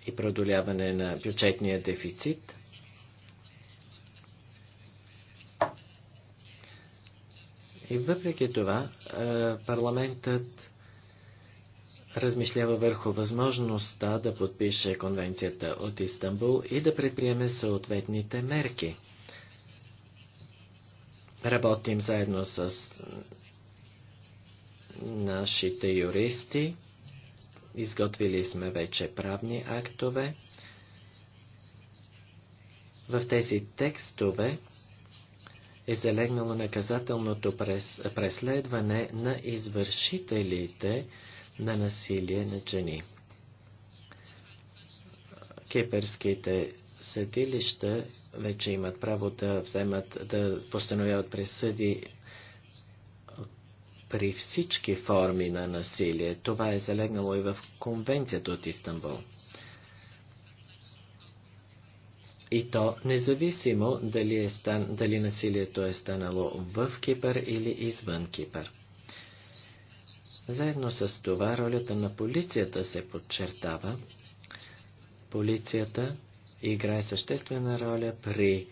и продоляване на бюджетния дефицит. И въпреки това, е, парламентът размишлява върху възможността да подпише конвенцията от Истанбул и да предприеме съответните мерки. Работим заедно с нашите юристи Изготвили сме вече правни актове. В тези текстове е залегнало наказателното прес, преследване на извършителите на насилие на жени. Кипърските съдилища вече имат право да вземат, да постановяват присъди при всички форми на насилие. Това е залегнало и в конвенцията от Истанбул. И то независимо дали, е стан, дали насилието е станало в Кипър или извън Кипър. Заедно с това ролята на полицията се подчертава. Полицията играе съществена роля при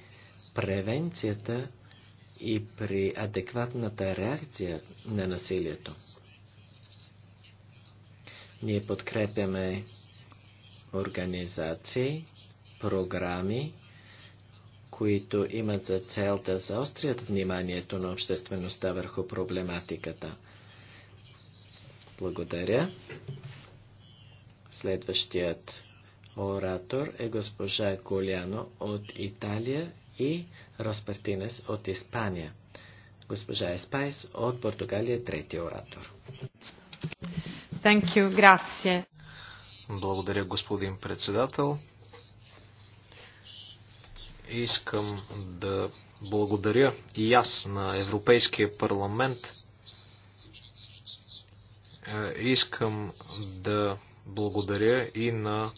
превенцията и при адекватната реакция на насилието. Ние подкрепяме организации, програми, които имат за цел да заострят вниманието на обществеността върху проблематиката. Благодаря. Следващият оратор е госпожа Коляно от Италия и Роспартинес от Испания. Госпожа Еспайс от Португалия, третия оратор. Thank you, grazie. Благодаря, господин председател. Искам да благодаря и аз на Европейския парламент. Е, искам да благодаря и на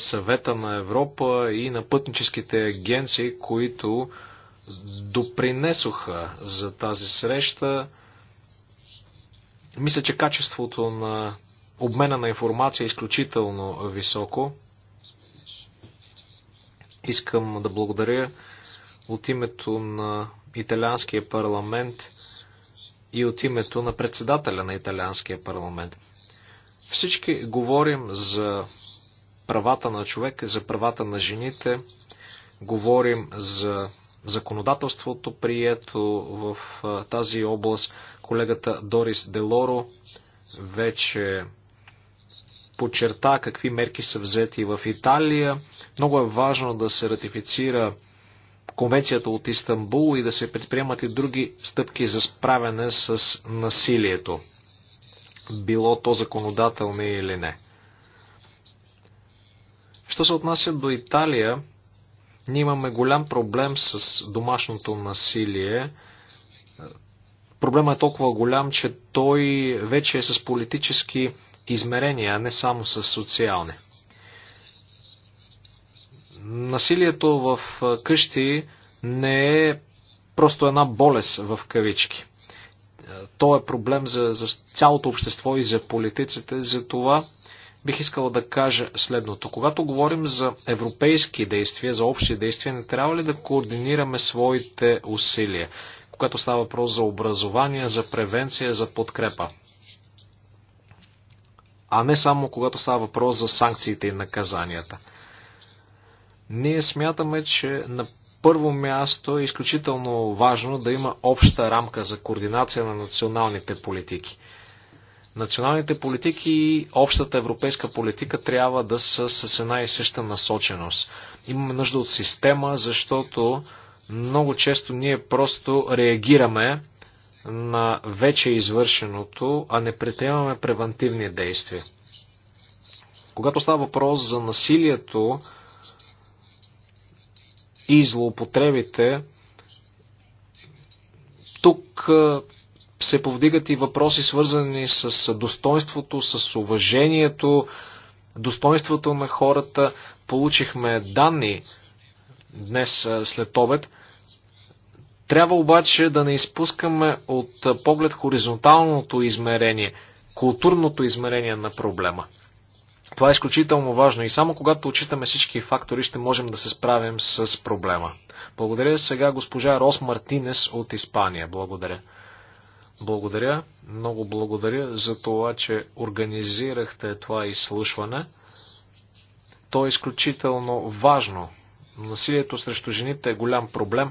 съвета на Европа и на пътническите агенции, които допринесоха за тази среща. Мисля, че качеството на обмена на информация е изключително високо. Искам да благодаря от името на Италианския парламент и от името на председателя на Италианския парламент. Всички говорим за правата на човека, за правата на жените. Говорим за законодателството, прието в тази област. Колегата Дорис Делоро вече подчерта какви мерки са взети в Италия. Много е важно да се ратифицира конвенцията от Истанбул и да се предприемат и други стъпки за справяне с насилието, било то законодателни или не. Що се отнася до Италия, ние имаме голям проблем с домашното насилие. Проблема е толкова голям, че той вече е с политически измерения, а не само с социални. Насилието в къщи не е просто една болест в кавички. То е проблем за, за цялото общество и за политиците. За това бих искала да кажа следното. Когато говорим за европейски действия, за общи действия, не трябва ли да координираме своите усилия, когато става въпрос за образование, за превенция, за подкрепа? А не само когато става въпрос за санкциите и наказанията. Ние смятаме, че на първо място е изключително важно да има обща рамка за координация на националните политики. Националните политики и общата европейска политика трябва да са с една и съща насоченост. Имаме нужда от система, защото много често ние просто реагираме на вече извършеното, а не предприемаме превентивни действия. Когато става въпрос за насилието и злоупотребите, тук се повдигат и въпроси свързани с достоинството, с уважението, достоинството на хората. Получихме данни днес след обед. Трябва обаче да не изпускаме от поглед хоризонталното измерение, културното измерение на проблема. Това е изключително важно и само когато отчитаме всички фактори ще можем да се справим с проблема. Благодаря сега госпожа Рос Мартинес от Испания. Благодаря. Благодаря, много благодаря за това, че организирахте това изслушване. То е изключително важно. Насилието срещу жените е голям проблем.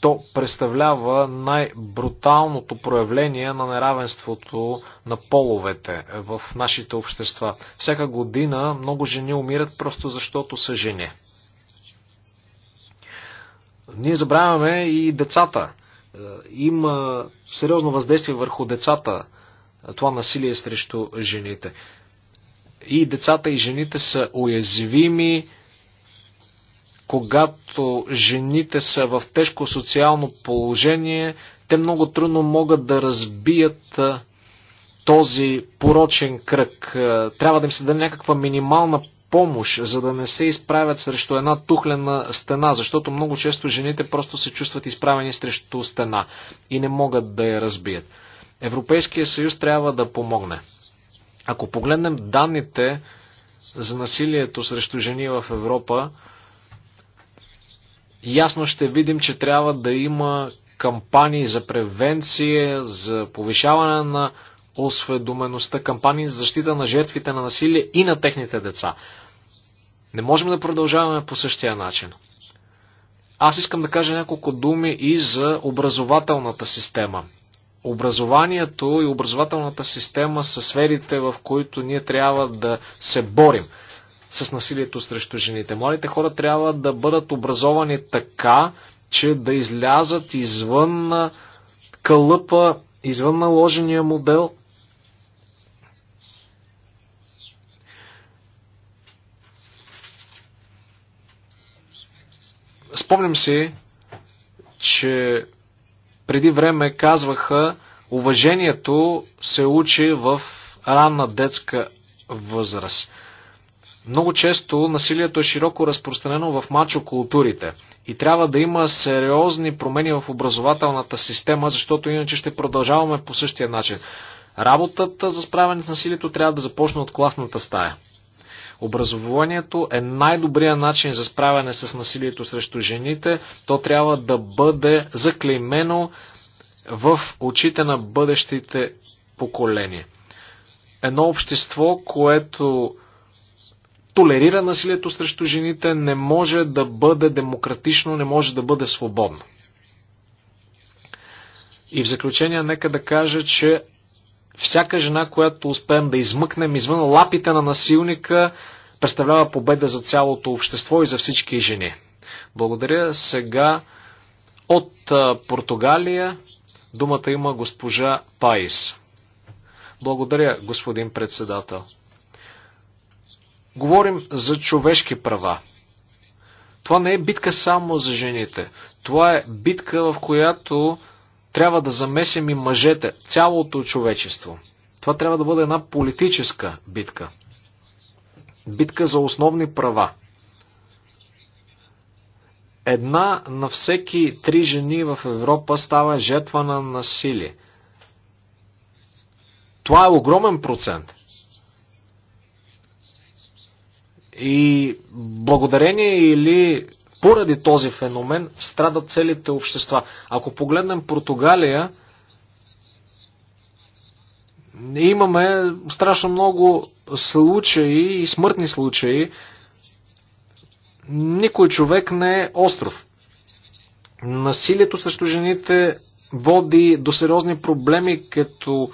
То представлява най-бруталното проявление на неравенството на половете в нашите общества. Всяка година много жени умират просто защото са жени. Ние забравяме и децата има сериозно въздействие върху децата това насилие срещу жените. И децата и жените са уязвими, когато жените са в тежко социално положение, те много трудно могат да разбият този порочен кръг. Трябва да им се даде някаква минимална помощ, за да не се изправят срещу една тухлена стена, защото много често жените просто се чувстват изправени срещу стена и не могат да я разбият. Европейския съюз трябва да помогне. Ако погледнем данните за насилието срещу жени в Европа, ясно ще видим, че трябва да има кампании за превенция, за повишаване на осведомеността, кампании за защита на жертвите на насилие и на техните деца. Не можем да продължаваме по същия начин. Аз искам да кажа няколко думи и за образователната система. Образованието и образователната система са сферите, в които ние трябва да се борим с насилието срещу жените. Младите хора трябва да бъдат образовани така, че да излязат извън кълъпа, извън наложения модел – Спомням си, че преди време казваха, уважението се учи в ранна детска възраст. Много често насилието е широко разпространено в мачо културите и трябва да има сериозни промени в образователната система, защото иначе ще продължаваме по същия начин. Работата за справяне с насилието трябва да започне от класната стая. Образованието е най-добрият начин за справяне с насилието срещу жените. То трябва да бъде заклеймено в очите на бъдещите поколения. Едно общество, което толерира насилието срещу жените, не може да бъде демократично, не може да бъде свободно. И в заключение нека да кажа, че всяка жена, която успеем да измъкнем извън лапите на насилника, представлява победа за цялото общество и за всички жени. Благодаря. Сега от Португалия думата има госпожа Паис. Благодаря, господин председател. Говорим за човешки права. Това не е битка само за жените. Това е битка, в която трябва да замесим и мъжете, цялото човечество. Това трябва да бъде една политическа битка. Битка за основни права. Една на всеки три жени в Европа става жертва на насилие. Това е огромен процент. И благодарение или поради този феномен страдат целите общества. Ако погледнем Португалия, имаме страшно много случаи и смъртни случаи. Никой човек не е остров. Насилието срещу жените води до сериозни проблеми, като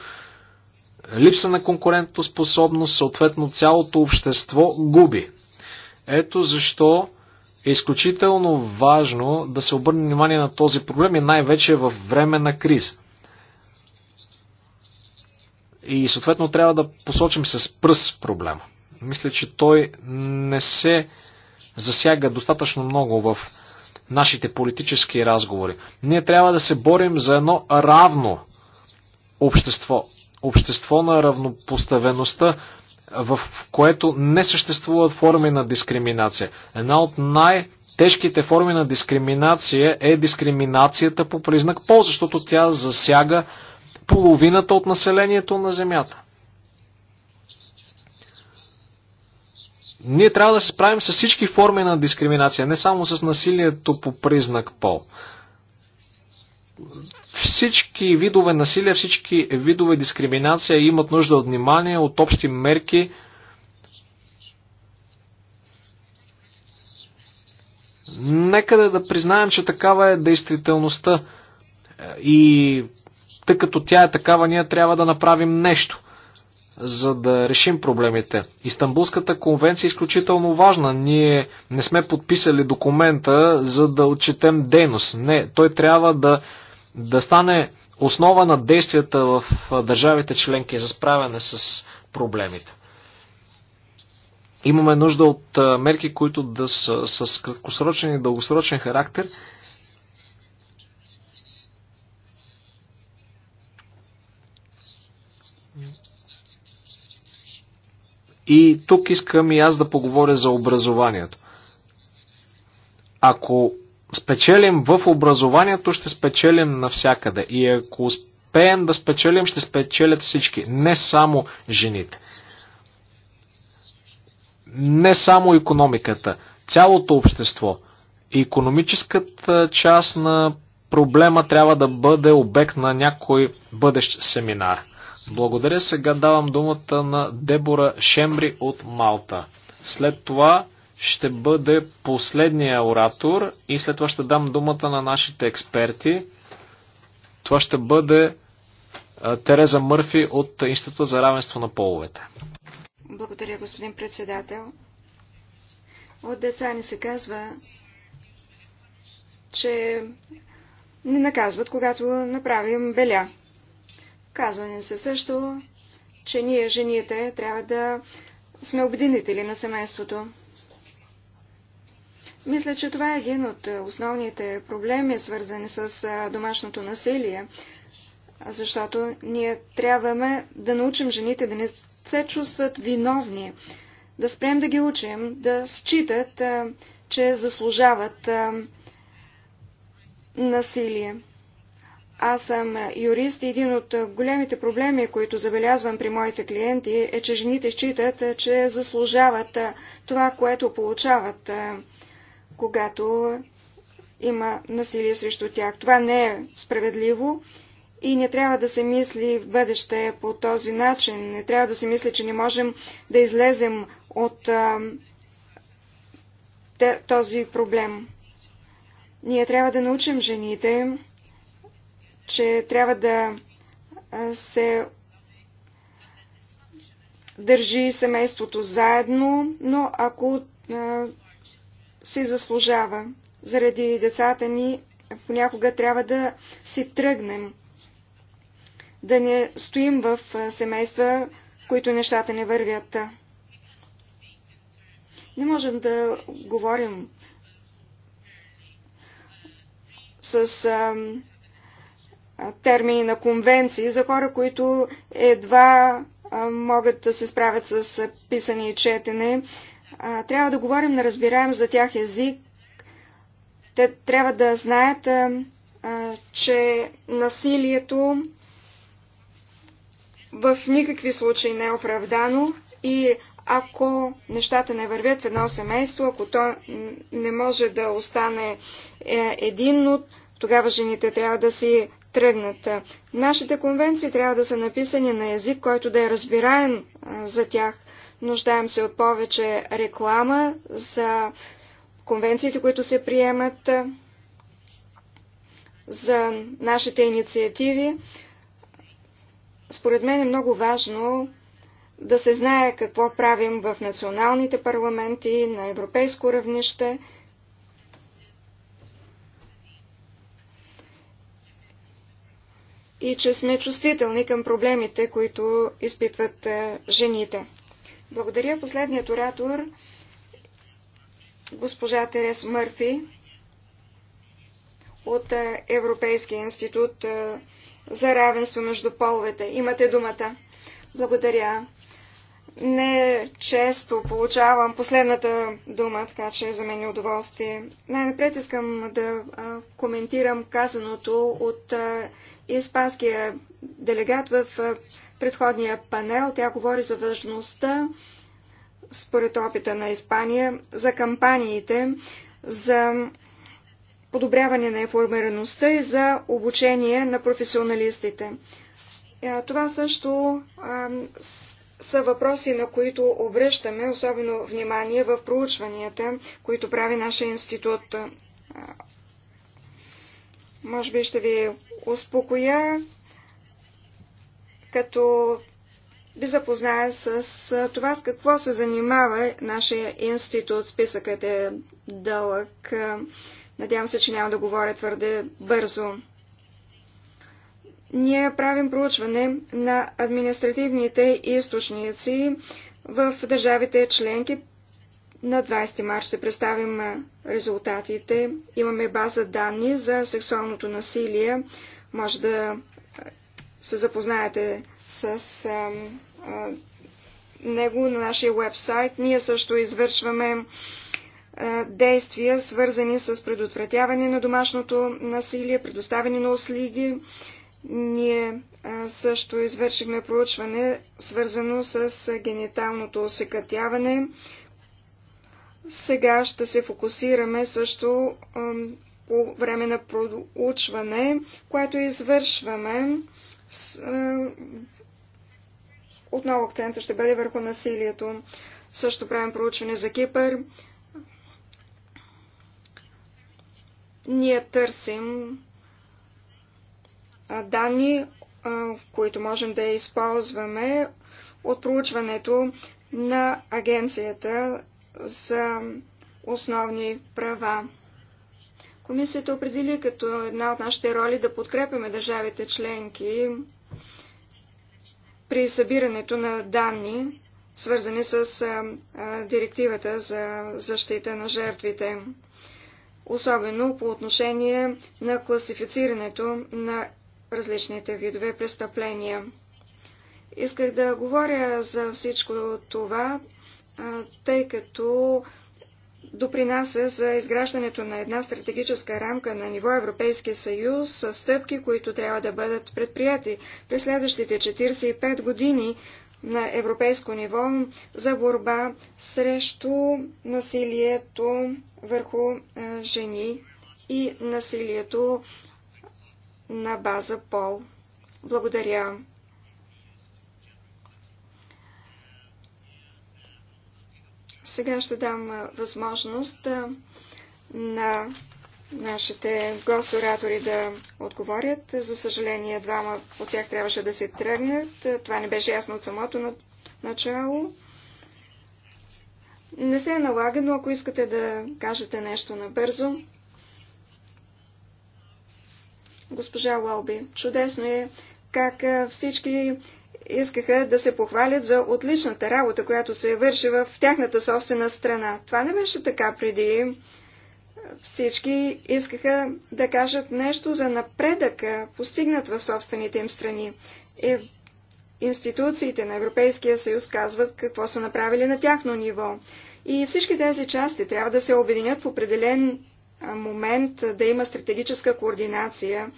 липса на конкурентоспособност, съответно цялото общество губи. Ето защо е изключително важно да се обърне внимание на този проблем и най-вече в време на криза. И съответно трябва да посочим с пръс проблема. Мисля, че той не се засяга достатъчно много в нашите политически разговори. Ние трябва да се борим за едно равно общество. Общество на равнопоставеността в което не съществуват форми на дискриминация. Една от най- тежките форми на дискриминация е дискриминацията по признак пол, защото тя засяга половината от населението на Земята. Ние трябва да се справим с всички форми на дискриминация, не само с насилието по признак пол. Всички видове насилие, всички видове дискриминация имат нужда от внимание, от общи мерки. Нека да признаем, че такава е действителността. И тъй като тя е такава, ние трябва да направим нещо, за да решим проблемите. Истанбулската конвенция е изключително важна. Ние не сме подписали документа, за да отчетем дейност. Не, той трябва да да стане основа на действията в държавите членки за справяне с проблемите. Имаме нужда от мерки, които да са с краткосрочен и дългосрочен характер. И тук искам и аз да поговоря за образованието. Ако спечелим в образованието, ще спечелим навсякъде. И ако успеем да спечелим, ще спечелят всички, не само жените. Не само економиката, цялото общество. И економическата част на проблема трябва да бъде обект на някой бъдещ семинар. Благодаря. Сега давам думата на Дебора Шембри от Малта. След това ще бъде последния оратор и след това ще дам думата на нашите експерти. Това ще бъде Тереза Мърфи от Института за равенство на половете. Благодаря, господин председател. От деца ни се казва, че не наказват, когато направим беля. Казва ни се също, че ние, жените, трябва да сме обединители на семейството. Мисля, че това е един от е, основните проблеми, свързани с е, домашното насилие, защото ние трябваме да научим жените да не се чувстват виновни, да спрем да ги учим, да считат, е, че заслужават насилие. Аз съм юрист и един от големите проблеми, които забелязвам при моите клиенти, е, че жените считат, че заслужават това, което получават когато има насилие срещу тях. Това не е справедливо и не трябва да се мисли в бъдеще по този начин. Не трябва да се мисли, че не можем да излезем от а, този проблем. Ние трябва да научим жените, че трябва да се държи семейството заедно, но ако си заслужава. Заради децата ни понякога трябва да си тръгнем, да не стоим в семейства, в които нещата не вървят. Не можем да говорим с а, термини на конвенции за хора, които едва а, могат да се справят с писане и четене а, трябва да говорим на разбираем за тях език. Те трябва да знаят, а, а, че насилието в никакви случаи не е оправдано и ако нещата не вървят в едно семейство, ако то не може да остане е, единно, тогава жените трябва да си тръгнат. Нашите конвенции трябва да са написани на език, който да е разбираем за тях. Нуждаем се от повече реклама за конвенциите, които се приемат, за нашите инициативи. Според мен е много важно да се знае какво правим в националните парламенти, на европейско равнище. И че сме чувствителни към проблемите, които изпитват е, жените. Благодаря. Последният оратор, госпожа Терес Мърфи от е, Европейския институт е, за равенство между половете. Имате думата. Благодаря. Не често получавам последната дума, така че за мен е удоволствие. Най-напред искам да е, коментирам казаното от испанския делегат в предходния панел. Тя говори за важността, според опита на Испания, за кампаниите, за подобряване на информираността и за обучение на професионалистите. Е, това също а, са въпроси, на които обръщаме особено внимание в проучванията, които прави нашия институт. може би ще ви успокоя, като ви запозная с това с какво се занимава нашия институт. Списъкът е дълъг. Надявам се, че няма да говоря твърде бързо. Ние правим проучване на административните източници в държавите членки. На 20 марта ще представим резултатите. Имаме база данни за сексуалното насилие. Може да се запознаете с а, а, него на нашия вебсайт. Ние също извършваме а, действия, свързани с предотвратяване на домашното насилие, предоставяне на услуги. Ние също извършихме проучване, свързано с гениталното осекатяване. Сега ще се фокусираме също по време на проучване, което извършваме с, отново акцента ще бъде върху насилието. Също правим проучване за Кипър. Ние търсим данни, които можем да използваме от проучването на Агенцията за основни права. Комисията определи като една от нашите роли да подкрепяме държавите членки при събирането на данни, свързани с директивата за защита на жертвите, особено по отношение на класифицирането на различните видове престъпления. Исках да говоря за всичко това, тъй като допринася за изграждането на една стратегическа рамка на ниво Европейския съюз с стъпки, които трябва да бъдат предприяти през следващите 45 години на европейско ниво за борба срещу насилието върху е, жени и насилието на база пол. Благодаря Сега ще дам възможност на нашите госторатори да отговорят. За съжаление, двама от тях трябваше да се тръгнат. Това не беше ясно от самото начало. Не се е налага, но ако искате да кажете нещо набързо. Госпожа Лалби, чудесно е как всички искаха да се похвалят за отличната работа, която се върши в тяхната собствена страна. Това не беше така преди. Всички искаха да кажат нещо за напредъка, постигнат в собствените им страни. И институциите на Европейския съюз казват какво са направили на тяхно ниво. И всички тези части трябва да се объединят в определен момент, да има стратегическа координация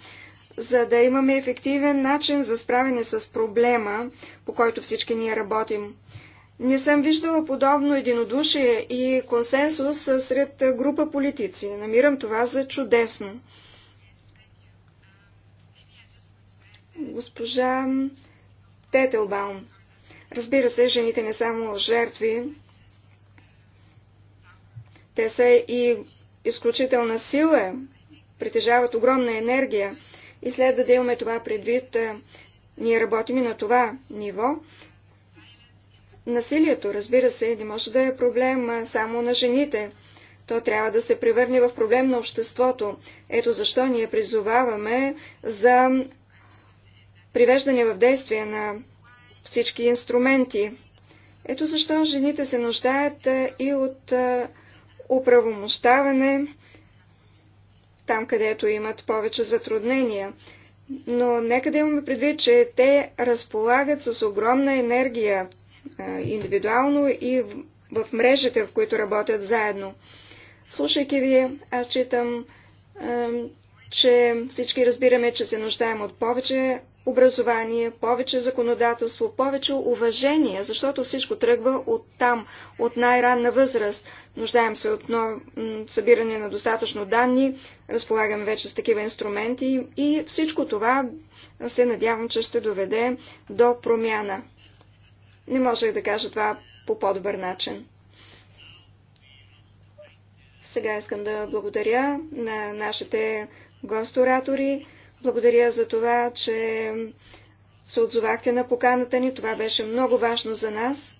за да имаме ефективен начин за справяне с проблема, по който всички ние работим. Не съм виждала подобно единодушие и консенсус сред група политици. Намирам това за чудесно. Госпожа Тетелбаум. Разбира се, жените не само жертви, те са и изключителна сила, притежават огромна енергия и следва да имаме това предвид. Ние работим и на това ниво. Насилието, разбира се, не може да е проблем само на жените. То трябва да се превърне в проблем на обществото. Ето защо ние призоваваме за привеждане в действие на всички инструменти. Ето защо жените се нуждаят и от управомощаване, там където имат повече затруднения. Но нека да имаме предвид, че те разполагат с огромна енергия индивидуално и в мрежите, в които работят заедно. Слушайки ви, аз читам, че всички разбираме, че се нуждаем от повече образование, повече законодателство, повече уважение, защото всичко тръгва от там, от най-ранна възраст. Нуждаем се от нов... събиране на достатъчно данни, разполагаме вече с такива инструменти и всичко това се надявам, че ще доведе до промяна. Не можех да кажа това по по-добър начин. Сега искам да благодаря на нашите госторатори благодаря за това, че се отзовахте на поканата ни. Това беше много важно за нас.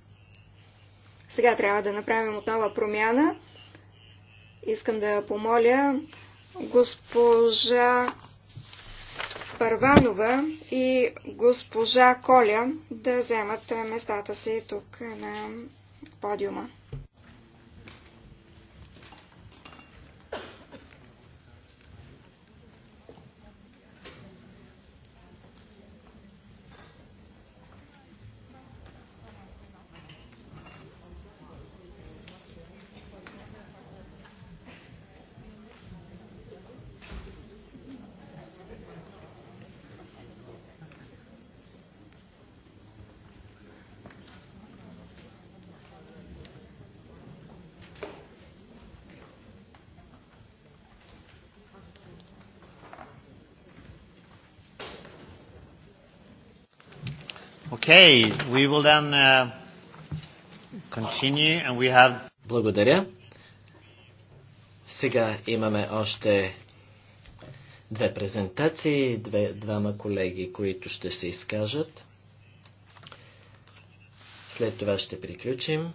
Сега трябва да направим отнова промяна. Искам да помоля госпожа Парванова и госпожа Коля да вземат местата си тук на подиума. Okay, we will then uh, continue and we have... Благодаря. Сега имаме още две презентации, две, двама колеги, които ще се изкажат. След това ще приключим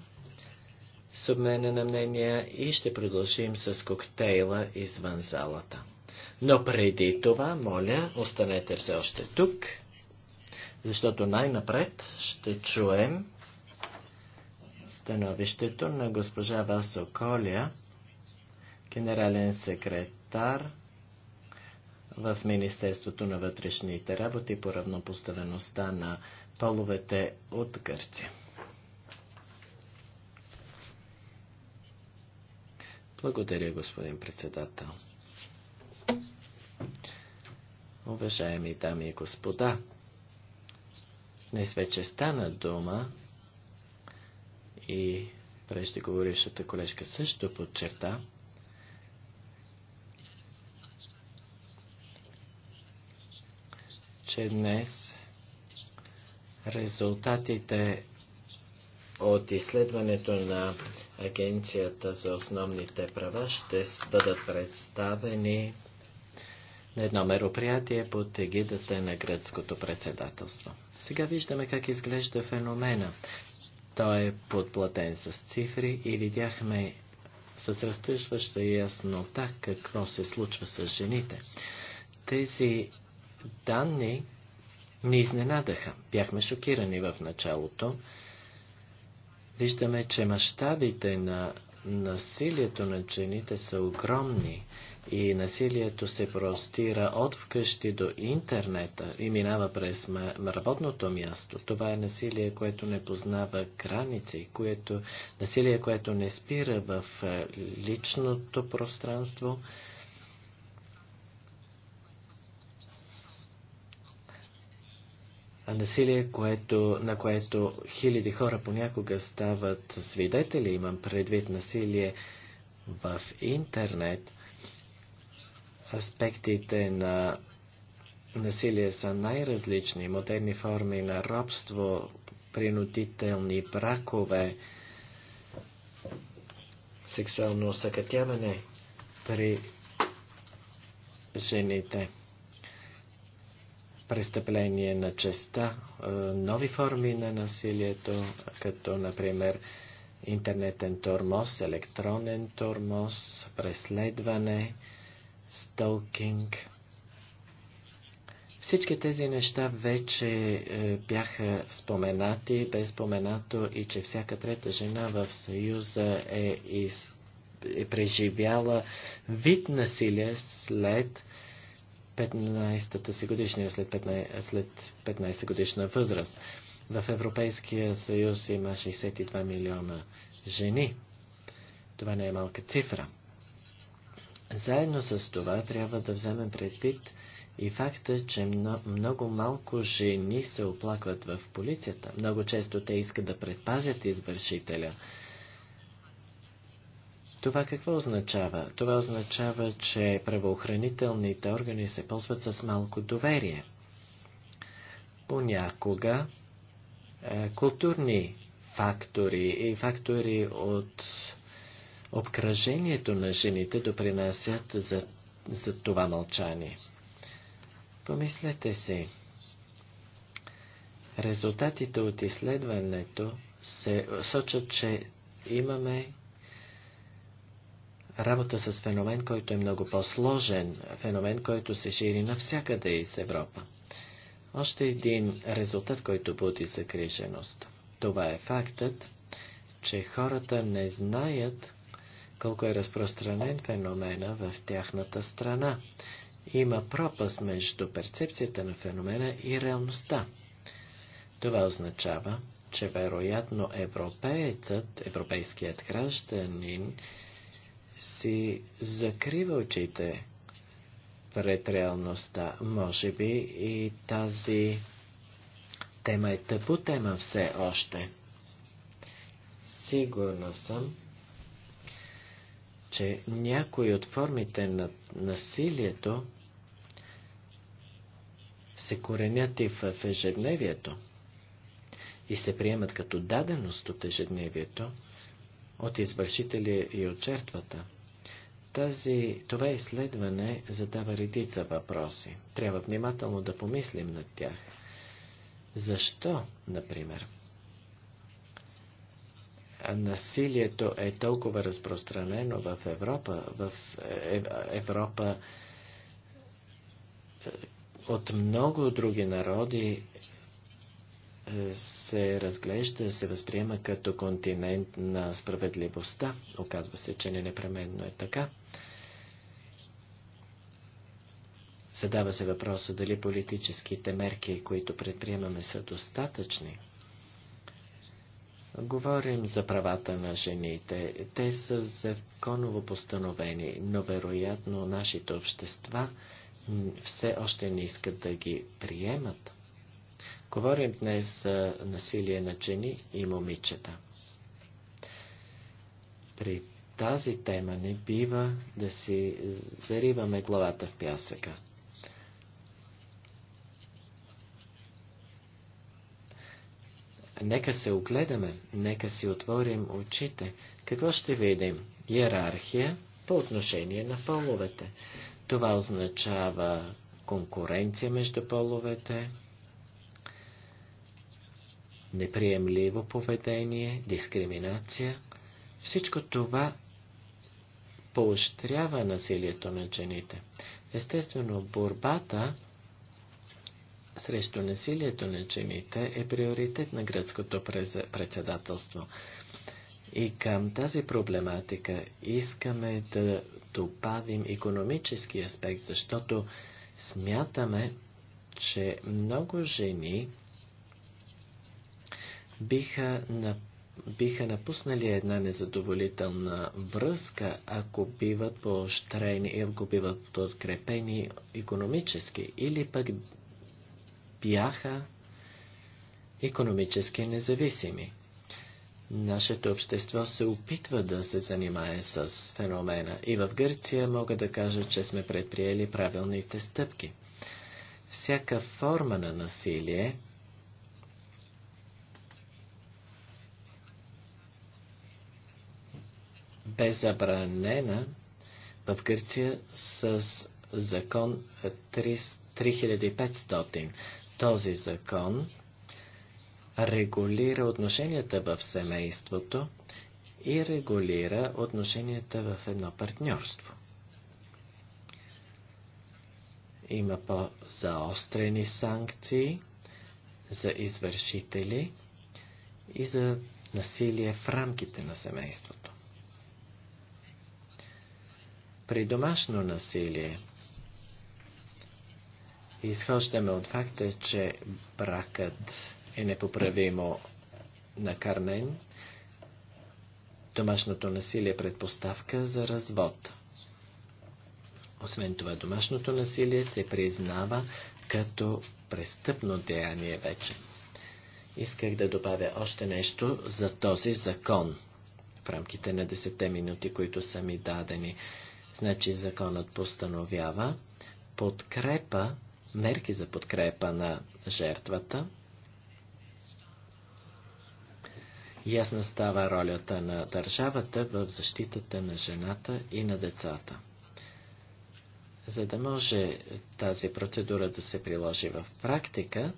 с обмена на мнения и ще продължим с коктейла извън залата. Но преди това, моля, останете все още тук защото най-напред ще чуем становището на госпожа Васо Коля, генерален секретар в Министерството на вътрешните работи по равнопоставеността на половете от Гърция. Благодаря, господин председател. Уважаеми дами и господа, Днес вече стана дума и преждеговорившата колежка също подчерта, че днес резултатите от изследването на Агенцията за основните права ще бъдат представени на едно мероприятие под егидата на гръцкото председателство. Сега виждаме как изглежда феномена. Той е подплатен с цифри и видяхме с разтъжваща яснота какво се случва с жените. Тези данни ни изненадаха. Бяхме шокирани в началото. Виждаме, че мащабите на насилието на жените са огромни и насилието се простира от вкъщи до интернета и минава през работното място. Това е насилие, което не познава граници, което, насилие, което не спира в е, личното пространство. А насилие, което, на което хиляди хора понякога стават свидетели, имам предвид насилие в интернет – аспектите на насилие са най-различни. Модерни форми на робство, принудителни бракове, сексуално съкътяване при жените, престъпление на честа, е, нови форми на насилието, като например интернетен тормоз, електронен тормоз, преследване, столкинг. Всички тези неща вече е, бяха споменати, бе споменато и че всяка трета жена в Съюза е, из, е преживяла вид насилие след 15-та си годишния, след 15, след 15 годишна възраст. В Европейския съюз има 62 милиона жени. Това не е малка цифра. Заедно с това трябва да вземем предвид и факта, че много малко жени се оплакват в полицията. Много често те искат да предпазят извършителя. Това какво означава? Това означава, че правоохранителните органи се ползват с малко доверие. Понякога е, културни фактори и фактори от Обкръжението на жените допринасят за, за това мълчание. Помислете си. Резултатите от изследването се сочат, че имаме работа с феномен, който е много по-сложен, феномен, който се шири навсякъде из Европа. Още един резултат, който буди загриженост. Това е фактът, че хората не знаят колко е разпространен феномена в тяхната страна. Има пропаст между перцепцията на феномена и реалността. Това означава, че вероятно европеецът, европейският гражданин, си закрива очите пред реалността. Може би и тази тема е тъпо тема все още. Сигурна съм, че някои от формите на насилието се коренят и в ежедневието и се приемат като даденост от ежедневието, от извършители и от жертвата. Тази, това изследване задава редица въпроси. Трябва внимателно да помислим над тях. Защо, например? насилието е толкова разпространено в Европа, в е, Европа е, от много други народи е, се разглежда, се възприема като континент на справедливостта. Оказва се, че не непременно е така. Задава се въпроса дали политическите мерки, които предприемаме, са достатъчни. Говорим за правата на жените. Те са законово постановени, но вероятно нашите общества все още не искат да ги приемат. Говорим днес за насилие на жени и момичета. При тази тема не бива да си зариваме главата в пясъка. Нека се огледаме, нека си отворим очите. Какво ще видим? Иерархия по отношение на половете. Това означава конкуренция между половете, неприемливо поведение, дискриминация. Всичко това поощрява насилието на жените. Естествено, борбата срещу насилието на жените е приоритет на гръцкото председателство. И към тази проблематика искаме да добавим економически аспект, защото смятаме, че много жени биха, на, биха напуснали една незадоволителна връзка, ако биват поощрени и ако биват подкрепени економически, или пък бяха економически независими. Нашето общество се опитва да се занимае с феномена и в Гърция мога да кажа, че сме предприели правилните стъпки. Всяка форма на насилие бе забранена в Гърция с закон 3500. Този закон регулира отношенията в семейството и регулира отношенията в едно партньорство. Има по-заострени санкции за извършители и за насилие в рамките на семейството. При домашно насилие Изхождаме от факта, че бракът е непоправимо накарнен. Домашното насилие е предпоставка за развод. Освен това, домашното насилие се признава като престъпно деяние вече. Исках да добавя още нещо за този закон в рамките на 10 минути, които са ми дадени. Значи законът постановява подкрепа мерки за подкрепа на жертвата. Ясна става ролята на държавата в защитата на жената и на децата. За да може тази процедура да се приложи в практика,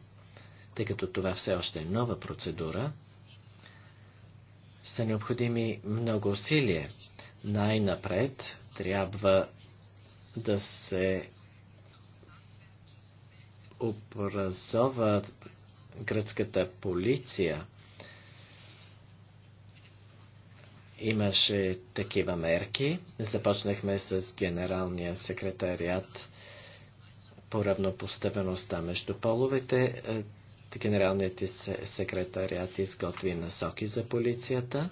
тъй като това все още е нова процедура, са необходими много усилия. Най-напред трябва да се образова гръцката полиция. Имаше такива мерки. Започнахме с генералния секретариат по равнопоставеността между половете. Е, генералният секретариат изготви насоки за полицията.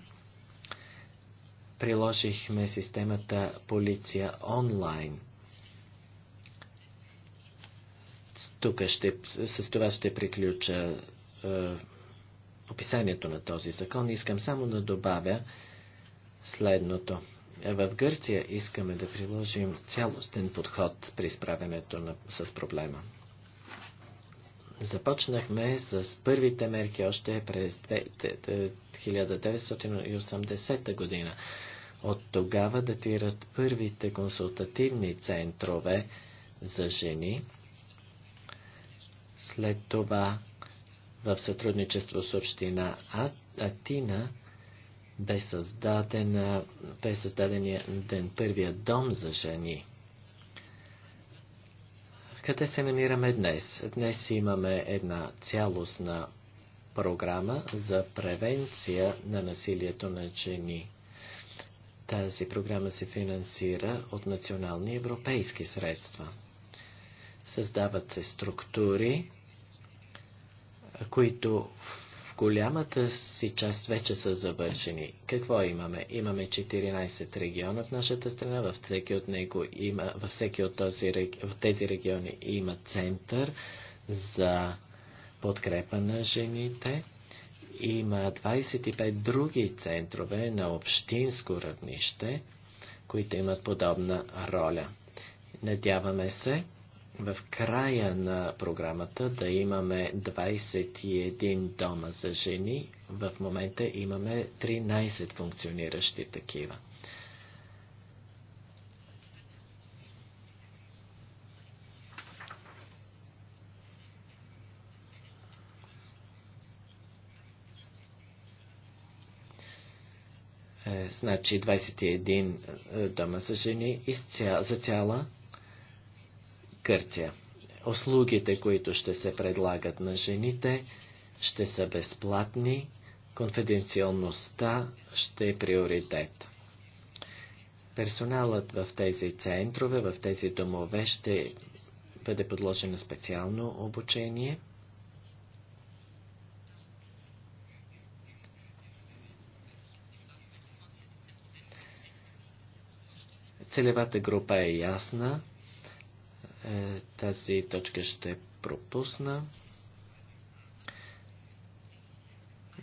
Приложихме системата полиция онлайн – Тук ще, с това ще приключа е, описанието на този закон. Искам само да добавя следното. Е, в Гърция искаме да приложим цялостен подход при справянето на, с проблема. Започнахме с първите мерки още през 1980 година. От тогава датират първите консултативни центрове за жени, след това в сътрудничество с община Атина бе, създаден, бе създадения ден първия дом за жени. Къде се намираме днес? Днес имаме една цялостна програма за превенция на насилието на жени. Тази програма се финансира от национални европейски средства. Създават се структури, които в голямата си част вече са завършени. Какво имаме? Имаме 14 региона в нашата страна, във всеки от, него има, във всеки от този, в тези региони има център за подкрепа на жените. Има 25 други центрове на общинско равнище, които имат подобна роля. Надяваме се в края на програмата да имаме 21 дома за жени. В момента имаме 13 функциониращи такива. Е, значи 21 е, дома за жени за цяла Гърция. Услугите, които ще се предлагат на жените, ще са безплатни, конфиденциалността ще е приоритет. Персоналът в тези центрове, в тези домове ще бъде подложен на специално обучение. Целевата група е ясна. Е, тази точка ще пропусна.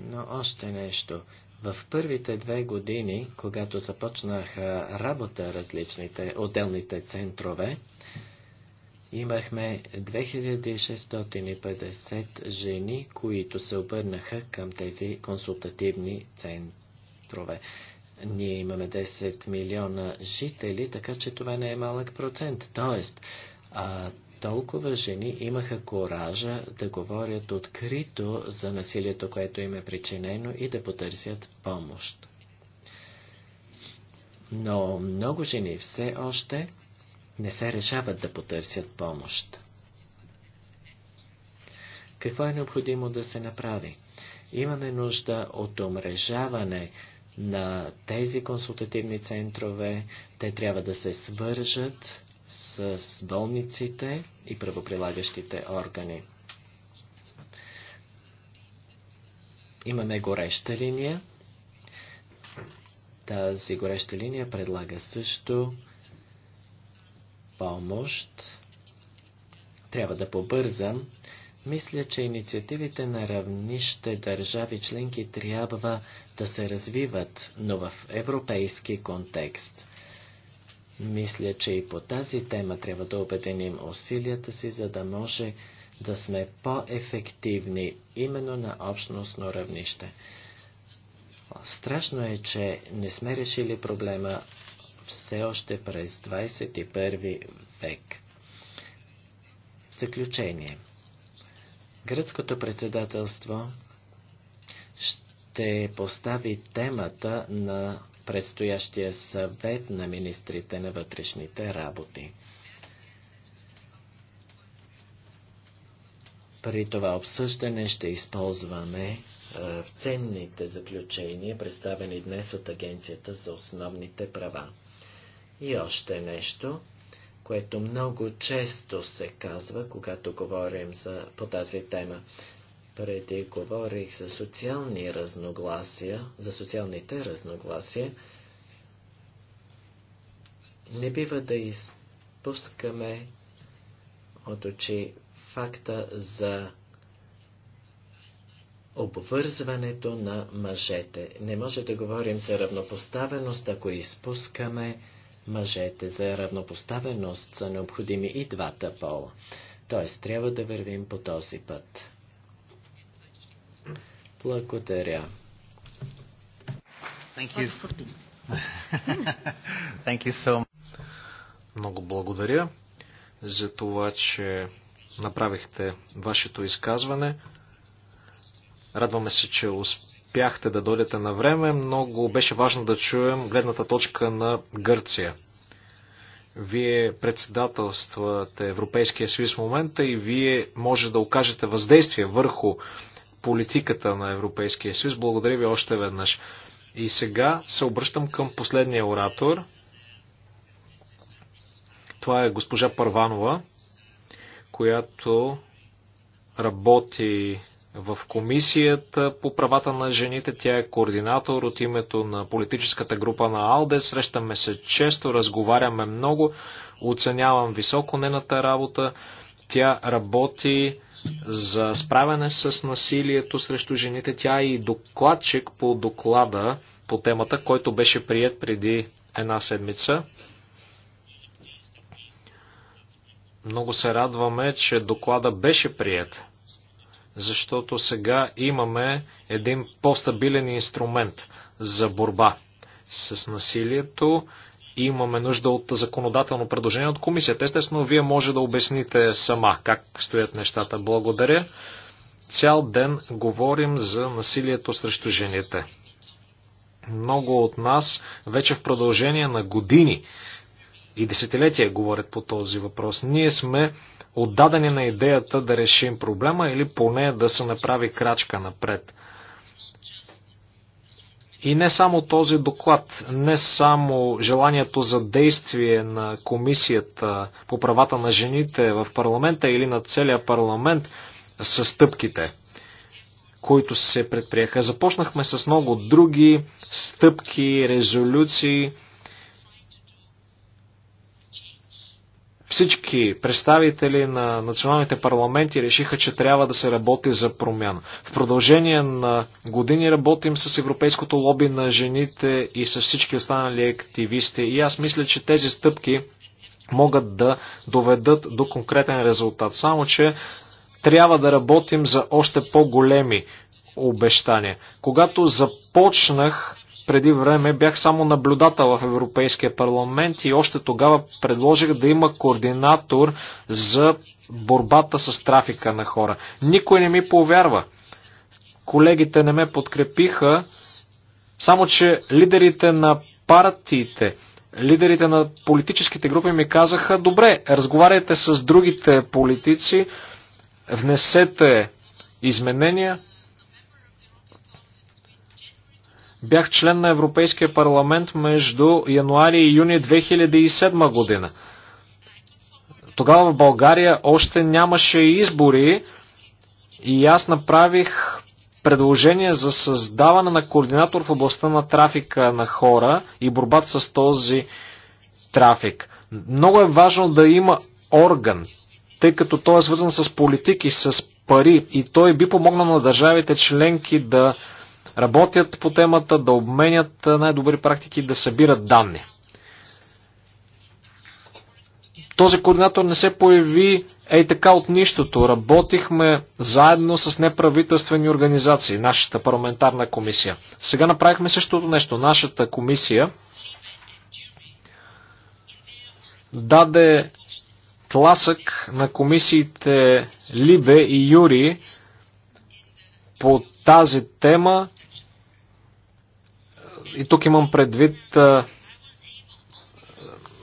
Но още нещо. В първите две години, когато започнаха работа различните отделните центрове, имахме 2650 жени, които се обърнаха към тези консултативни центрове. Ние имаме 10 милиона жители, така че това не е малък процент. Тоест, а, толкова жени имаха коража да говорят открито за насилието, което им е причинено и да потърсят помощ. Но много жени все още не се решават да потърсят помощ. Какво е необходимо да се направи? Имаме нужда от омрежаване на тези консултативни центрове. Те трябва да се свържат с болниците и правоприлагащите органи. Имаме гореща линия. Тази гореща линия предлага също помощ. Трябва да побързам. Мисля, че инициативите на равнище държави членки трябва да се развиват, но в европейски контекст. Мисля, че и по тази тема трябва да обединим усилията си, за да може да сме по-ефективни именно на общностно равнище. Страшно е, че не сме решили проблема все още през 21 век. В заключение. Гръцкото председателство ще постави темата на предстоящия съвет на министрите на вътрешните работи. При това обсъждане ще използваме в е, ценните заключения, представени днес от Агенцията за основните права. И още нещо, което много често се казва, когато говорим за, по тази тема преди говорих за социални разногласия, за социалните разногласия, не бива да изпускаме от очи факта за обвързването на мъжете. Не може да говорим за равнопоставеност, ако изпускаме мъжете. За равнопоставеност са необходими и двата пола. Т.е. трябва да вървим по този път. Благодаря. Thank you. Thank you so Много благодаря за това, че направихте вашето изказване. Радваме се, че успяхте да дойдете на време. Много беше важно да чуем гледната точка на Гърция. Вие председателствате Европейския съюз в момента и вие може да окажете въздействие върху политиката на Европейския съюз. Благодаря ви още веднъж. И сега се обръщам към последния оратор. Това е госпожа Парванова, която работи в комисията по правата на жените. Тя е координатор от името на политическата група на АЛДЕ. Срещаме се често, разговаряме много, оценявам високо нената работа. Тя работи за справяне с насилието срещу жените. Тя е и докладчик по доклада по темата, който беше прият преди една седмица. Много се радваме, че доклада беше прият, защото сега имаме един по-стабилен инструмент за борба с насилието имаме нужда от законодателно предложение от комисията. Естествено, вие може да обясните сама как стоят нещата. Благодаря. Цял ден говорим за насилието срещу жените. Много от нас вече в продължение на години и десетилетия говорят по този въпрос. Ние сме отдадени на идеята да решим проблема или поне да се направи крачка напред. И не само този доклад, не само желанието за действие на Комисията по правата на жените в парламента или на целия парламент са стъпките, които се предприеха. Започнахме с много други стъпки, резолюции, Всички представители на националните парламенти решиха, че трябва да се работи за промяна. В продължение на години работим с Европейското лоби на жените и с всички останали активисти. И аз мисля, че тези стъпки могат да доведат до конкретен резултат. Само, че трябва да работим за още по-големи обещания. Когато започнах преди време бях само наблюдател в Европейския парламент и още тогава предложих да има координатор за борбата с трафика на хора. Никой не ми повярва. Колегите не ме подкрепиха, само че лидерите на партиите, лидерите на политическите групи ми казаха, добре, разговаряйте с другите политици, внесете изменения, Бях член на Европейския парламент между януари и юни 2007 година. Тогава в България още нямаше избори и аз направих предложение за създаване на координатор в областта на трафика на хора и борбата с този трафик. Много е важно да има орган, тъй като той е свързан с политики, с пари и той би помогнал на държавите членки да работят по темата, да обменят най-добри практики да събират данни. Този координатор не се появи ей така от нищото. Работихме заедно с неправителствени организации, нашата парламентарна комисия. Сега направихме същото нещо. Нашата комисия даде тласък на комисиите Либе и Юри по тази тема и тук имам предвид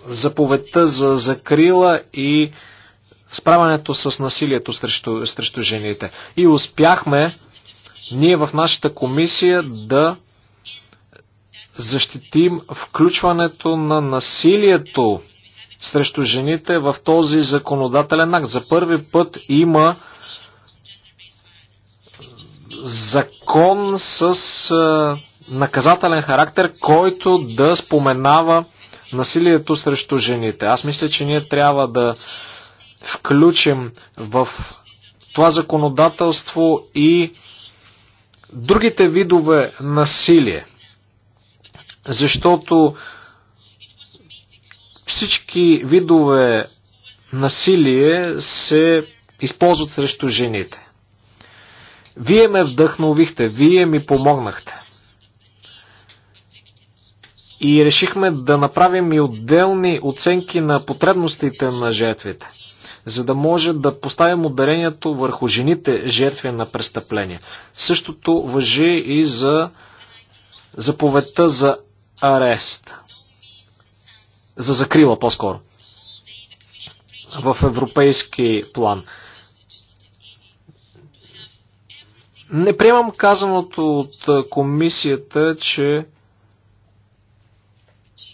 заповедта за закрила и справянето с насилието срещу, срещу жените. И успяхме ние в нашата комисия да защитим включването на насилието срещу жените в този законодателен акт. За първи път има закон с наказателен характер, който да споменава насилието срещу жените. Аз мисля, че ние трябва да включим в това законодателство и другите видове насилие. Защото всички видове насилие се използват срещу жените. Вие ме вдъхновихте, вие ми помогнахте и решихме да направим и отделни оценки на потребностите на жертвите, за да може да поставим ударението върху жените жертви на престъпления. Същото въжи и за заповедта за арест. За закрила по-скоро. В европейски план. Не приемам казаното от комисията, че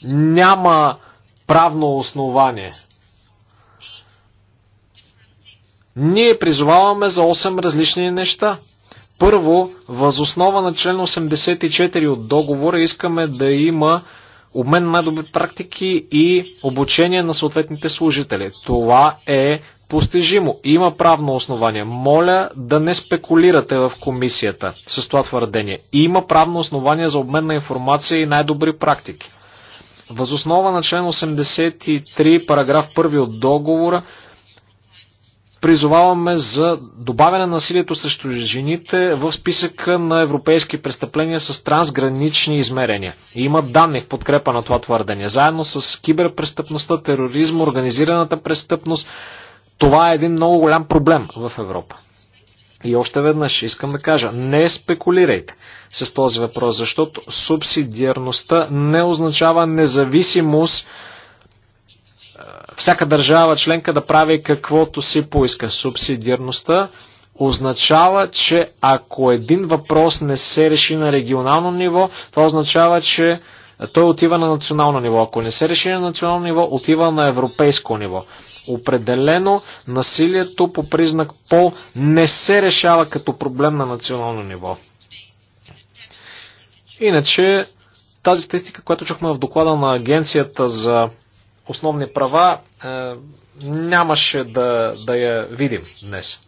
няма правно основание. Ние призоваваме за 8 различни неща. Първо, възоснова на член 84 от договора искаме да има обмен на добри практики и обучение на съответните служители. Това е постижимо. Има правно основание. Моля да не спекулирате в комисията с това твърдение. Има правно основание за обмен на информация и най-добри практики. Възоснова на член 83, параграф 1 от договора, призоваваме за добавяне на насилието срещу жените в списъка на европейски престъпления с трансгранични измерения. И има данни в подкрепа на това твърдение. Заедно с киберпрестъпността, тероризма, организираната престъпност, това е един много голям проблем в Европа. И още веднъж искам да кажа, не спекулирайте с този въпрос, защото субсидиарността не означава независимост всяка държава членка да прави каквото си поиска. Субсидиарността означава, че ако един въпрос не се реши на регионално ниво, това означава, че той отива на национално ниво. Ако не се реши на национално ниво, отива на европейско ниво. Определено насилието по признак пол не се решава като проблем на национално ниво. Иначе тази статистика, която чухме в доклада на Агенцията за основни права, е, нямаше да, да я видим днес.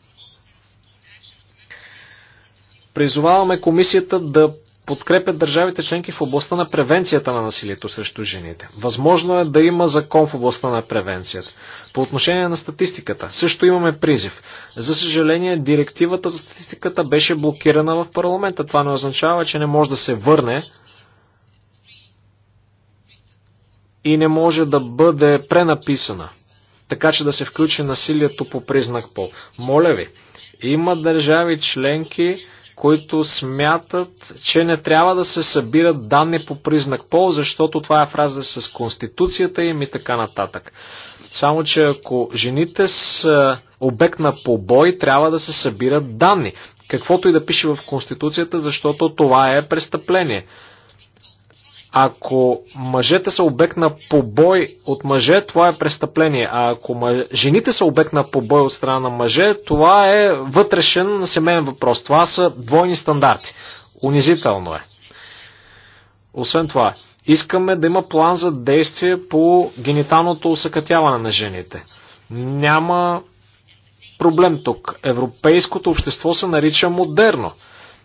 Призоваваме комисията да подкрепят държавите членки в областта на превенцията на насилието срещу жените. Възможно е да има закон в областта на превенцията. По отношение на статистиката, също имаме призив. За съжаление, директивата за статистиката беше блокирана в парламента. Това не означава, че не може да се върне и не може да бъде пренаписана, така че да се включи насилието по признак пол. Моля ви, има държави членки, които смятат, че не трябва да се събират данни по признак пол, защото това е фраза с конституцията им и така нататък. Само, че ако жените са обект на побой, трябва да се събират данни. Каквото и да пише в Конституцията, защото това е престъпление. Ако мъжете са обект на побой от мъже, това е престъпление. А ако мъж... жените са обект на побой от страна на мъже, това е вътрешен семейен въпрос. Това са двойни стандарти. Унизително е. Освен това, Искаме да има план за действие по гениталното усъкътяване на жените. Няма проблем тук. Европейското общество се нарича модерно.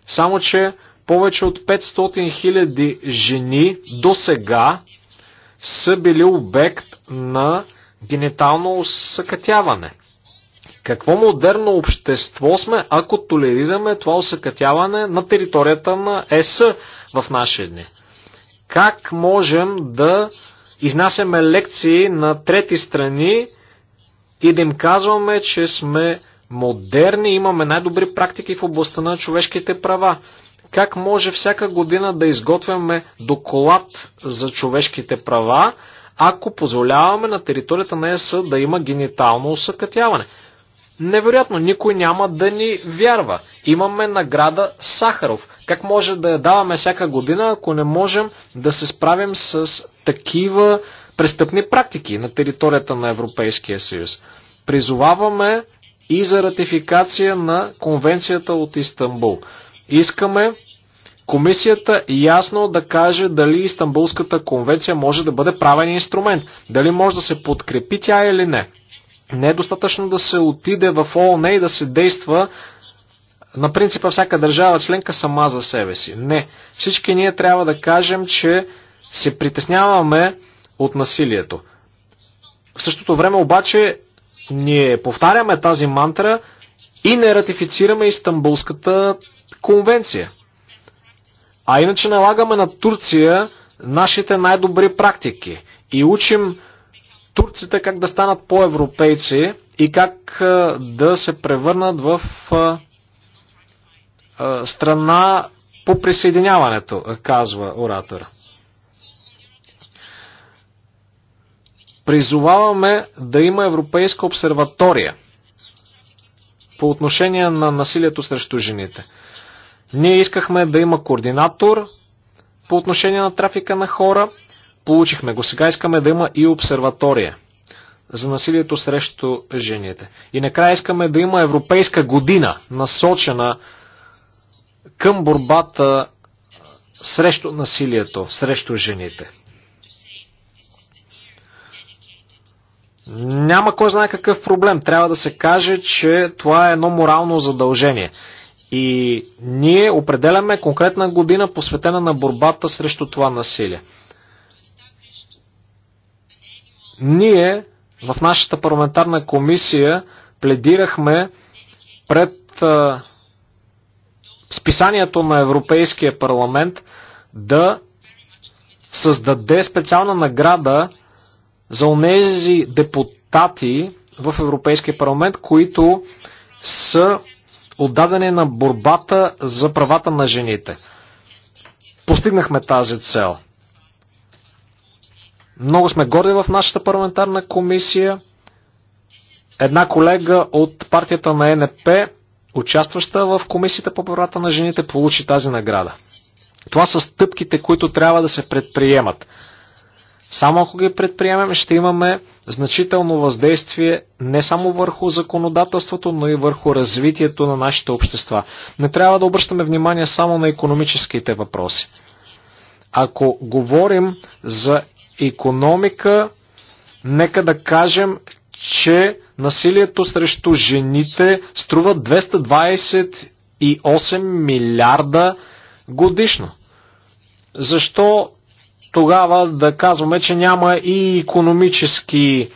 Само, че повече от 500 000 жени до сега са били обект на генитално усъкътяване. Какво модерно общество сме, ако толерираме това усъкътяване на територията на ЕС в наши дни? Как можем да изнасяме лекции на трети страни и да им казваме, че сме модерни, имаме най-добри практики в областта на човешките права? Как може всяка година да изготвяме доклад за човешките права, ако позволяваме на територията на ЕС да има генитално усъкътяване? Невероятно, никой няма да ни вярва. Имаме награда Сахаров. Как може да я даваме всяка година, ако не можем да се справим с такива престъпни практики на територията на Европейския съюз? Призоваваме и за ратификация на конвенцията от Истанбул. Искаме комисията ясно да каже дали Истанбулската конвенция може да бъде правен инструмент, дали може да се подкрепи тя или не. Не е достатъчно да се отиде в ООН и да се действа на принципа всяка държава членка сама за себе си. Не. Всички ние трябва да кажем, че се притесняваме от насилието. В същото време обаче ние повтаряме тази мантра и не ратифицираме Истанбулската конвенция. А иначе налагаме на Турция нашите най-добри практики и учим турците как да станат по-европейци и как да се превърнат в страна по присъединяването, казва оратор. Призоваваме да има Европейска обсерватория по отношение на насилието срещу жените. Ние искахме да има координатор по отношение на трафика на хора. Получихме го. Сега искаме да има и обсерватория за насилието срещу жените. И накрая искаме да има Европейска година, насочена към борбата срещу насилието, срещу жените. Няма кой знае какъв проблем. Трябва да се каже, че това е едно морално задължение. И ние определяме конкретна година, посветена на борбата срещу това насилие. Ние в нашата парламентарна комисия пледирахме пред списанието на Европейския парламент да създаде специална награда за онези депутати в Европейския парламент, които са отдадени на борбата за правата на жените. Постигнахме тази цел. Много сме горди в нашата парламентарна комисия. Една колега от партията на НП участваща в Комисията по правата на жените, получи тази награда. Това са стъпките, които трябва да се предприемат. Само ако ги предприемем, ще имаме значително въздействие не само върху законодателството, но и върху развитието на нашите общества. Не трябва да обръщаме внимание само на економическите въпроси. Ако говорим за економика, нека да кажем, че насилието срещу жените струва 228 милиарда годишно. Защо тогава да казваме, че няма и економически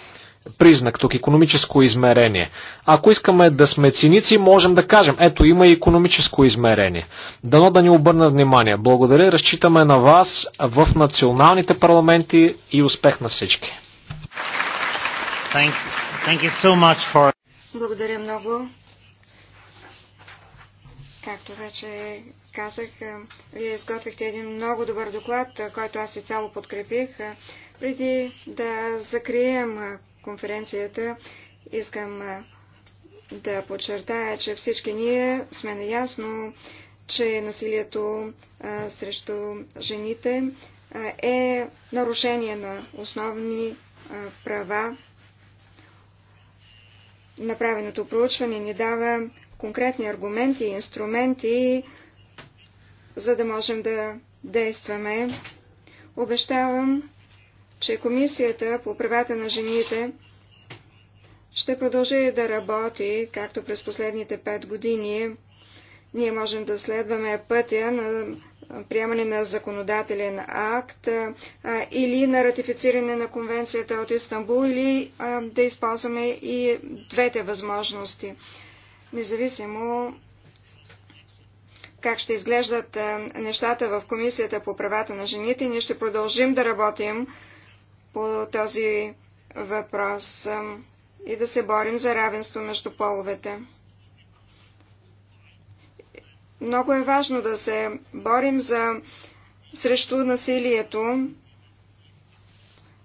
признак, тук економическо измерение. Ако искаме да сме циници, можем да кажем, ето има и економическо измерение. Дано да ни обърна внимание. Благодаря, разчитаме на вас в националните парламенти и успех на всички. Thank, thank you so much for... Благодаря много. Както вече казах, е, вие изготвихте един много добър доклад, е, който аз и цяло подкрепих. Е, преди да закрием конференцията, искам да подчертая, че всички ние сме наясно, че насилието а, срещу жените а, е нарушение на основни а, права Направеното проучване ни дава конкретни аргументи и инструменти, за да можем да действаме. Обещавам, че Комисията по правата на жените ще продължи да работи, както през последните пет години. Ние можем да следваме пътя на приемане на законодателен акт а, или на ратифициране на конвенцията от Истанбул, или а, да използваме и двете възможности. Независимо как ще изглеждат нещата в Комисията по правата на жените, ние ще продължим да работим по този въпрос и да се борим за равенство между половете. Много е важно да се борим за, срещу насилието,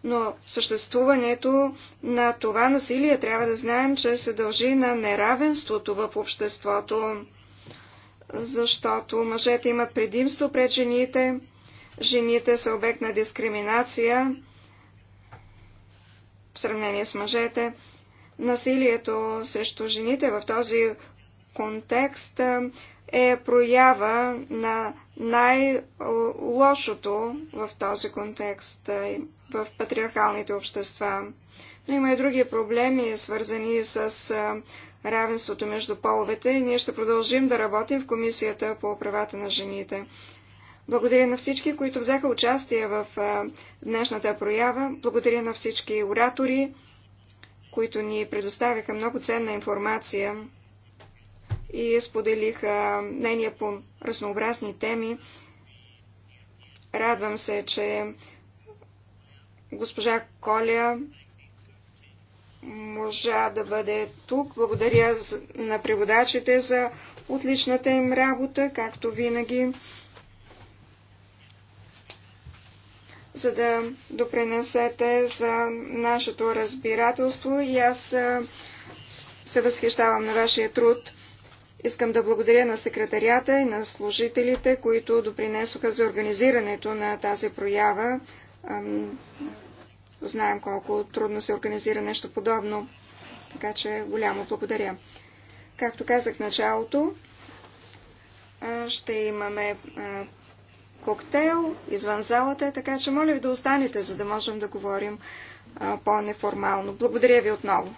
но съществуването на това насилие трябва да знаем, че се дължи на неравенството в обществото, защото мъжете имат предимство пред жените, жените са обект на дискриминация в сравнение с мъжете. Насилието срещу жените в този контекст е проява на най-лошото в този контекст в патриархалните общества. Но има и други проблеми, свързани с равенството между половете и ние ще продължим да работим в Комисията по правата на жените. Благодаря на всички, които взеха участие в днешната проява. Благодаря на всички оратори, които ни предоставиха много ценна информация и споделиха мнения по разнообразни теми. Радвам се, че госпожа Коля можа да бъде тук. Благодаря на преводачите за отличната им работа, както винаги, за да допренесете за нашето разбирателство и аз се възхищавам на вашия труд. Искам да благодаря на секретарията и на служителите, които допринесоха за организирането на тази проява. Знаем колко трудно се организира нещо подобно, така че голямо благодаря. Както казах в началото, ще имаме коктейл извън залата, така че моля ви да останете, за да можем да говорим по-неформално. Благодаря ви отново.